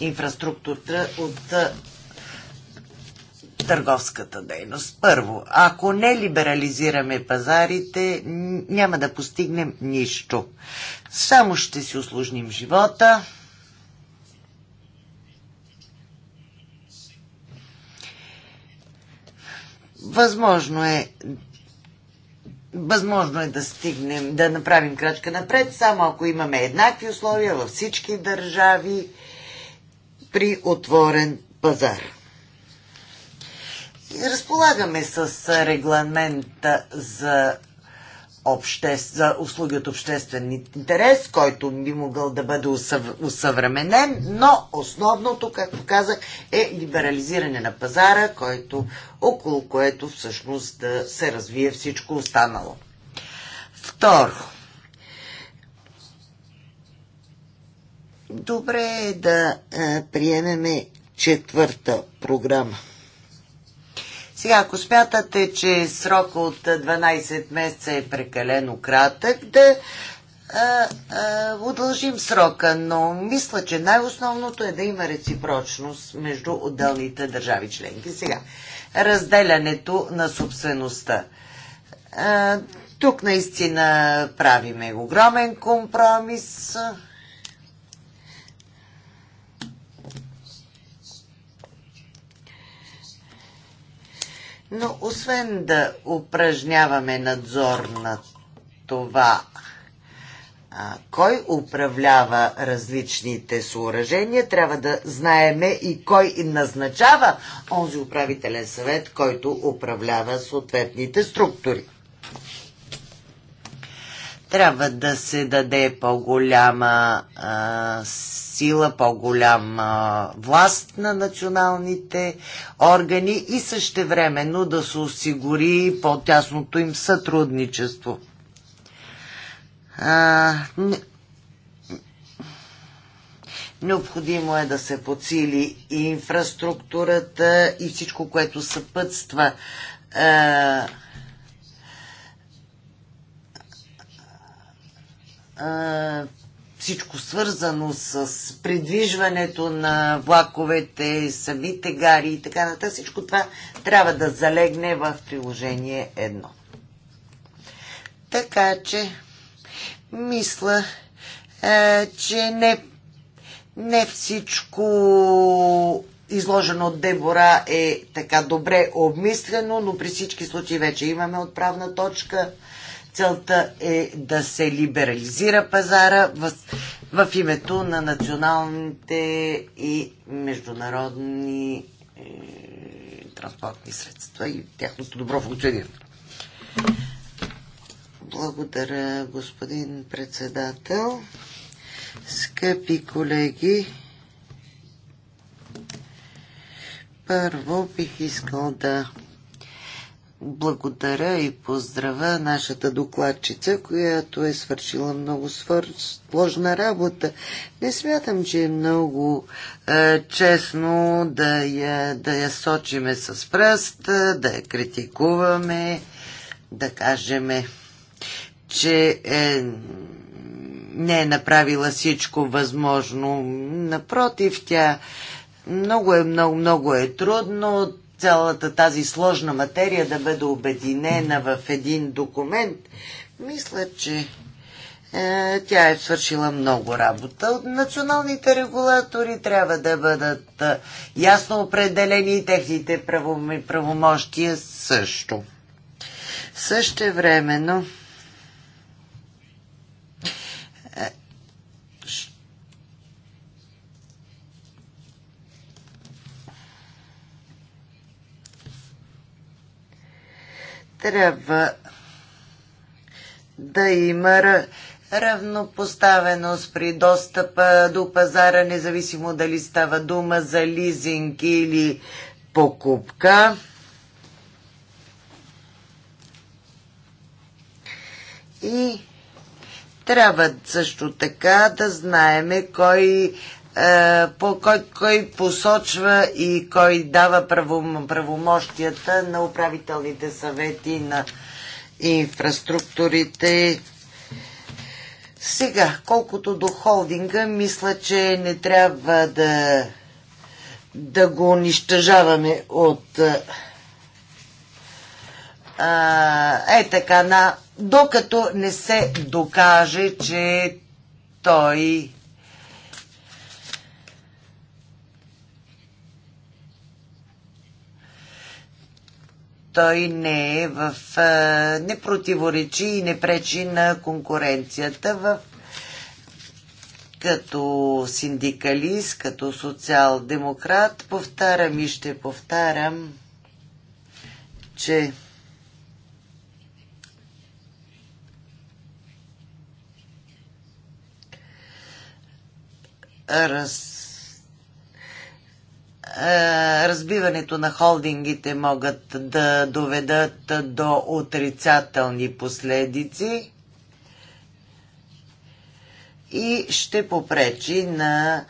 инфраструктурата от търговската дейност. Първо, ако не либерализираме пазарите, няма да постигнем нищо. Само ще си усложним живота. Възможно е Възможно е да стигнем, да направим крачка напред, само ако имаме еднакви условия във всички държави при отворен пазар. Разполагаме с регламента за обще... за услуги от обществен интерес, който би могъл да бъде усъв... усъвременен, но основното, както казах, е либерализиране на пазара, който, около което всъщност да се развие всичко останало. Второ, добре е да е, приемеме четвърта програма – сега, ако смятате, че срока от 12 месеца е прекалено кратък, да а, а, удължим срока, но мисля, че най-основното е да има реципрочност между отделните държави членки. Сега, разделянето на собствеността. А, тук наистина правиме огромен компромис. Но освен да упражняваме надзор на това, а, кой управлява различните съоръжения, трябва да знаеме и кой назначава онзи управителен съвет, който управлява съответните структури. Трябва да се даде по-голяма сила, по-голяма власт на националните органи и същевременно да се осигури по-тясното им сътрудничество. А, Необходимо е да се подсили и инфраструктурата и всичко, което съпътства а, всичко свързано с придвижването на влаковете, самите гари и така нататък, всичко това трябва да залегне в приложение 1. Така че, мисля, е, че не, не всичко изложено от Дебора е така добре обмислено, но при всички случаи вече имаме отправна точка. Целта е да се либерализира пазара в, в името на националните и международни е, транспортни средства и тяхното добро функциониране. Благодаря, господин председател. Скъпи колеги, първо бих искал да благодаря и поздравя нашата докладчица, която е свършила много свър... сложна работа. Не смятам, че е много е, честно да я, да я сочиме с пръст, е, да я критикуваме, да кажеме, че е, не е направила всичко възможно. Напротив, тя много е, много, много е трудно цялата тази сложна материя да бъде обединена в един документ, мисля, че е, тя е свършила много работа. Националните регулатори трябва да бъдат е, ясно определени и техните правом, правомощия също. Също времено трябва да има равнопоставеност при достъпа до пазара, независимо дали става дума за лизинг или покупка. И трябва също така да знаеме кой е, по кой, кой посочва и кой дава правомощията на управителните съвети на инфраструктурите. Сега, колкото до холдинга, мисля, че не трябва да, да го унищожаваме от а, е, е така, на, докато не се докаже, че той той не е в, не противоречи и не пречи на конкуренцията в като синдикалист, като социал-демократ, повтарям и ще повтарям, че раз, е, разбиването на холдингите могат да доведат до отрицателни последици и ще попречи на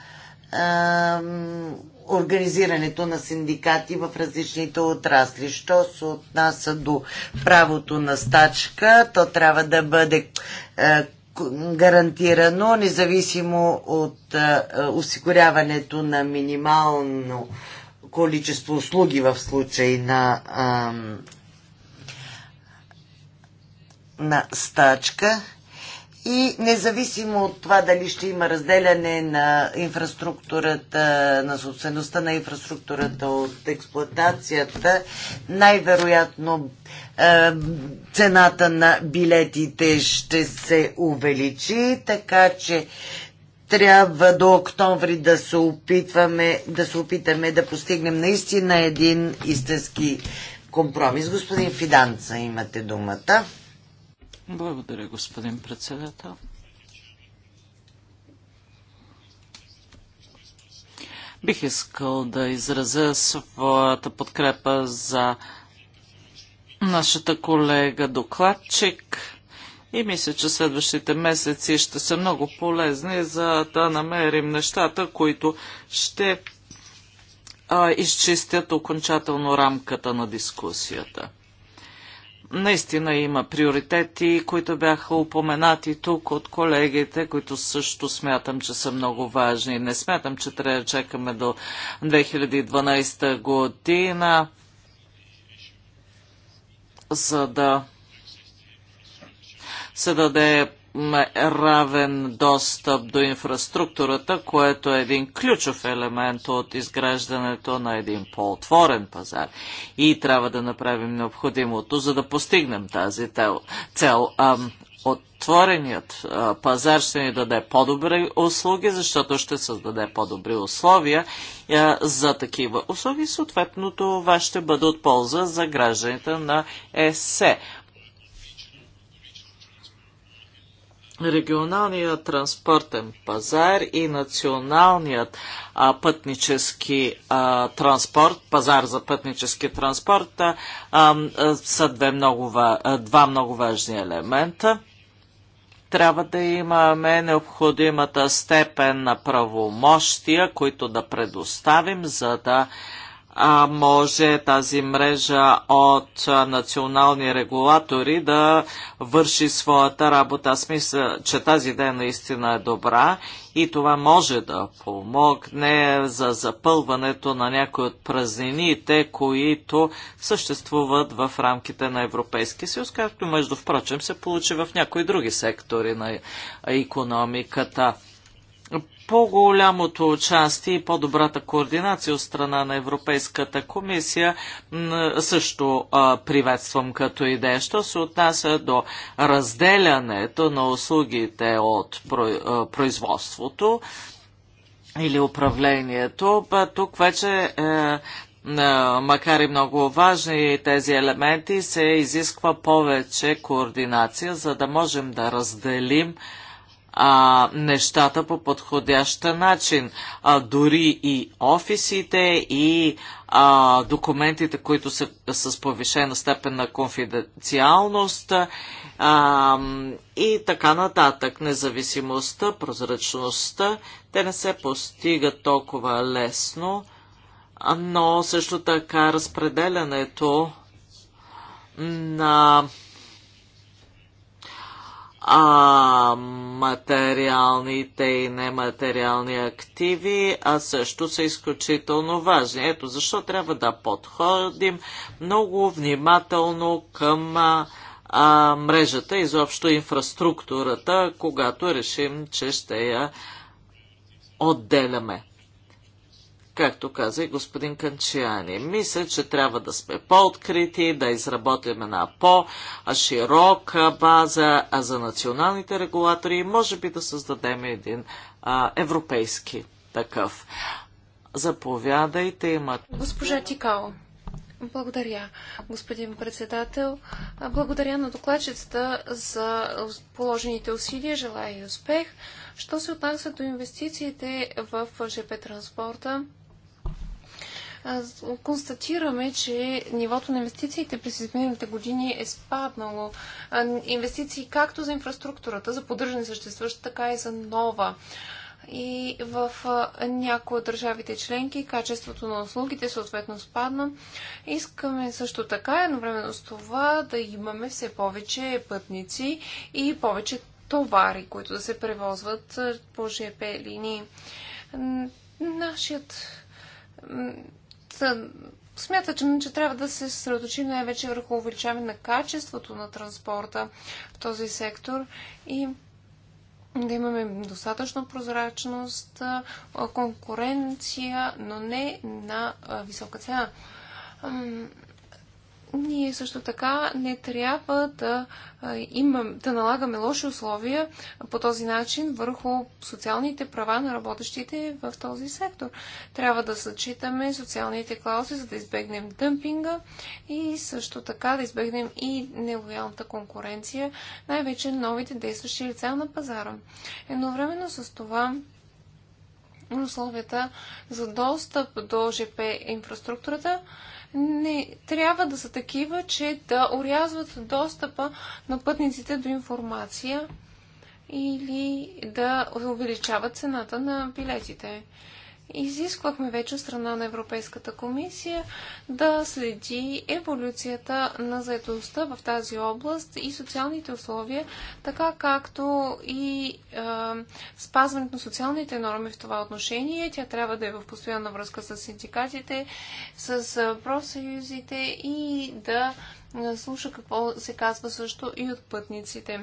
организирането на синдикати в различните отрасли. Що се отнася до правото на стачка, то трябва да бъде е, гарантирано, независимо от осигуряването на минимално количество услуги в случай на, на стачка. И независимо от това дали ще има разделяне на инфраструктурата, на собствеността на инфраструктурата от експлуатацията, най-вероятно цената на билетите ще се увеличи, така че трябва до октомври да се, опитваме, да се опитаме да постигнем наистина един истински компромис. Господин Фиданца, имате думата. Благодаря, господин председател. Бих искал да изразя своята подкрепа за нашата колега докладчик и мисля, че следващите месеци ще са много полезни за да намерим нещата, които ще а, изчистят окончателно рамката на дискусията. Наистина има приоритети, които бяха упоменати тук от колегите, които също смятам, че са много важни. Не смятам, че трябва да чакаме до 2012 година за да се даде равен достъп до инфраструктурата, което е един ключов елемент от изграждането на един по-отворен пазар. И трябва да направим необходимото, за да постигнем тази цел отвореният а, пазар ще ни даде по-добри услуги, защото ще създаде по-добри условия а, за такива услуги. Съответно, това ще бъде от полза за гражданите на ЕСЕ. Регионалният транспортен пазар и националният а, пътнически а, транспорт, пазар за пътнически транспорт а, а, са две много, два много важни елемента. Трябва да имаме необходимата степен на правомощия, които да предоставим, за да а, може тази мрежа от национални регулатори да върши своята работа. Аз мисля, че тази идея наистина е добра и това може да помогне за запълването на някои от празнините, които съществуват в рамките на Европейския съюз, както между впрочем се получи в някои други сектори на економиката по-голямото участие и по-добрата координация от страна на Европейската комисия също приветствам като идея. Що се отнася до разделянето на услугите от производството или управлението, тук вече е, е, макар и много важни тези елементи, се изисква повече координация, за да можем да разделим а, нещата по подходящ начин. А, дори и офисите, и а, документите, които са с повишена степен на конфиденциалност а, и така нататък. Независимостта, прозрачността, те не се постигат толкова лесно, но също така разпределянето на а, материалните и нематериални активи, а също са изключително важни. Ето защо трябва да подходим много внимателно към а, а, мрежата, изобщо инфраструктурата, когато решим, че ще я отделяме както каза и господин Канчиани. Мисля, че трябва да сме по-открити, да изработим една по-широка база за националните регулатори и може би да създадем един а, европейски такъв. Заповядайте, имат... Госпожа Тикао. Благодаря, господин председател. Благодаря на докладчицата за положените усилия. Желая и успех. Що се отнася до инвестициите в ЖП транспорта, констатираме, че нивото на инвестициите през изминалите години е спаднало. Инвестиции както за инфраструктурата, за поддържане съществуваща, така и за нова. И в някои от държавите членки качеството на услугите съответно спадна. Искаме също така едновременно с това да имаме все повече пътници и повече товари, които да се превозват по ЖП линии. Нашият смята, че, че трябва да се съсредоточи най-вече върху увеличаване на качеството на транспорта в този сектор и да имаме достатъчно прозрачност, конкуренция, но не на висока цена ние също така не трябва да, имам, да налагаме лоши условия по този начин върху социалните права на работещите в този сектор. Трябва да съчитаме социалните клаузи, за да избегнем дъмпинга и също така да избегнем и нелоялната конкуренция, най-вече новите действащи лица на пазара. Едновременно с това условията за достъп до ЖП инфраструктурата не трябва да са такива, че да урязват достъпа на пътниците до информация или да увеличават цената на билетите изисквахме вече от страна на Европейската комисия да следи еволюцията на заедостта в тази област и социалните условия, така както и е, спазването на социалните норми в това отношение. Тя трябва да е в постоянна връзка с синдикатите, с профсъюзите и да слуша какво се казва също и от пътниците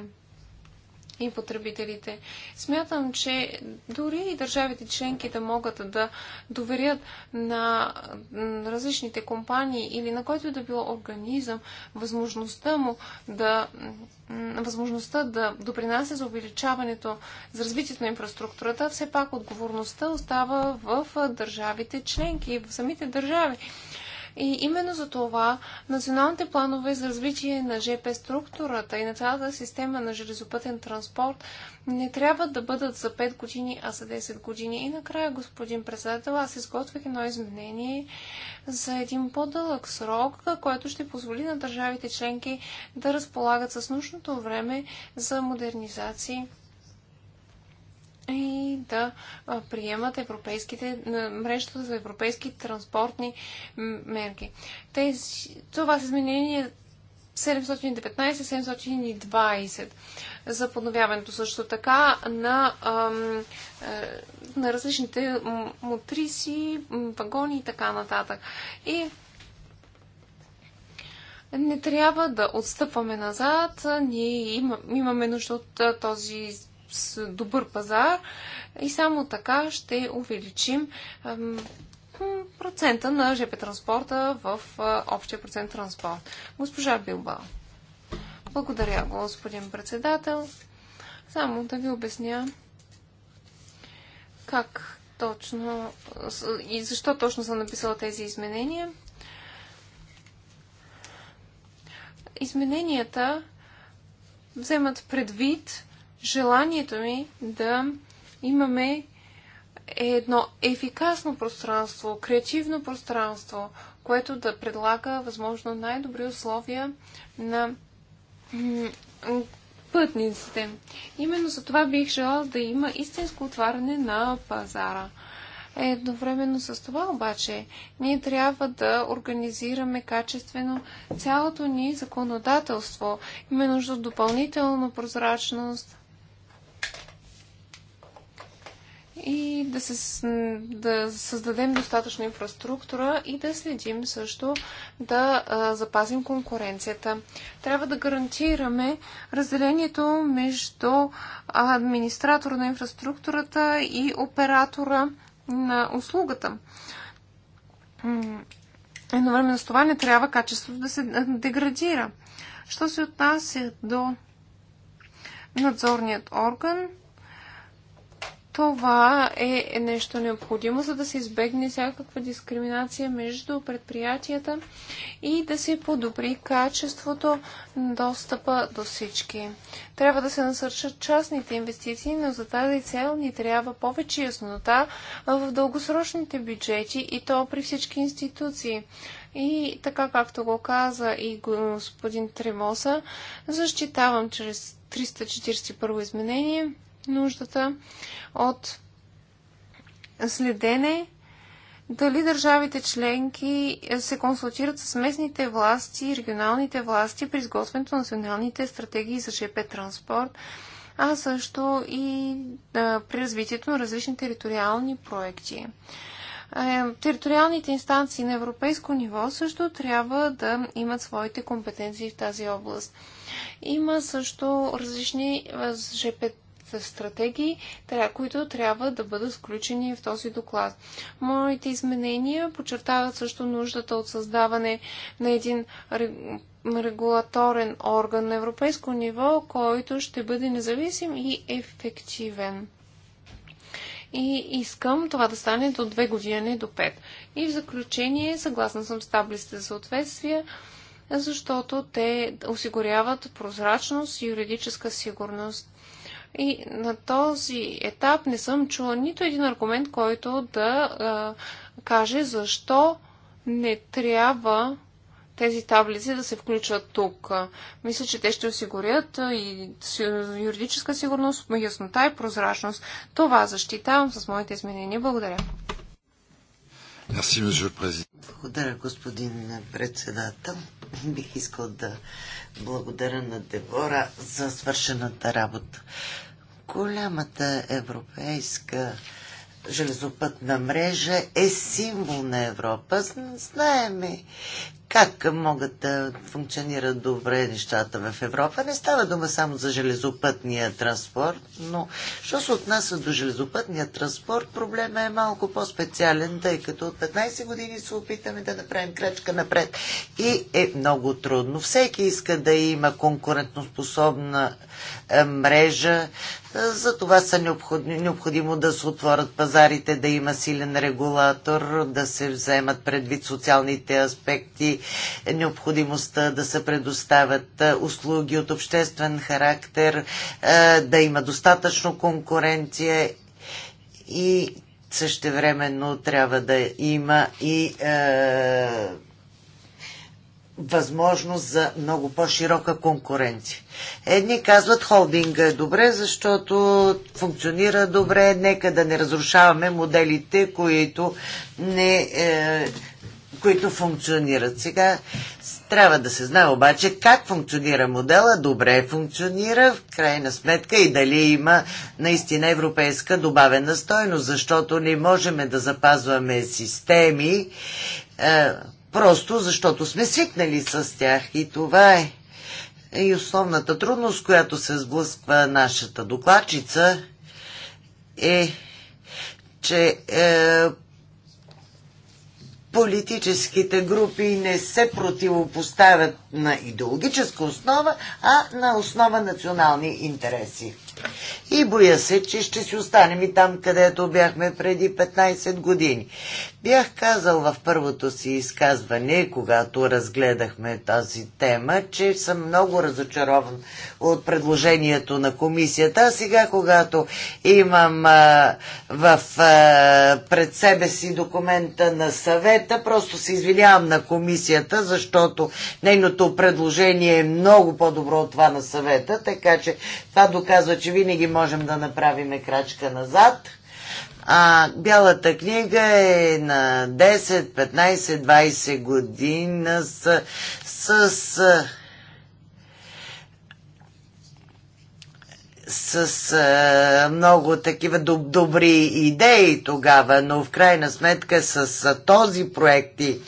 и потребителите. Смятам, че дори и държавите членки да могат да доверят на различните компании или на който да било организъм, възможността му да възможността да допринася за увеличаването, за развитието на инфраструктурата, все пак отговорността остава в държавите членки, в самите държави. И именно за това националните планове за развитие на ЖП структурата и на цялата система на железопътен транспорт не трябва да бъдат за 5 години, а за 10 години. И накрая, господин председател, аз изготвих едно изменение за един по-дълъг срок, който ще позволи на държавите членки да разполагат с нужното време за модернизации и да приемат европейските, мрежата за европейски транспортни мерки. Тези, това с изменение 719-720 за подновяването също така на, ам, е, на различните мотриси, вагони и така нататък. И не трябва да отстъпваме назад. Ние имаме нужда от този добър пазар и само така ще увеличим процента на ЖП транспорта в общия процент транспорт. Госпожа Билбао. Благодаря, господин председател. Само да ви обясня как точно и защо точно съм написала тези изменения. Измененията вземат предвид желанието ми да имаме едно ефикасно пространство, креативно пространство, което да предлага възможно най-добри условия на пътниците. Именно за това бих желал да има истинско отваряне на пазара. Едновременно с това обаче ние трябва да организираме качествено цялото ни законодателство. Има нужда от допълнителна прозрачност, и да, се, да създадем достатъчно инфраструктура и да следим също да а, запазим конкуренцията. Трябва да гарантираме разделението между администратора на инфраструктурата и оператора на услугата. Едновременно с това не трябва качеството да се деградира. Що се отнася до надзорният орган, това е нещо необходимо, за да се избегне всякаква дискриминация между предприятията и да се подобри качеството на достъпа до всички. Трябва да се насърчат частните инвестиции, но за тази цел ни трябва повече яснота в дългосрочните бюджети и то при всички институции. И така както го каза и господин Тремоса, защитавам чрез 341 изменение – нуждата от следене дали държавите членки се консултират с местните власти и регионалните власти при изготвянето на националните стратегии за ЖП транспорт, а също и при развитието на различни териториални проекти. Е, териториалните инстанции на европейско ниво също трябва да имат своите компетенции в тази област. Има също различни ЖП стратегии, които трябва да бъдат включени в този доклад. Моите изменения подчертават също нуждата от създаване на един регулаторен орган на европейско ниво, който ще бъде независим и ефективен. И искам това да стане до 2 години, до 5. И в заключение, съгласна съм с таблиците за съответствие, защото те осигуряват прозрачност и юридическа сигурност. И на този етап не съм чула нито един аргумент, който да а, каже защо не трябва тези таблици да се включват тук. Мисля, че те ще осигурят и юридическа сигурност, яснота и прозрачност. Това защитавам с моите изменения. Благодаря. Благодаря, господин председател. Бих искал да благодаря на Дебора за свършената работа. Голямата европейска железопътна мрежа е символ на Европа. Знаеме как могат да функционират добре нещата в Европа. Не става дума само за железопътния транспорт, но що се отнася до железопътния транспорт, проблема е малко по-специален, тъй като от 15 години се опитаме да направим крачка напред и е много трудно. Всеки иска да има конкурентоспособна е, мрежа, за това са необходимо, необходимо да се отворят пазарите, да има силен регулатор, да се вземат предвид социалните аспекти, необходимостта да се предоставят е, услуги от обществен характер, е, да има достатъчно конкуренция и същевременно трябва да има и е, възможност за много по-широка конкуренция. Едни казват холдинга е добре, защото функционира добре, нека да не разрушаваме моделите, които, не, е, които функционират. Сега трябва да се знае обаче как функционира модела, добре функционира, в крайна сметка и дали има наистина европейска добавена стойност, защото не можем да запазваме системи, е, просто защото сме свикнали с тях и това е и основната трудност, която се сблъсква нашата докладчица е, че е, политическите групи не се противопоставят на идеологическа основа, а на основа национални интереси. И боя се, че ще си останем и там, където бяхме преди 15 години. Бях казал в първото си изказване, когато разгледахме тази тема, че съм много разочарован от предложението на комисията. А сега, когато имам а, в, а, пред себе си документа на съвета, просто се извинявам на комисията, защото нейното предложение е много по-добро от това на съвета, така че това доказва, че винаги можем да направим крачка назад. А Бялата книга е на 10, 15, 20 година с, с, с с с много такива доб- добри идеи тогава, но в крайна сметка с с този проект и,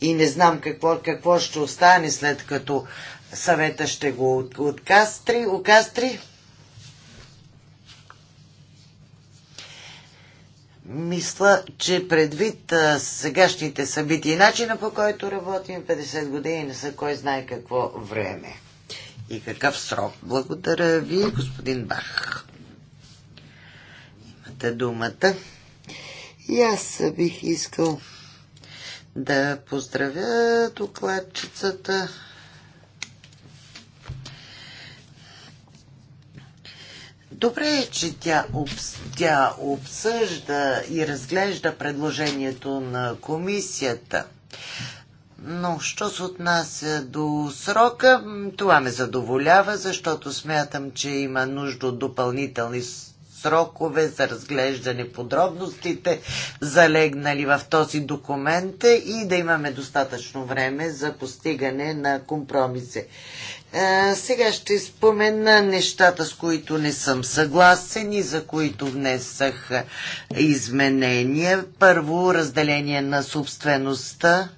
и не знам какво, какво ще остане след като съвета ще го от, откастри, мисля, че предвид а, сегашните събития и начина по който работим, 50 години не са кой знае какво време и какъв срок. Благодаря ви, господин Бах. Имате думата. И аз бих искал да поздравя докладчицата Добре е, че тя, обс... тя обсъжда и разглежда предложението на комисията. Но що се отнася до срока, това ме задоволява, защото смятам, че има нужда от допълнителни срокове за разглеждане подробностите, залегнали в този документ е, и да имаме достатъчно време за постигане на компромиси. Е, сега ще спомена нещата, с които не съм съгласен и за които внесах изменения. Първо, разделение на собствеността.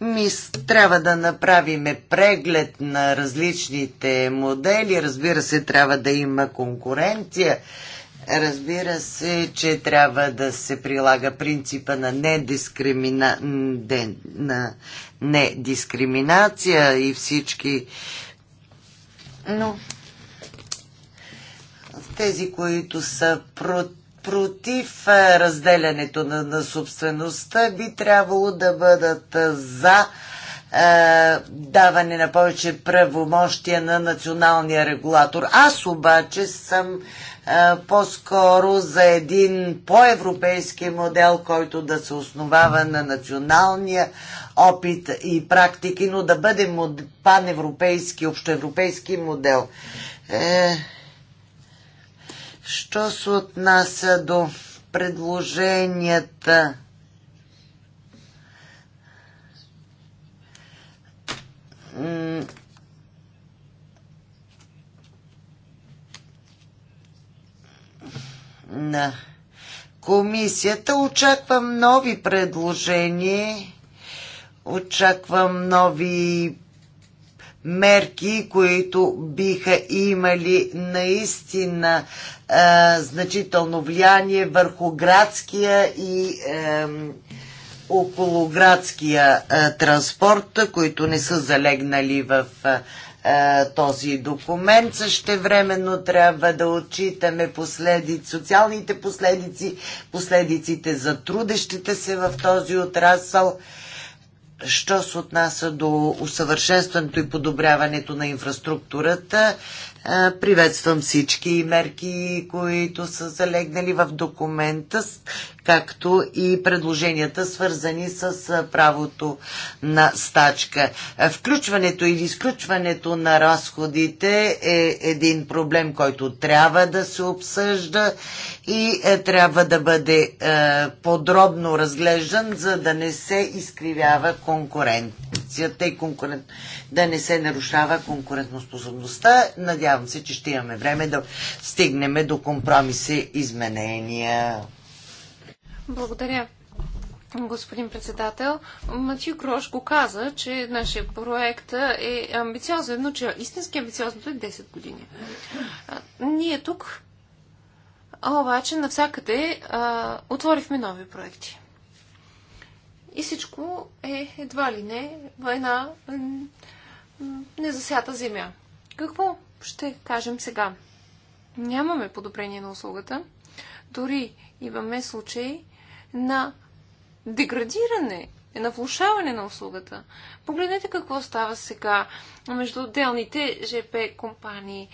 Мис, трябва да направиме преглед на различните модели. Разбира се, трябва да има конкуренция. Разбира се, че трябва да се прилага принципа на недискримина... на недискриминация и всички но тези, които са против, против е, разделянето на, на собствеността, би трябвало да бъдат е, за е, даване на повече правомощия на националния регулатор. Аз обаче съм е, по-скоро за един по-европейски модел, който да се основава на националния опит и практики, но да бъде паневропейски, общоевропейски модел. Е... Що се отнася до предложенията? на комисията. Очаквам нови предложения очаквам нови мерки, които биха имали наистина а, значително влияние върху градския и а, околоградския а, транспорт, които не са залегнали в а, този документ. Същевременно трябва да отчитаме последици, социалните последици, последиците за трудещите се в този отрасъл що се отнася до усъвършенстването и подобряването на инфраструктурата, е, приветствам всички мерки, които са залегнали в документа, както и предложенията, свързани с е, правото на стачка. Е, включването или изключването на разходите е един проблем, който трябва да се обсъжда и трябва да бъде подробно разглеждан, за да не се изкривява конкуренцията и конкурен... да не се нарушава конкурентоспособността. Надявам Надявам се, че ще имаме време да стигнем до компромиси изменения. Благодаря. Господин председател, Матю Крош го каза, че нашия проект е амбициозен, но че истински амбициозното е 10 години. А, ние тук, а обаче навсякъде, а, отворихме нови проекти. И всичко е едва ли не война незасята земя. Какво ще кажем сега. Нямаме подобрение на услугата. Дори имаме случаи на деградиране, на влушаване на услугата. Погледнете какво става сега между отделните ЖП компании.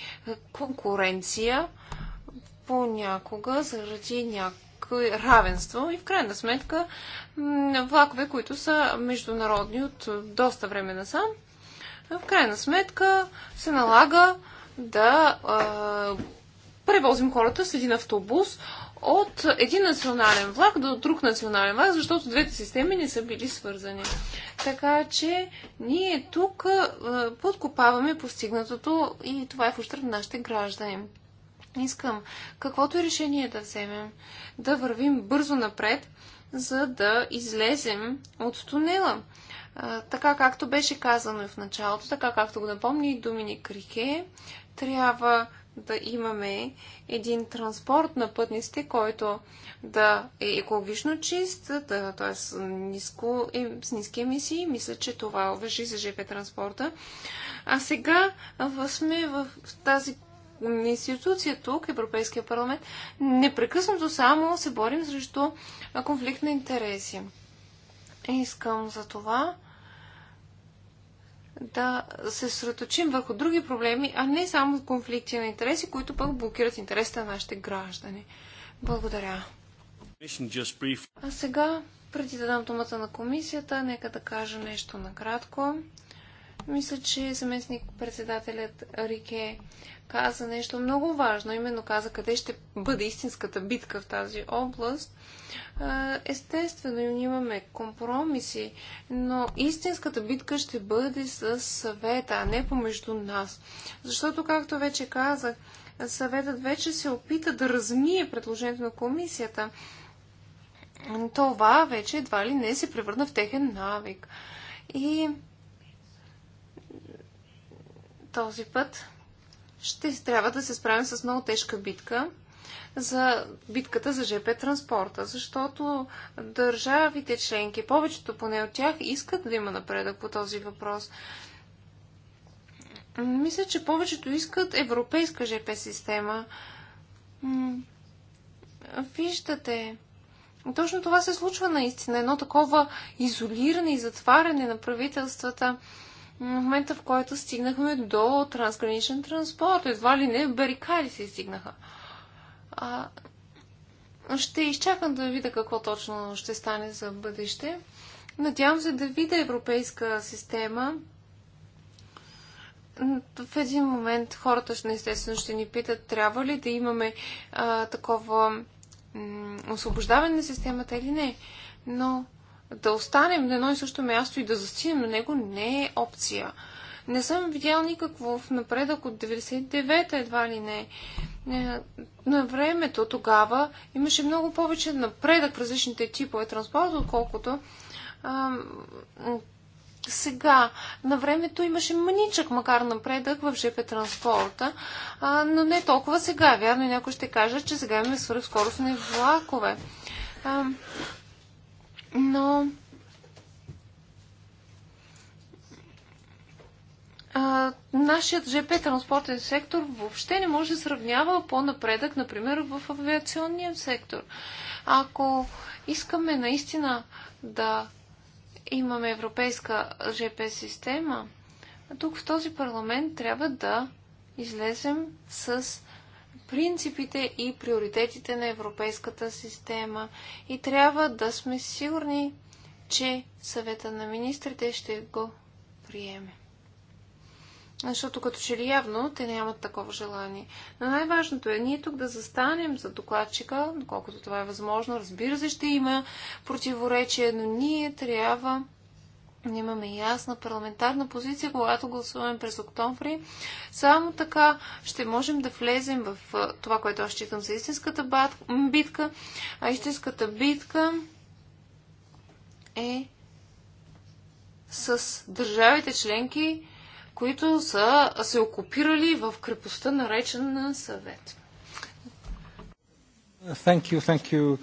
Конкуренция понякога заради някакво равенство и в крайна сметка влакове, които са международни от доста време насам, в крайна сметка се налага да а, превозим хората с един автобус от един национален влак до друг национален влак, защото двете системи не са били свързани. Така че ние тук а, подкопаваме постигнатото и това е в ущърб на нашите граждани. Искам каквото е решение да вземем, да вървим бързо напред, за да излезем от тунела. А, така както беше казано и в началото, така както го напомни и Доминик Рике, трябва да имаме един транспорт на пътниците, който да е екологично чист, да, т.е. Ниско, е, с ниски емисии. Мисля, че това въжи за ЖП транспорта. А сега сме в тази институция тук, Европейския парламент, непрекъснато само се борим срещу конфликт на интереси. Искам за това да се среточим върху други проблеми, а не само конфликти на интереси, които пък блокират интересите на нашите граждани. Благодаря. А сега, преди да дам думата на комисията, нека да кажа нещо накратко. Мисля, че заместник председателят Рике каза нещо много важно, именно каза къде ще бъде истинската битка в тази област. Естествено, имаме компромиси, но истинската битка ще бъде с съвета, а не помежду нас. Защото, както вече казах, съветът вече се опита да размие предложението на комисията. Това вече едва ли не се превърна в техен навик. И този път ще трябва да се справим с много тежка битка за битката за ЖП транспорта, защото държавите членки, повечето поне от тях, искат да има напредък по този въпрос. Мисля, че повечето искат европейска ЖП система. Виждате, точно това се случва наистина. Едно такова изолиране и затваряне на правителствата момента, в който стигнахме до трансграничен транспорт. Едва ли не барикади се стигнаха. А, ще изчакам да видя какво точно ще стане за бъдеще. Надявам се да видя европейска система. В един момент хората ще, естествено ще ни питат, трябва ли да имаме а, такова освобождаване на системата или не. Но да останем на едно и също място и да застинем на него не е опция. Не съм видял никакъв напредък от 99-та, едва ли не. Е, на времето тогава имаше много повече напредък в различните типове транспорт, отколкото а, сега. На времето имаше мъничък, макар напредък в ЖП транспорта, а, но не толкова сега. Вярно, някой ще каже, че сега имаме свръхскоростни влакове. А, но а, нашият ЖП транспортен сектор въобще не може да сравнява по-напредък, например, в авиационния сектор. Ако искаме наистина да имаме европейска ЖП система, тук в този парламент трябва да излезем с принципите и приоритетите на европейската система и трябва да сме сигурни, че съвета на министрите ще го приеме. Защото като че ли явно те нямат такова желание. Но най-важното е ние тук да застанем за докладчика, доколкото това е възможно. Разбира се, ще има противоречие, но ние трябва имаме ясна парламентарна позиция, когато гласуваме през октомври. Само така ще можем да влезем в това, което аз считам за истинската битка. А истинската битка е с държавите членки, които са се окупирали в крепостта, наречена съвет. Thank you, thank you,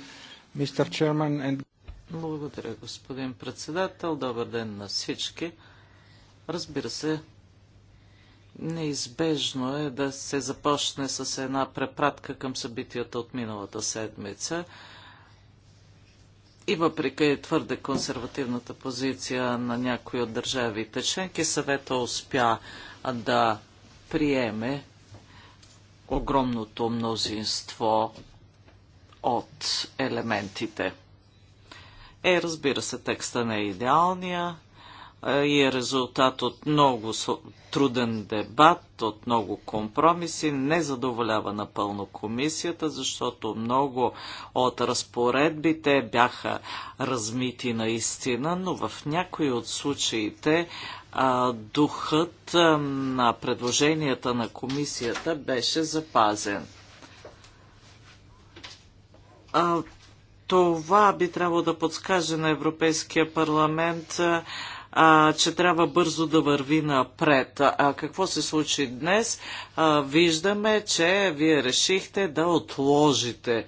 Mr. Chairman. And... Благодаря, господин председател. Добър ден на всички. Разбира се, неизбежно е да се започне с една препратка към събитията от миналата седмица. И въпреки твърде консервативната позиция на някои от държавите членки, съвета успя да приеме огромното мнозинство от елементите – е, разбира се, текста не е идеалния и е резултат от много труден дебат, от много компромиси. Не задоволява напълно комисията, защото много от разпоредбите бяха размити наистина, но в някои от случаите духът на предложенията на комисията беше запазен това би трябвало да подскаже на Европейския парламент, а, че трябва бързо да върви напред. А какво се случи днес? А, виждаме, че вие решихте да отложите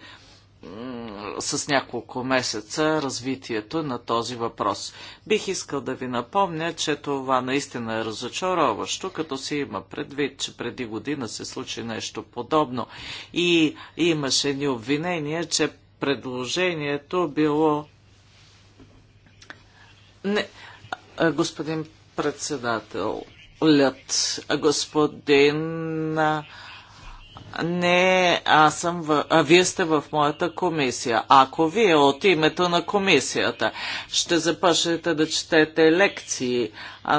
с няколко месеца развитието на този въпрос. Бих искал да ви напомня, че това наистина е разочароващо, като се има предвид, че преди година се случи нещо подобно и имаше ни обвинение, че предложението било... Не, господин председател, лят, господин не аз съм, в, а вие сте в моята комисия. Ако вие от името на комисията ще започнете да четете лекции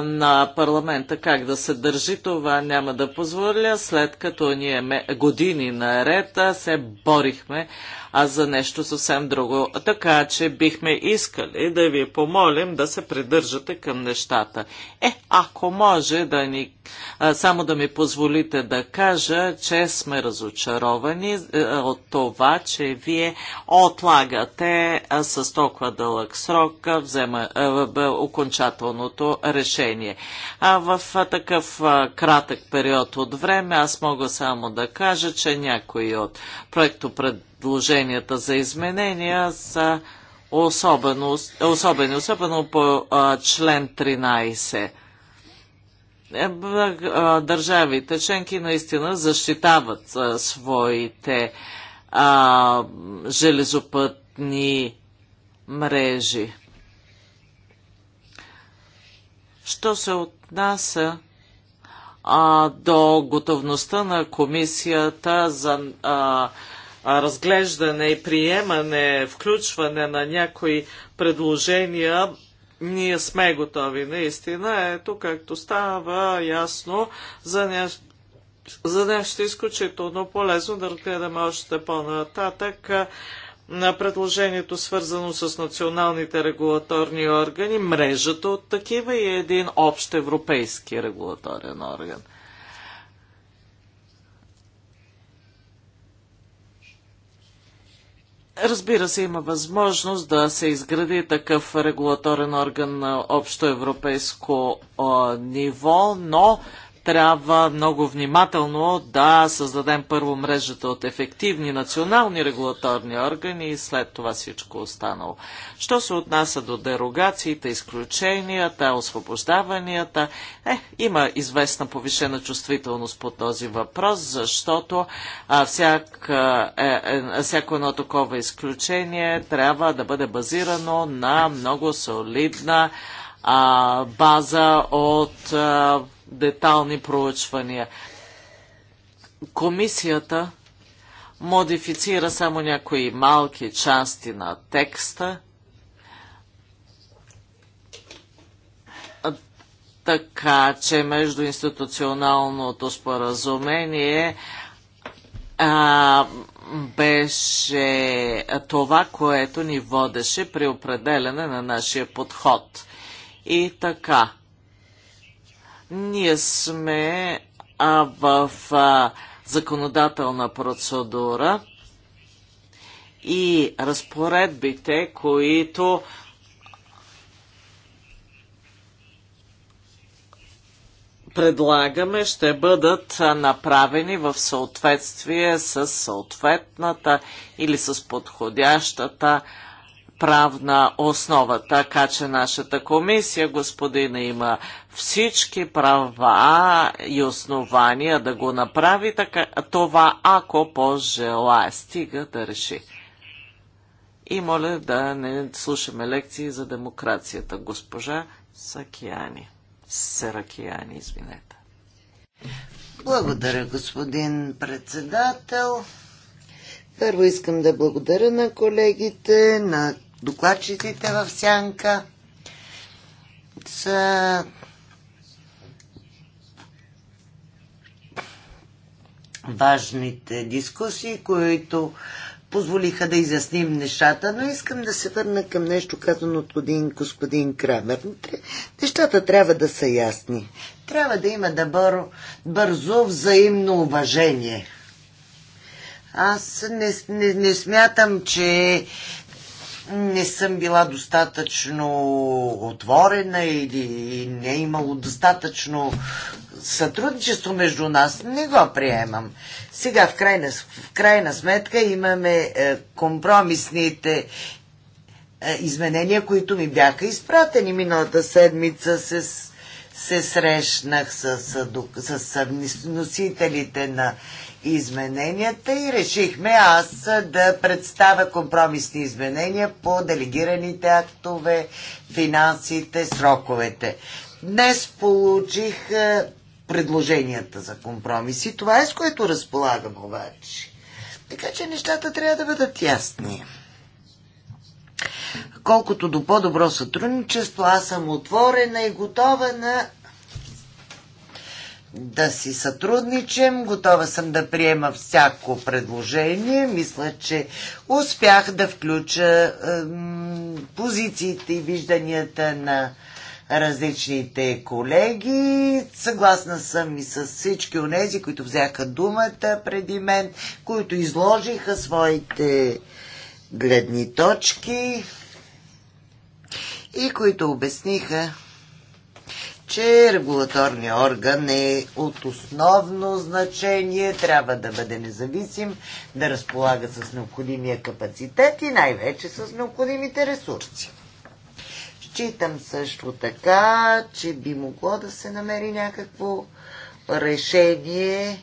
на парламента как да се държи, това няма да позволя, след като ние години наред се борихме а за нещо съвсем друго. Така че бихме искали да ви помолим да се придържате към нещата. Е, ако може да ни, само да ми позволите да кажа, че сме разочаровани е, от това, че вие отлагате с толкова дълъг срок взема, окончателното решение. А в такъв кратък период от време аз мога само да кажа, че някои от проектопредложенията за изменения са особено, особено, особено по член 13. Е, държавите членки наистина защитават своите а, железопътни мрежи. Що се отнася а, до готовността на комисията за а, разглеждане и приемане, включване на някои предложения ние сме готови наистина. Ето, както става ясно, за нещо за нещо изключително полезно да разгледаме още по-нататък на предложението свързано с националните регулаторни органи, мрежата от такива и един общ европейски регулаторен орган. Разбира се, има възможност да се изгради такъв регулаторен орган на общо европейско ниво, но трябва много внимателно да създадем първо мрежата от ефективни национални регулаторни органи и след това всичко останало. Що се отнася до дерогациите, изключенията, освобождаванията, е, има известна повишена чувствителност по този въпрос, защото а, всяк, е, е, всяко едно такова изключение трябва да бъде базирано на много солидна а, база от а, детални проучвания. Комисията модифицира само някои малки части на текста, така че между институционалното споразумение а, беше това, което ни водеше при определене на нашия подход. И така, ние сме а, в а, законодателна процедура и разпоредбите, които предлагаме, ще бъдат направени в съответствие с съответната или с подходящата правна основа, така че нашата комисия, господина, има всички права и основания да го направи така, това, ако пожелая, стига да реши. И моля да не слушаме лекции за демокрацията, госпожа Сакияни. Серакияни, извинете. Благодаря, господин председател. Първо искам да благодаря на колегите, на докладчиците в сянка са важните дискусии, които позволиха да изясним нещата, но искам да се върна към нещо казано от годин, господин Крамер. Нещата трябва да са ясни. Трябва да има добро, бързо взаимно уважение. Аз не, не, не смятам, че не съм била достатъчно отворена или не е имало достатъчно сътрудничество между нас, не го приемам. Сега, в крайна, в крайна сметка, имаме е, компромисните е, изменения, които ми бяха изпратени миналата седмица с се срещнах с, с, с носителите на измененията и решихме аз да представя компромисни изменения по делегираните актове, финансите, сроковете. Днес получих е, предложенията за компромиси. Това е с което разполагам обаче. Така че нещата трябва да бъдат ясни. Колкото до по-добро сътрудничество, аз съм отворена и готова на да си сътрудничим. Готова съм да приема всяко предложение. Мисля, че успях да включа е, позициите и вижданията на различните колеги. Съгласна съм и с всички онези, които взеха думата преди мен, които изложиха своите гледни точки и които обясниха че регулаторният орган е от основно значение, трябва да бъде независим, да разполага с необходимия капацитет и най-вече с необходимите ресурси. Считам също така, че би могло да се намери някакво решение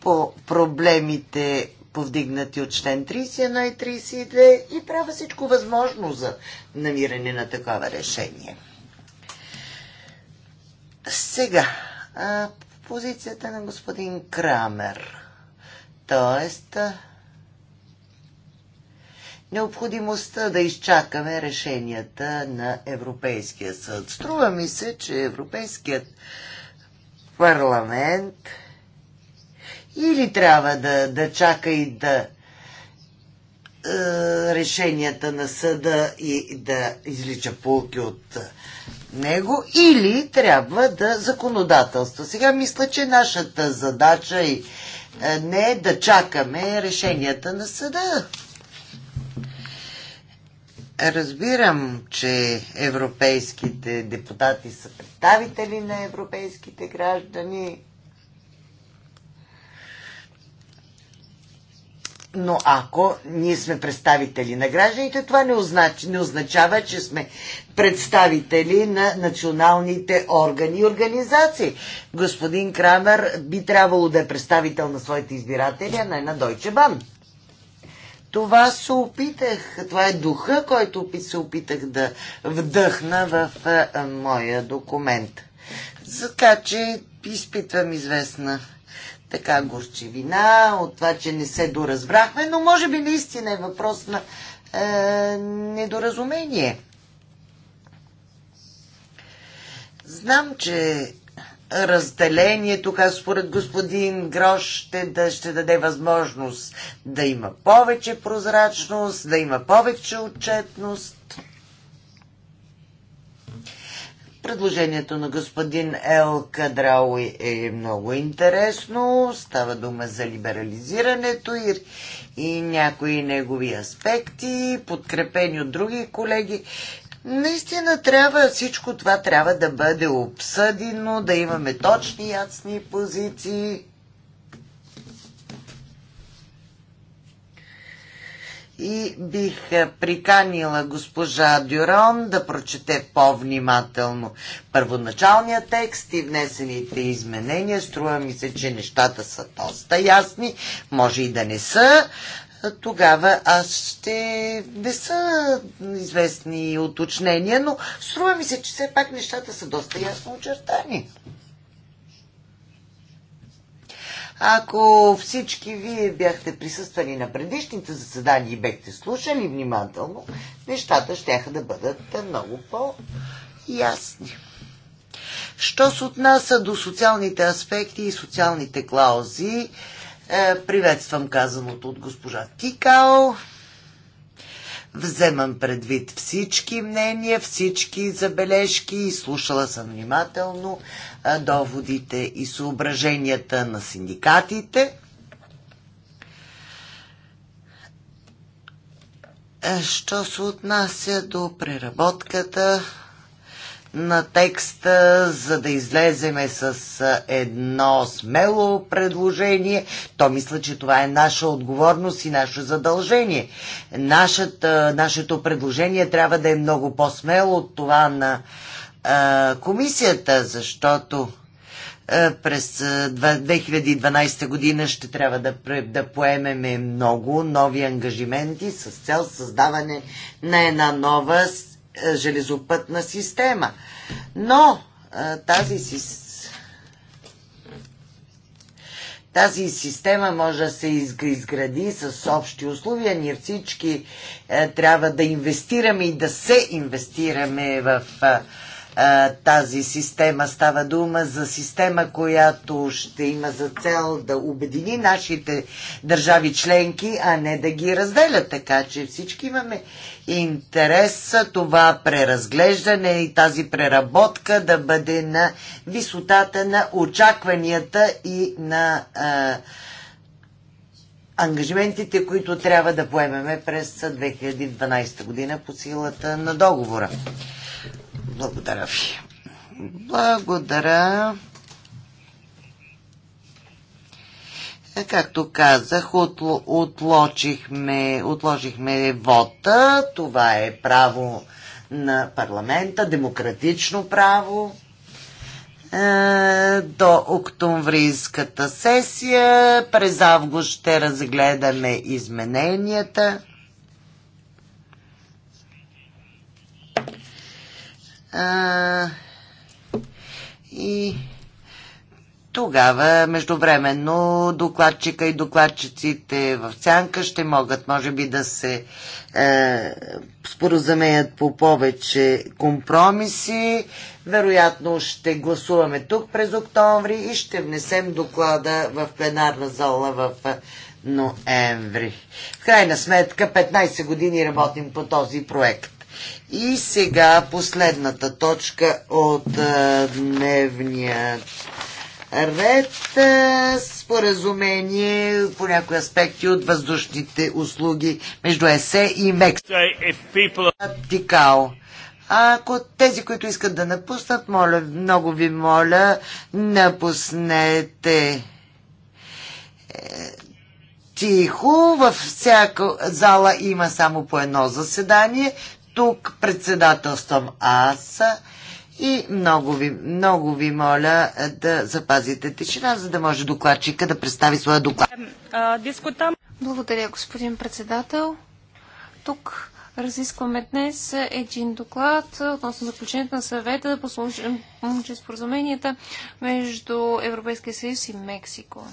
по проблемите повдигнати от член 31 и 32 и правя всичко възможно за намиране на такова решение. Сега, позицията на господин Крамер. Т.е. необходимостта да изчакаме решенията на Европейския съд. Струва ми се, че Европейският парламент или трябва да, да чака и да е, решенията на съда и да излича полки от него или трябва да законодателства. Сега мисля, че нашата задача и е, не е да чакаме решенията на съда. Разбирам, че европейските депутати са представители на европейските граждани но ако ние сме представители на гражданите, това не означава, не означава, че сме представители на националните органи и организации. Господин Крамер би трябвало да е представител на своите избиратели, а не на Deutsche Bank. Това се опитах, това е духа, който се опитах да вдъхна в е, е, моя документ. Така че изпитвам известна така горчевина, от това, че не се доразбрахме, но може би наистина е въпрос на е, недоразумение. Знам, че разделението, как според господин Грош, ще, да, ще даде възможност да има повече прозрачност, да има повече отчетност. Предложението на господин Ел Кадрауи е много интересно. Става дума за либерализирането и, и някои негови аспекти, подкрепени от други колеги. Наистина трябва, всичко това трябва да бъде обсъдено, да имаме точни, ясни позиции. и бих е, приканила госпожа Дюрон да прочете по-внимателно първоначалния текст и внесените изменения. Струва ми се, че нещата са доста ясни, може и да не са. Тогава аз ще не са известни уточнения, но струва ми се, че все пак нещата са доста ясно очертани. Ако всички вие бяхте присъствали на предишните заседания и бяхте слушали внимателно, нещата ще да бъдат много по-ясни. Що се отнася до социалните аспекти и социалните клаузи, е, приветствам казаното от госпожа Тикао. Вземам предвид всички мнения, всички забележки и слушала съм внимателно доводите и съображенията на синдикатите. Що се отнася до преработката, на текста, за да излеземе с едно смело предложение. То мисля, че това е наша отговорност и наше задължение. Нашата, нашето предложение трябва да е много по-смело от това на а, комисията, защото през 2012 година ще трябва да, да поемеме много нови ангажименти с цел създаване на една нова е, железопътна система. Но е, тази система тази система може да се изгради с общи условия. Ние всички е, трябва да инвестираме и да се инвестираме в е, тази система. Става дума за система, която ще има за цел да обедини нашите държави членки, а не да ги разделя. Така че всички имаме интерес това преразглеждане и тази преработка да бъде на висотата на очакванията и на а, ангажиментите, които трябва да поемеме през 2012 година по силата на договора. Благодаря ви. Благодаря. Както казах, отложихме, отложихме вота. Това е право на парламента, демократично право. Е, до октомврийската сесия през август ще разгледаме измененията. А, и тогава, междувременно, докладчика и докладчиците в сянка ще могат, може би, да се е, споразумеят по повече компромиси. Вероятно ще гласуваме тук през октомври и ще внесем доклада в пленарна зала в е, ноември. В крайна сметка, 15 години работим по този проект. И сега последната точка от дневния ред. споразумение по някои аспекти от въздушните услуги между ЕСЕ и Мексико. Ако тези, които искат да напуснат, моля, много ви моля, напуснете е, тихо, във всяка зала има само по едно заседание, тук председателствам аз и много ви, много ви моля е, да запазите тишина, за да може докладчика да представи своя доклад. Благодаря, господин председател. Тук разискваме днес един доклад относно заключението на съвета да случай споразуменията между Европейския съюз и Мексико.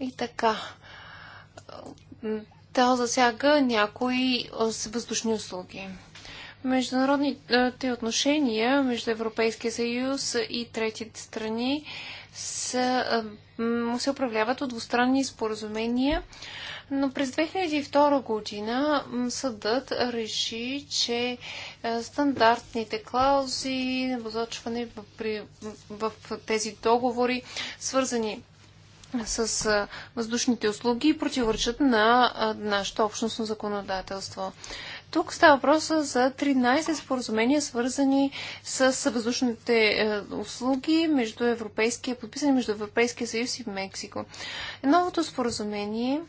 И така. Та засяга някои въздушни услуги. Международните отношения между Европейския съюз и третите страни са, се управляват от двустранни споразумения, но през 2002 година съдът реши, че стандартните клаузи на възочване в, в тези договори, свързани с въздушните услуги и противоречат на нашето общностно законодателство. Тук става въпрос за 13 споразумения, свързани с въздушните е, услуги между Европейския, подписани между Европейския съюз и Мексико. Новото споразумение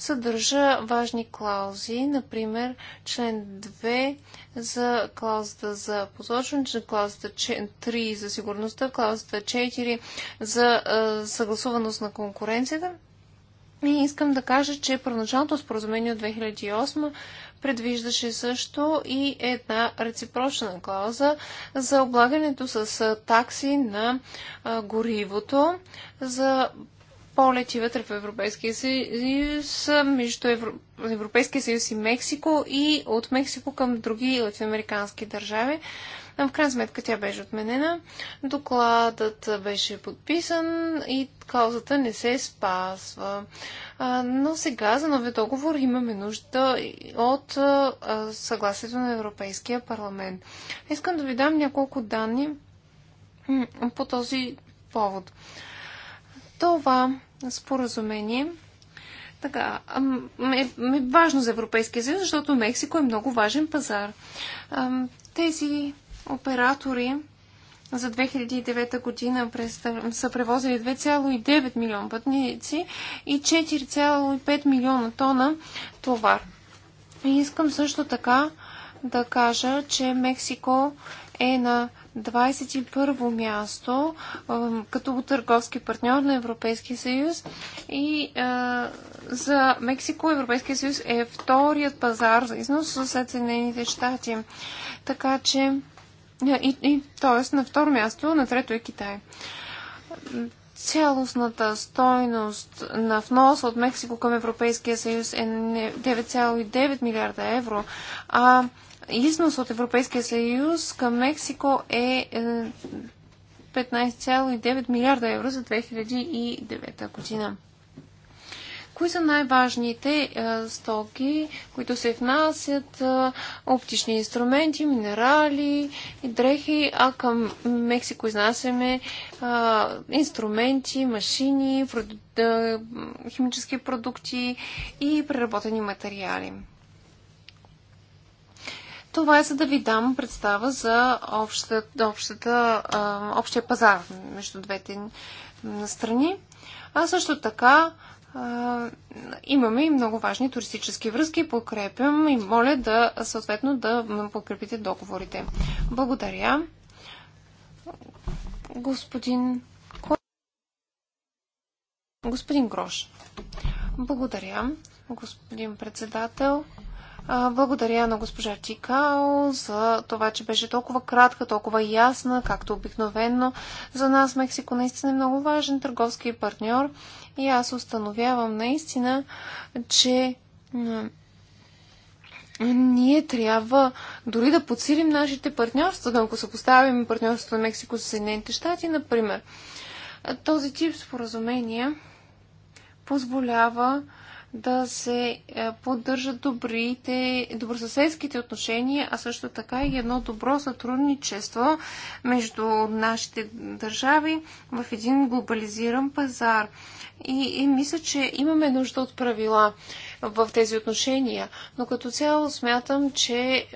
съдържа важни клаузи, например член 2 за клаузата за посочване, клаузата 3 за сигурността, клаузата 4 за съгласуваност на конкуренцията. И искам да кажа, че първоначалното споразумение от 2008 предвиждаше също и една реципрочна клауза за облагането с такси на горивото за полети вътре в Европейския съюз, между Европейския съюз и Мексико и от Мексико към други латиноамерикански държави. В крайна сметка тя беше отменена. Докладът беше подписан и клаузата не се спазва. Но сега за новия договор имаме нужда от съгласието на Европейския парламент. Искам да ви дам няколко данни по този повод. Това споразумение така, е, е важно за Европейския съюз, защото Мексико е много важен пазар. Тези оператори за 2009 година са превозили 2,9 милиона пътници и 4,5 милиона тона товар. И искам също така да кажа, че Мексико е на 21-во място като търговски партньор на Европейския съюз и за Мексико Европейския съюз е вторият пазар за износ след Съединените щати. Така че и, и т.е. на второ място, на трето е Китай. Цялостната стойност на внос от Мексико към Европейския съюз е 9,9 милиарда евро, а износ от Европейския съюз към Мексико е 15,9 е, милиарда евро за 2009 година. Кои са най-важните е, стоки, които се внасят? Е, оптични инструменти, минерали, и дрехи, а към Мексико изнасяме инструменти, машини, химически продукти и преработени материали. Това е за да ви дам представа за общата, общата, общия пазар между двете страни. А също така имаме и много важни туристически връзки. Подкрепям и моля да съответно да подкрепите договорите. Благодаря. Господин Господин Грош. Благодаря, господин председател. Благодаря на госпожа Чикао за това, че беше толкова кратка, толкова ясна, както обикновено. За нас Мексико наистина е много важен търговски партньор и аз установявам наистина, че ние трябва дори да подсилим нашите партньорства, да ако поставим партньорството на Мексико с Съединените щати, например. Този тип споразумения позволява да се е, поддържат добрите, добросъседските отношения, а също така и едно добро сътрудничество между нашите държави в един глобализиран пазар. И, и мисля, че имаме нужда от правила в тези отношения. Но като цяло смятам, че е,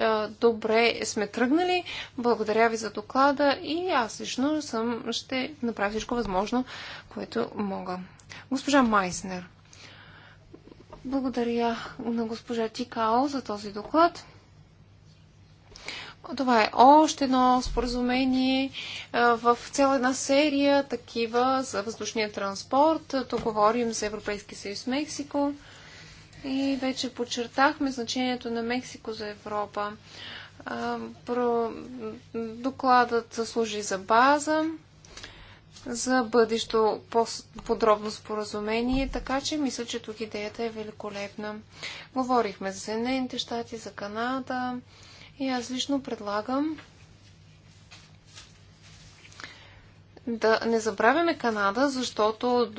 добре сме тръгнали. Благодаря ви за доклада и аз лично съм, ще направя всичко възможно, което мога. Госпожа Майснер. Благодаря на госпожа Тикао за този доклад. Това е още едно споразумение е, в цяла една серия такива за въздушния транспорт. Тук говорим за Европейския съюз Мексико и вече подчертахме значението на Мексико за Европа. Е, докладът служи за база за бъдещо по-подробно споразумение, така че мисля, че тук идеята е великолепна. Говорихме за Съединените щати, за Канада и аз лично предлагам да не забравяме Канада, защото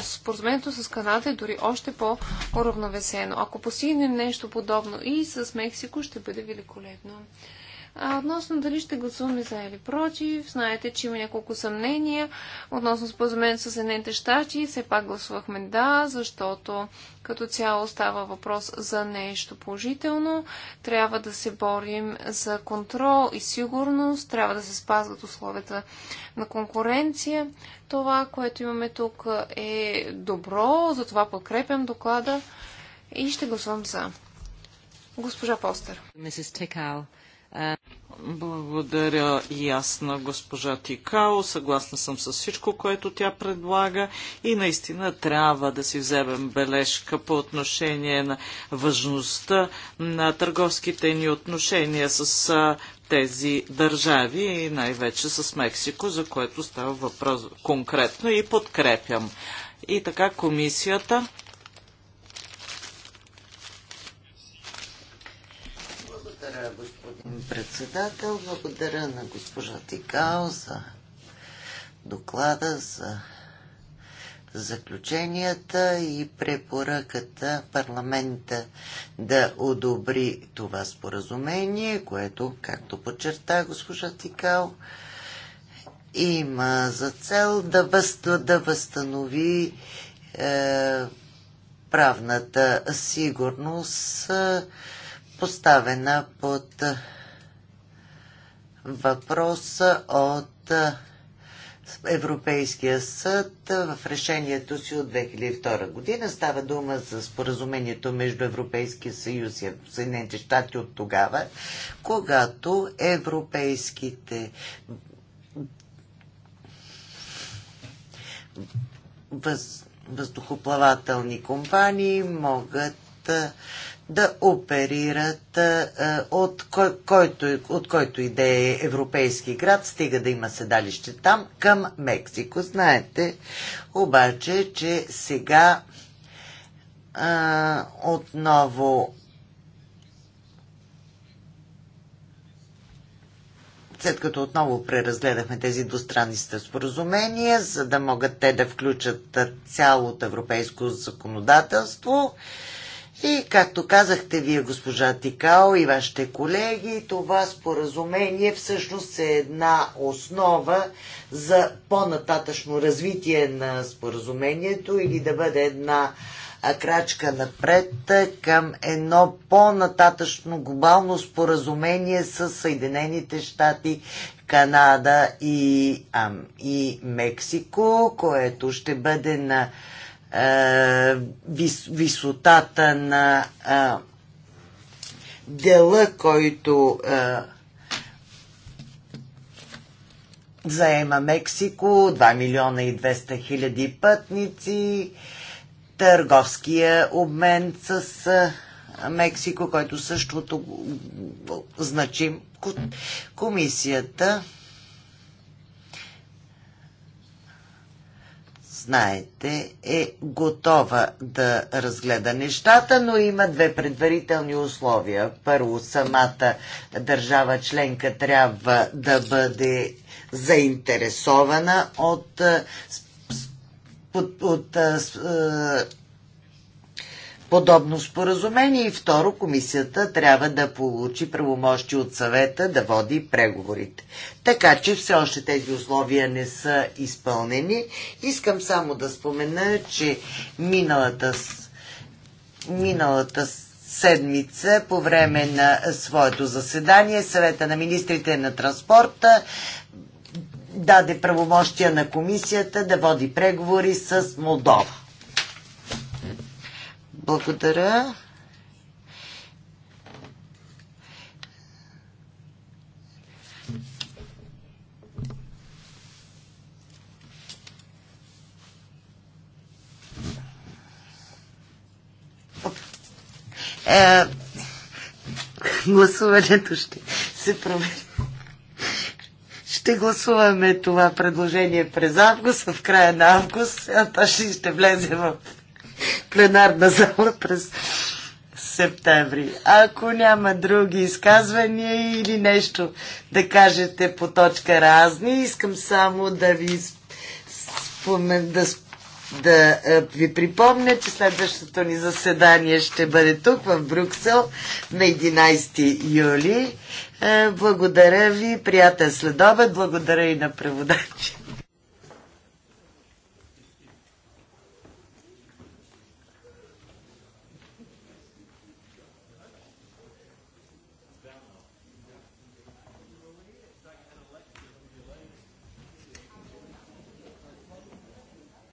споразумението с Канада е дори още по-уравновесено. Ако постигнем нещо подобно и с Мексико, ще бъде великолепно. А относно дали ще гласуваме за или против, знаете, че има няколко съмнения. Относно споразумението с Съединените щати, все пак гласувахме да, защото като цяло става въпрос за нещо положително. Трябва да се борим за контрол и сигурност, трябва да се спазват условията на конкуренция. Това, което имаме тук е добро, затова подкрепям доклада и ще гласувам за. Госпожа Постер. Мисис Текал. Благодаря и аз на госпожа Тикао. Съгласна съм с всичко, което тя предлага и наистина трябва да си вземем бележка по отношение на важността на търговските ни отношения с тези държави и най-вече с Мексико, за което става въпрос конкретно и подкрепям. И така комисията председател. Благодаря на госпожа Тикао за доклада, за заключенията и препоръката парламента да одобри това споразумение, което, както подчерта госпожа Тикао, има за цел да, въз, да възстанови е, правната сигурност, е, поставена под въпрос от Европейския съд в решението си от 2002 година. Става дума за споразумението между Европейския съюз и Съединените щати от тогава, когато европейските въз... въздухоплавателни компании могат да оперират от, кой, който, от който и да е европейски град, стига да има седалище там, към Мексико. Знаете обаче, че сега а, отново след като отново преразгледахме тези двустранни споразумения, за да могат те да включат цялото европейско законодателство, и както казахте вие, госпожа Тикао и вашите колеги, това споразумение всъщност е една основа за по-нататъчно развитие на споразумението или да бъде една крачка напред към едно по-нататъчно глобално споразумение с Съединените щати, Канада и, ам, и Мексико, което ще бъде на е, вис, висотата на а, е, дела, който а, е, заема Мексико, 2 милиона и 200 хиляди пътници, търговския обмен с а, Мексико, който същото значим. Комисията знаете, е готова да разгледа нещата, но има две предварителни условия. Първо, самата държава членка трябва да бъде заинтересована от, от, от, от подобно споразумение и второ, комисията трябва да получи правомощи от съвета да води преговорите. Така че все още тези условия не са изпълнени. Искам само да спомена, че миналата, миналата седмица по време на своето заседание съвета на министрите на транспорта даде правомощия на комисията да води преговори с Молдова. Благодаря. Е, гласуването ще се провери. Ще гласуваме това предложение през август, в края на август, а то ще, ще влезе в пленарна зала през септември. Ако няма други изказвания или нещо да кажете по точка разни, искам само да ви спомен, да, да е, ви припомня, че следващото ни заседание ще бъде тук в Брюксел на 11 юли. Е, благодаря ви, приятел следобед, благодаря и на преводачите.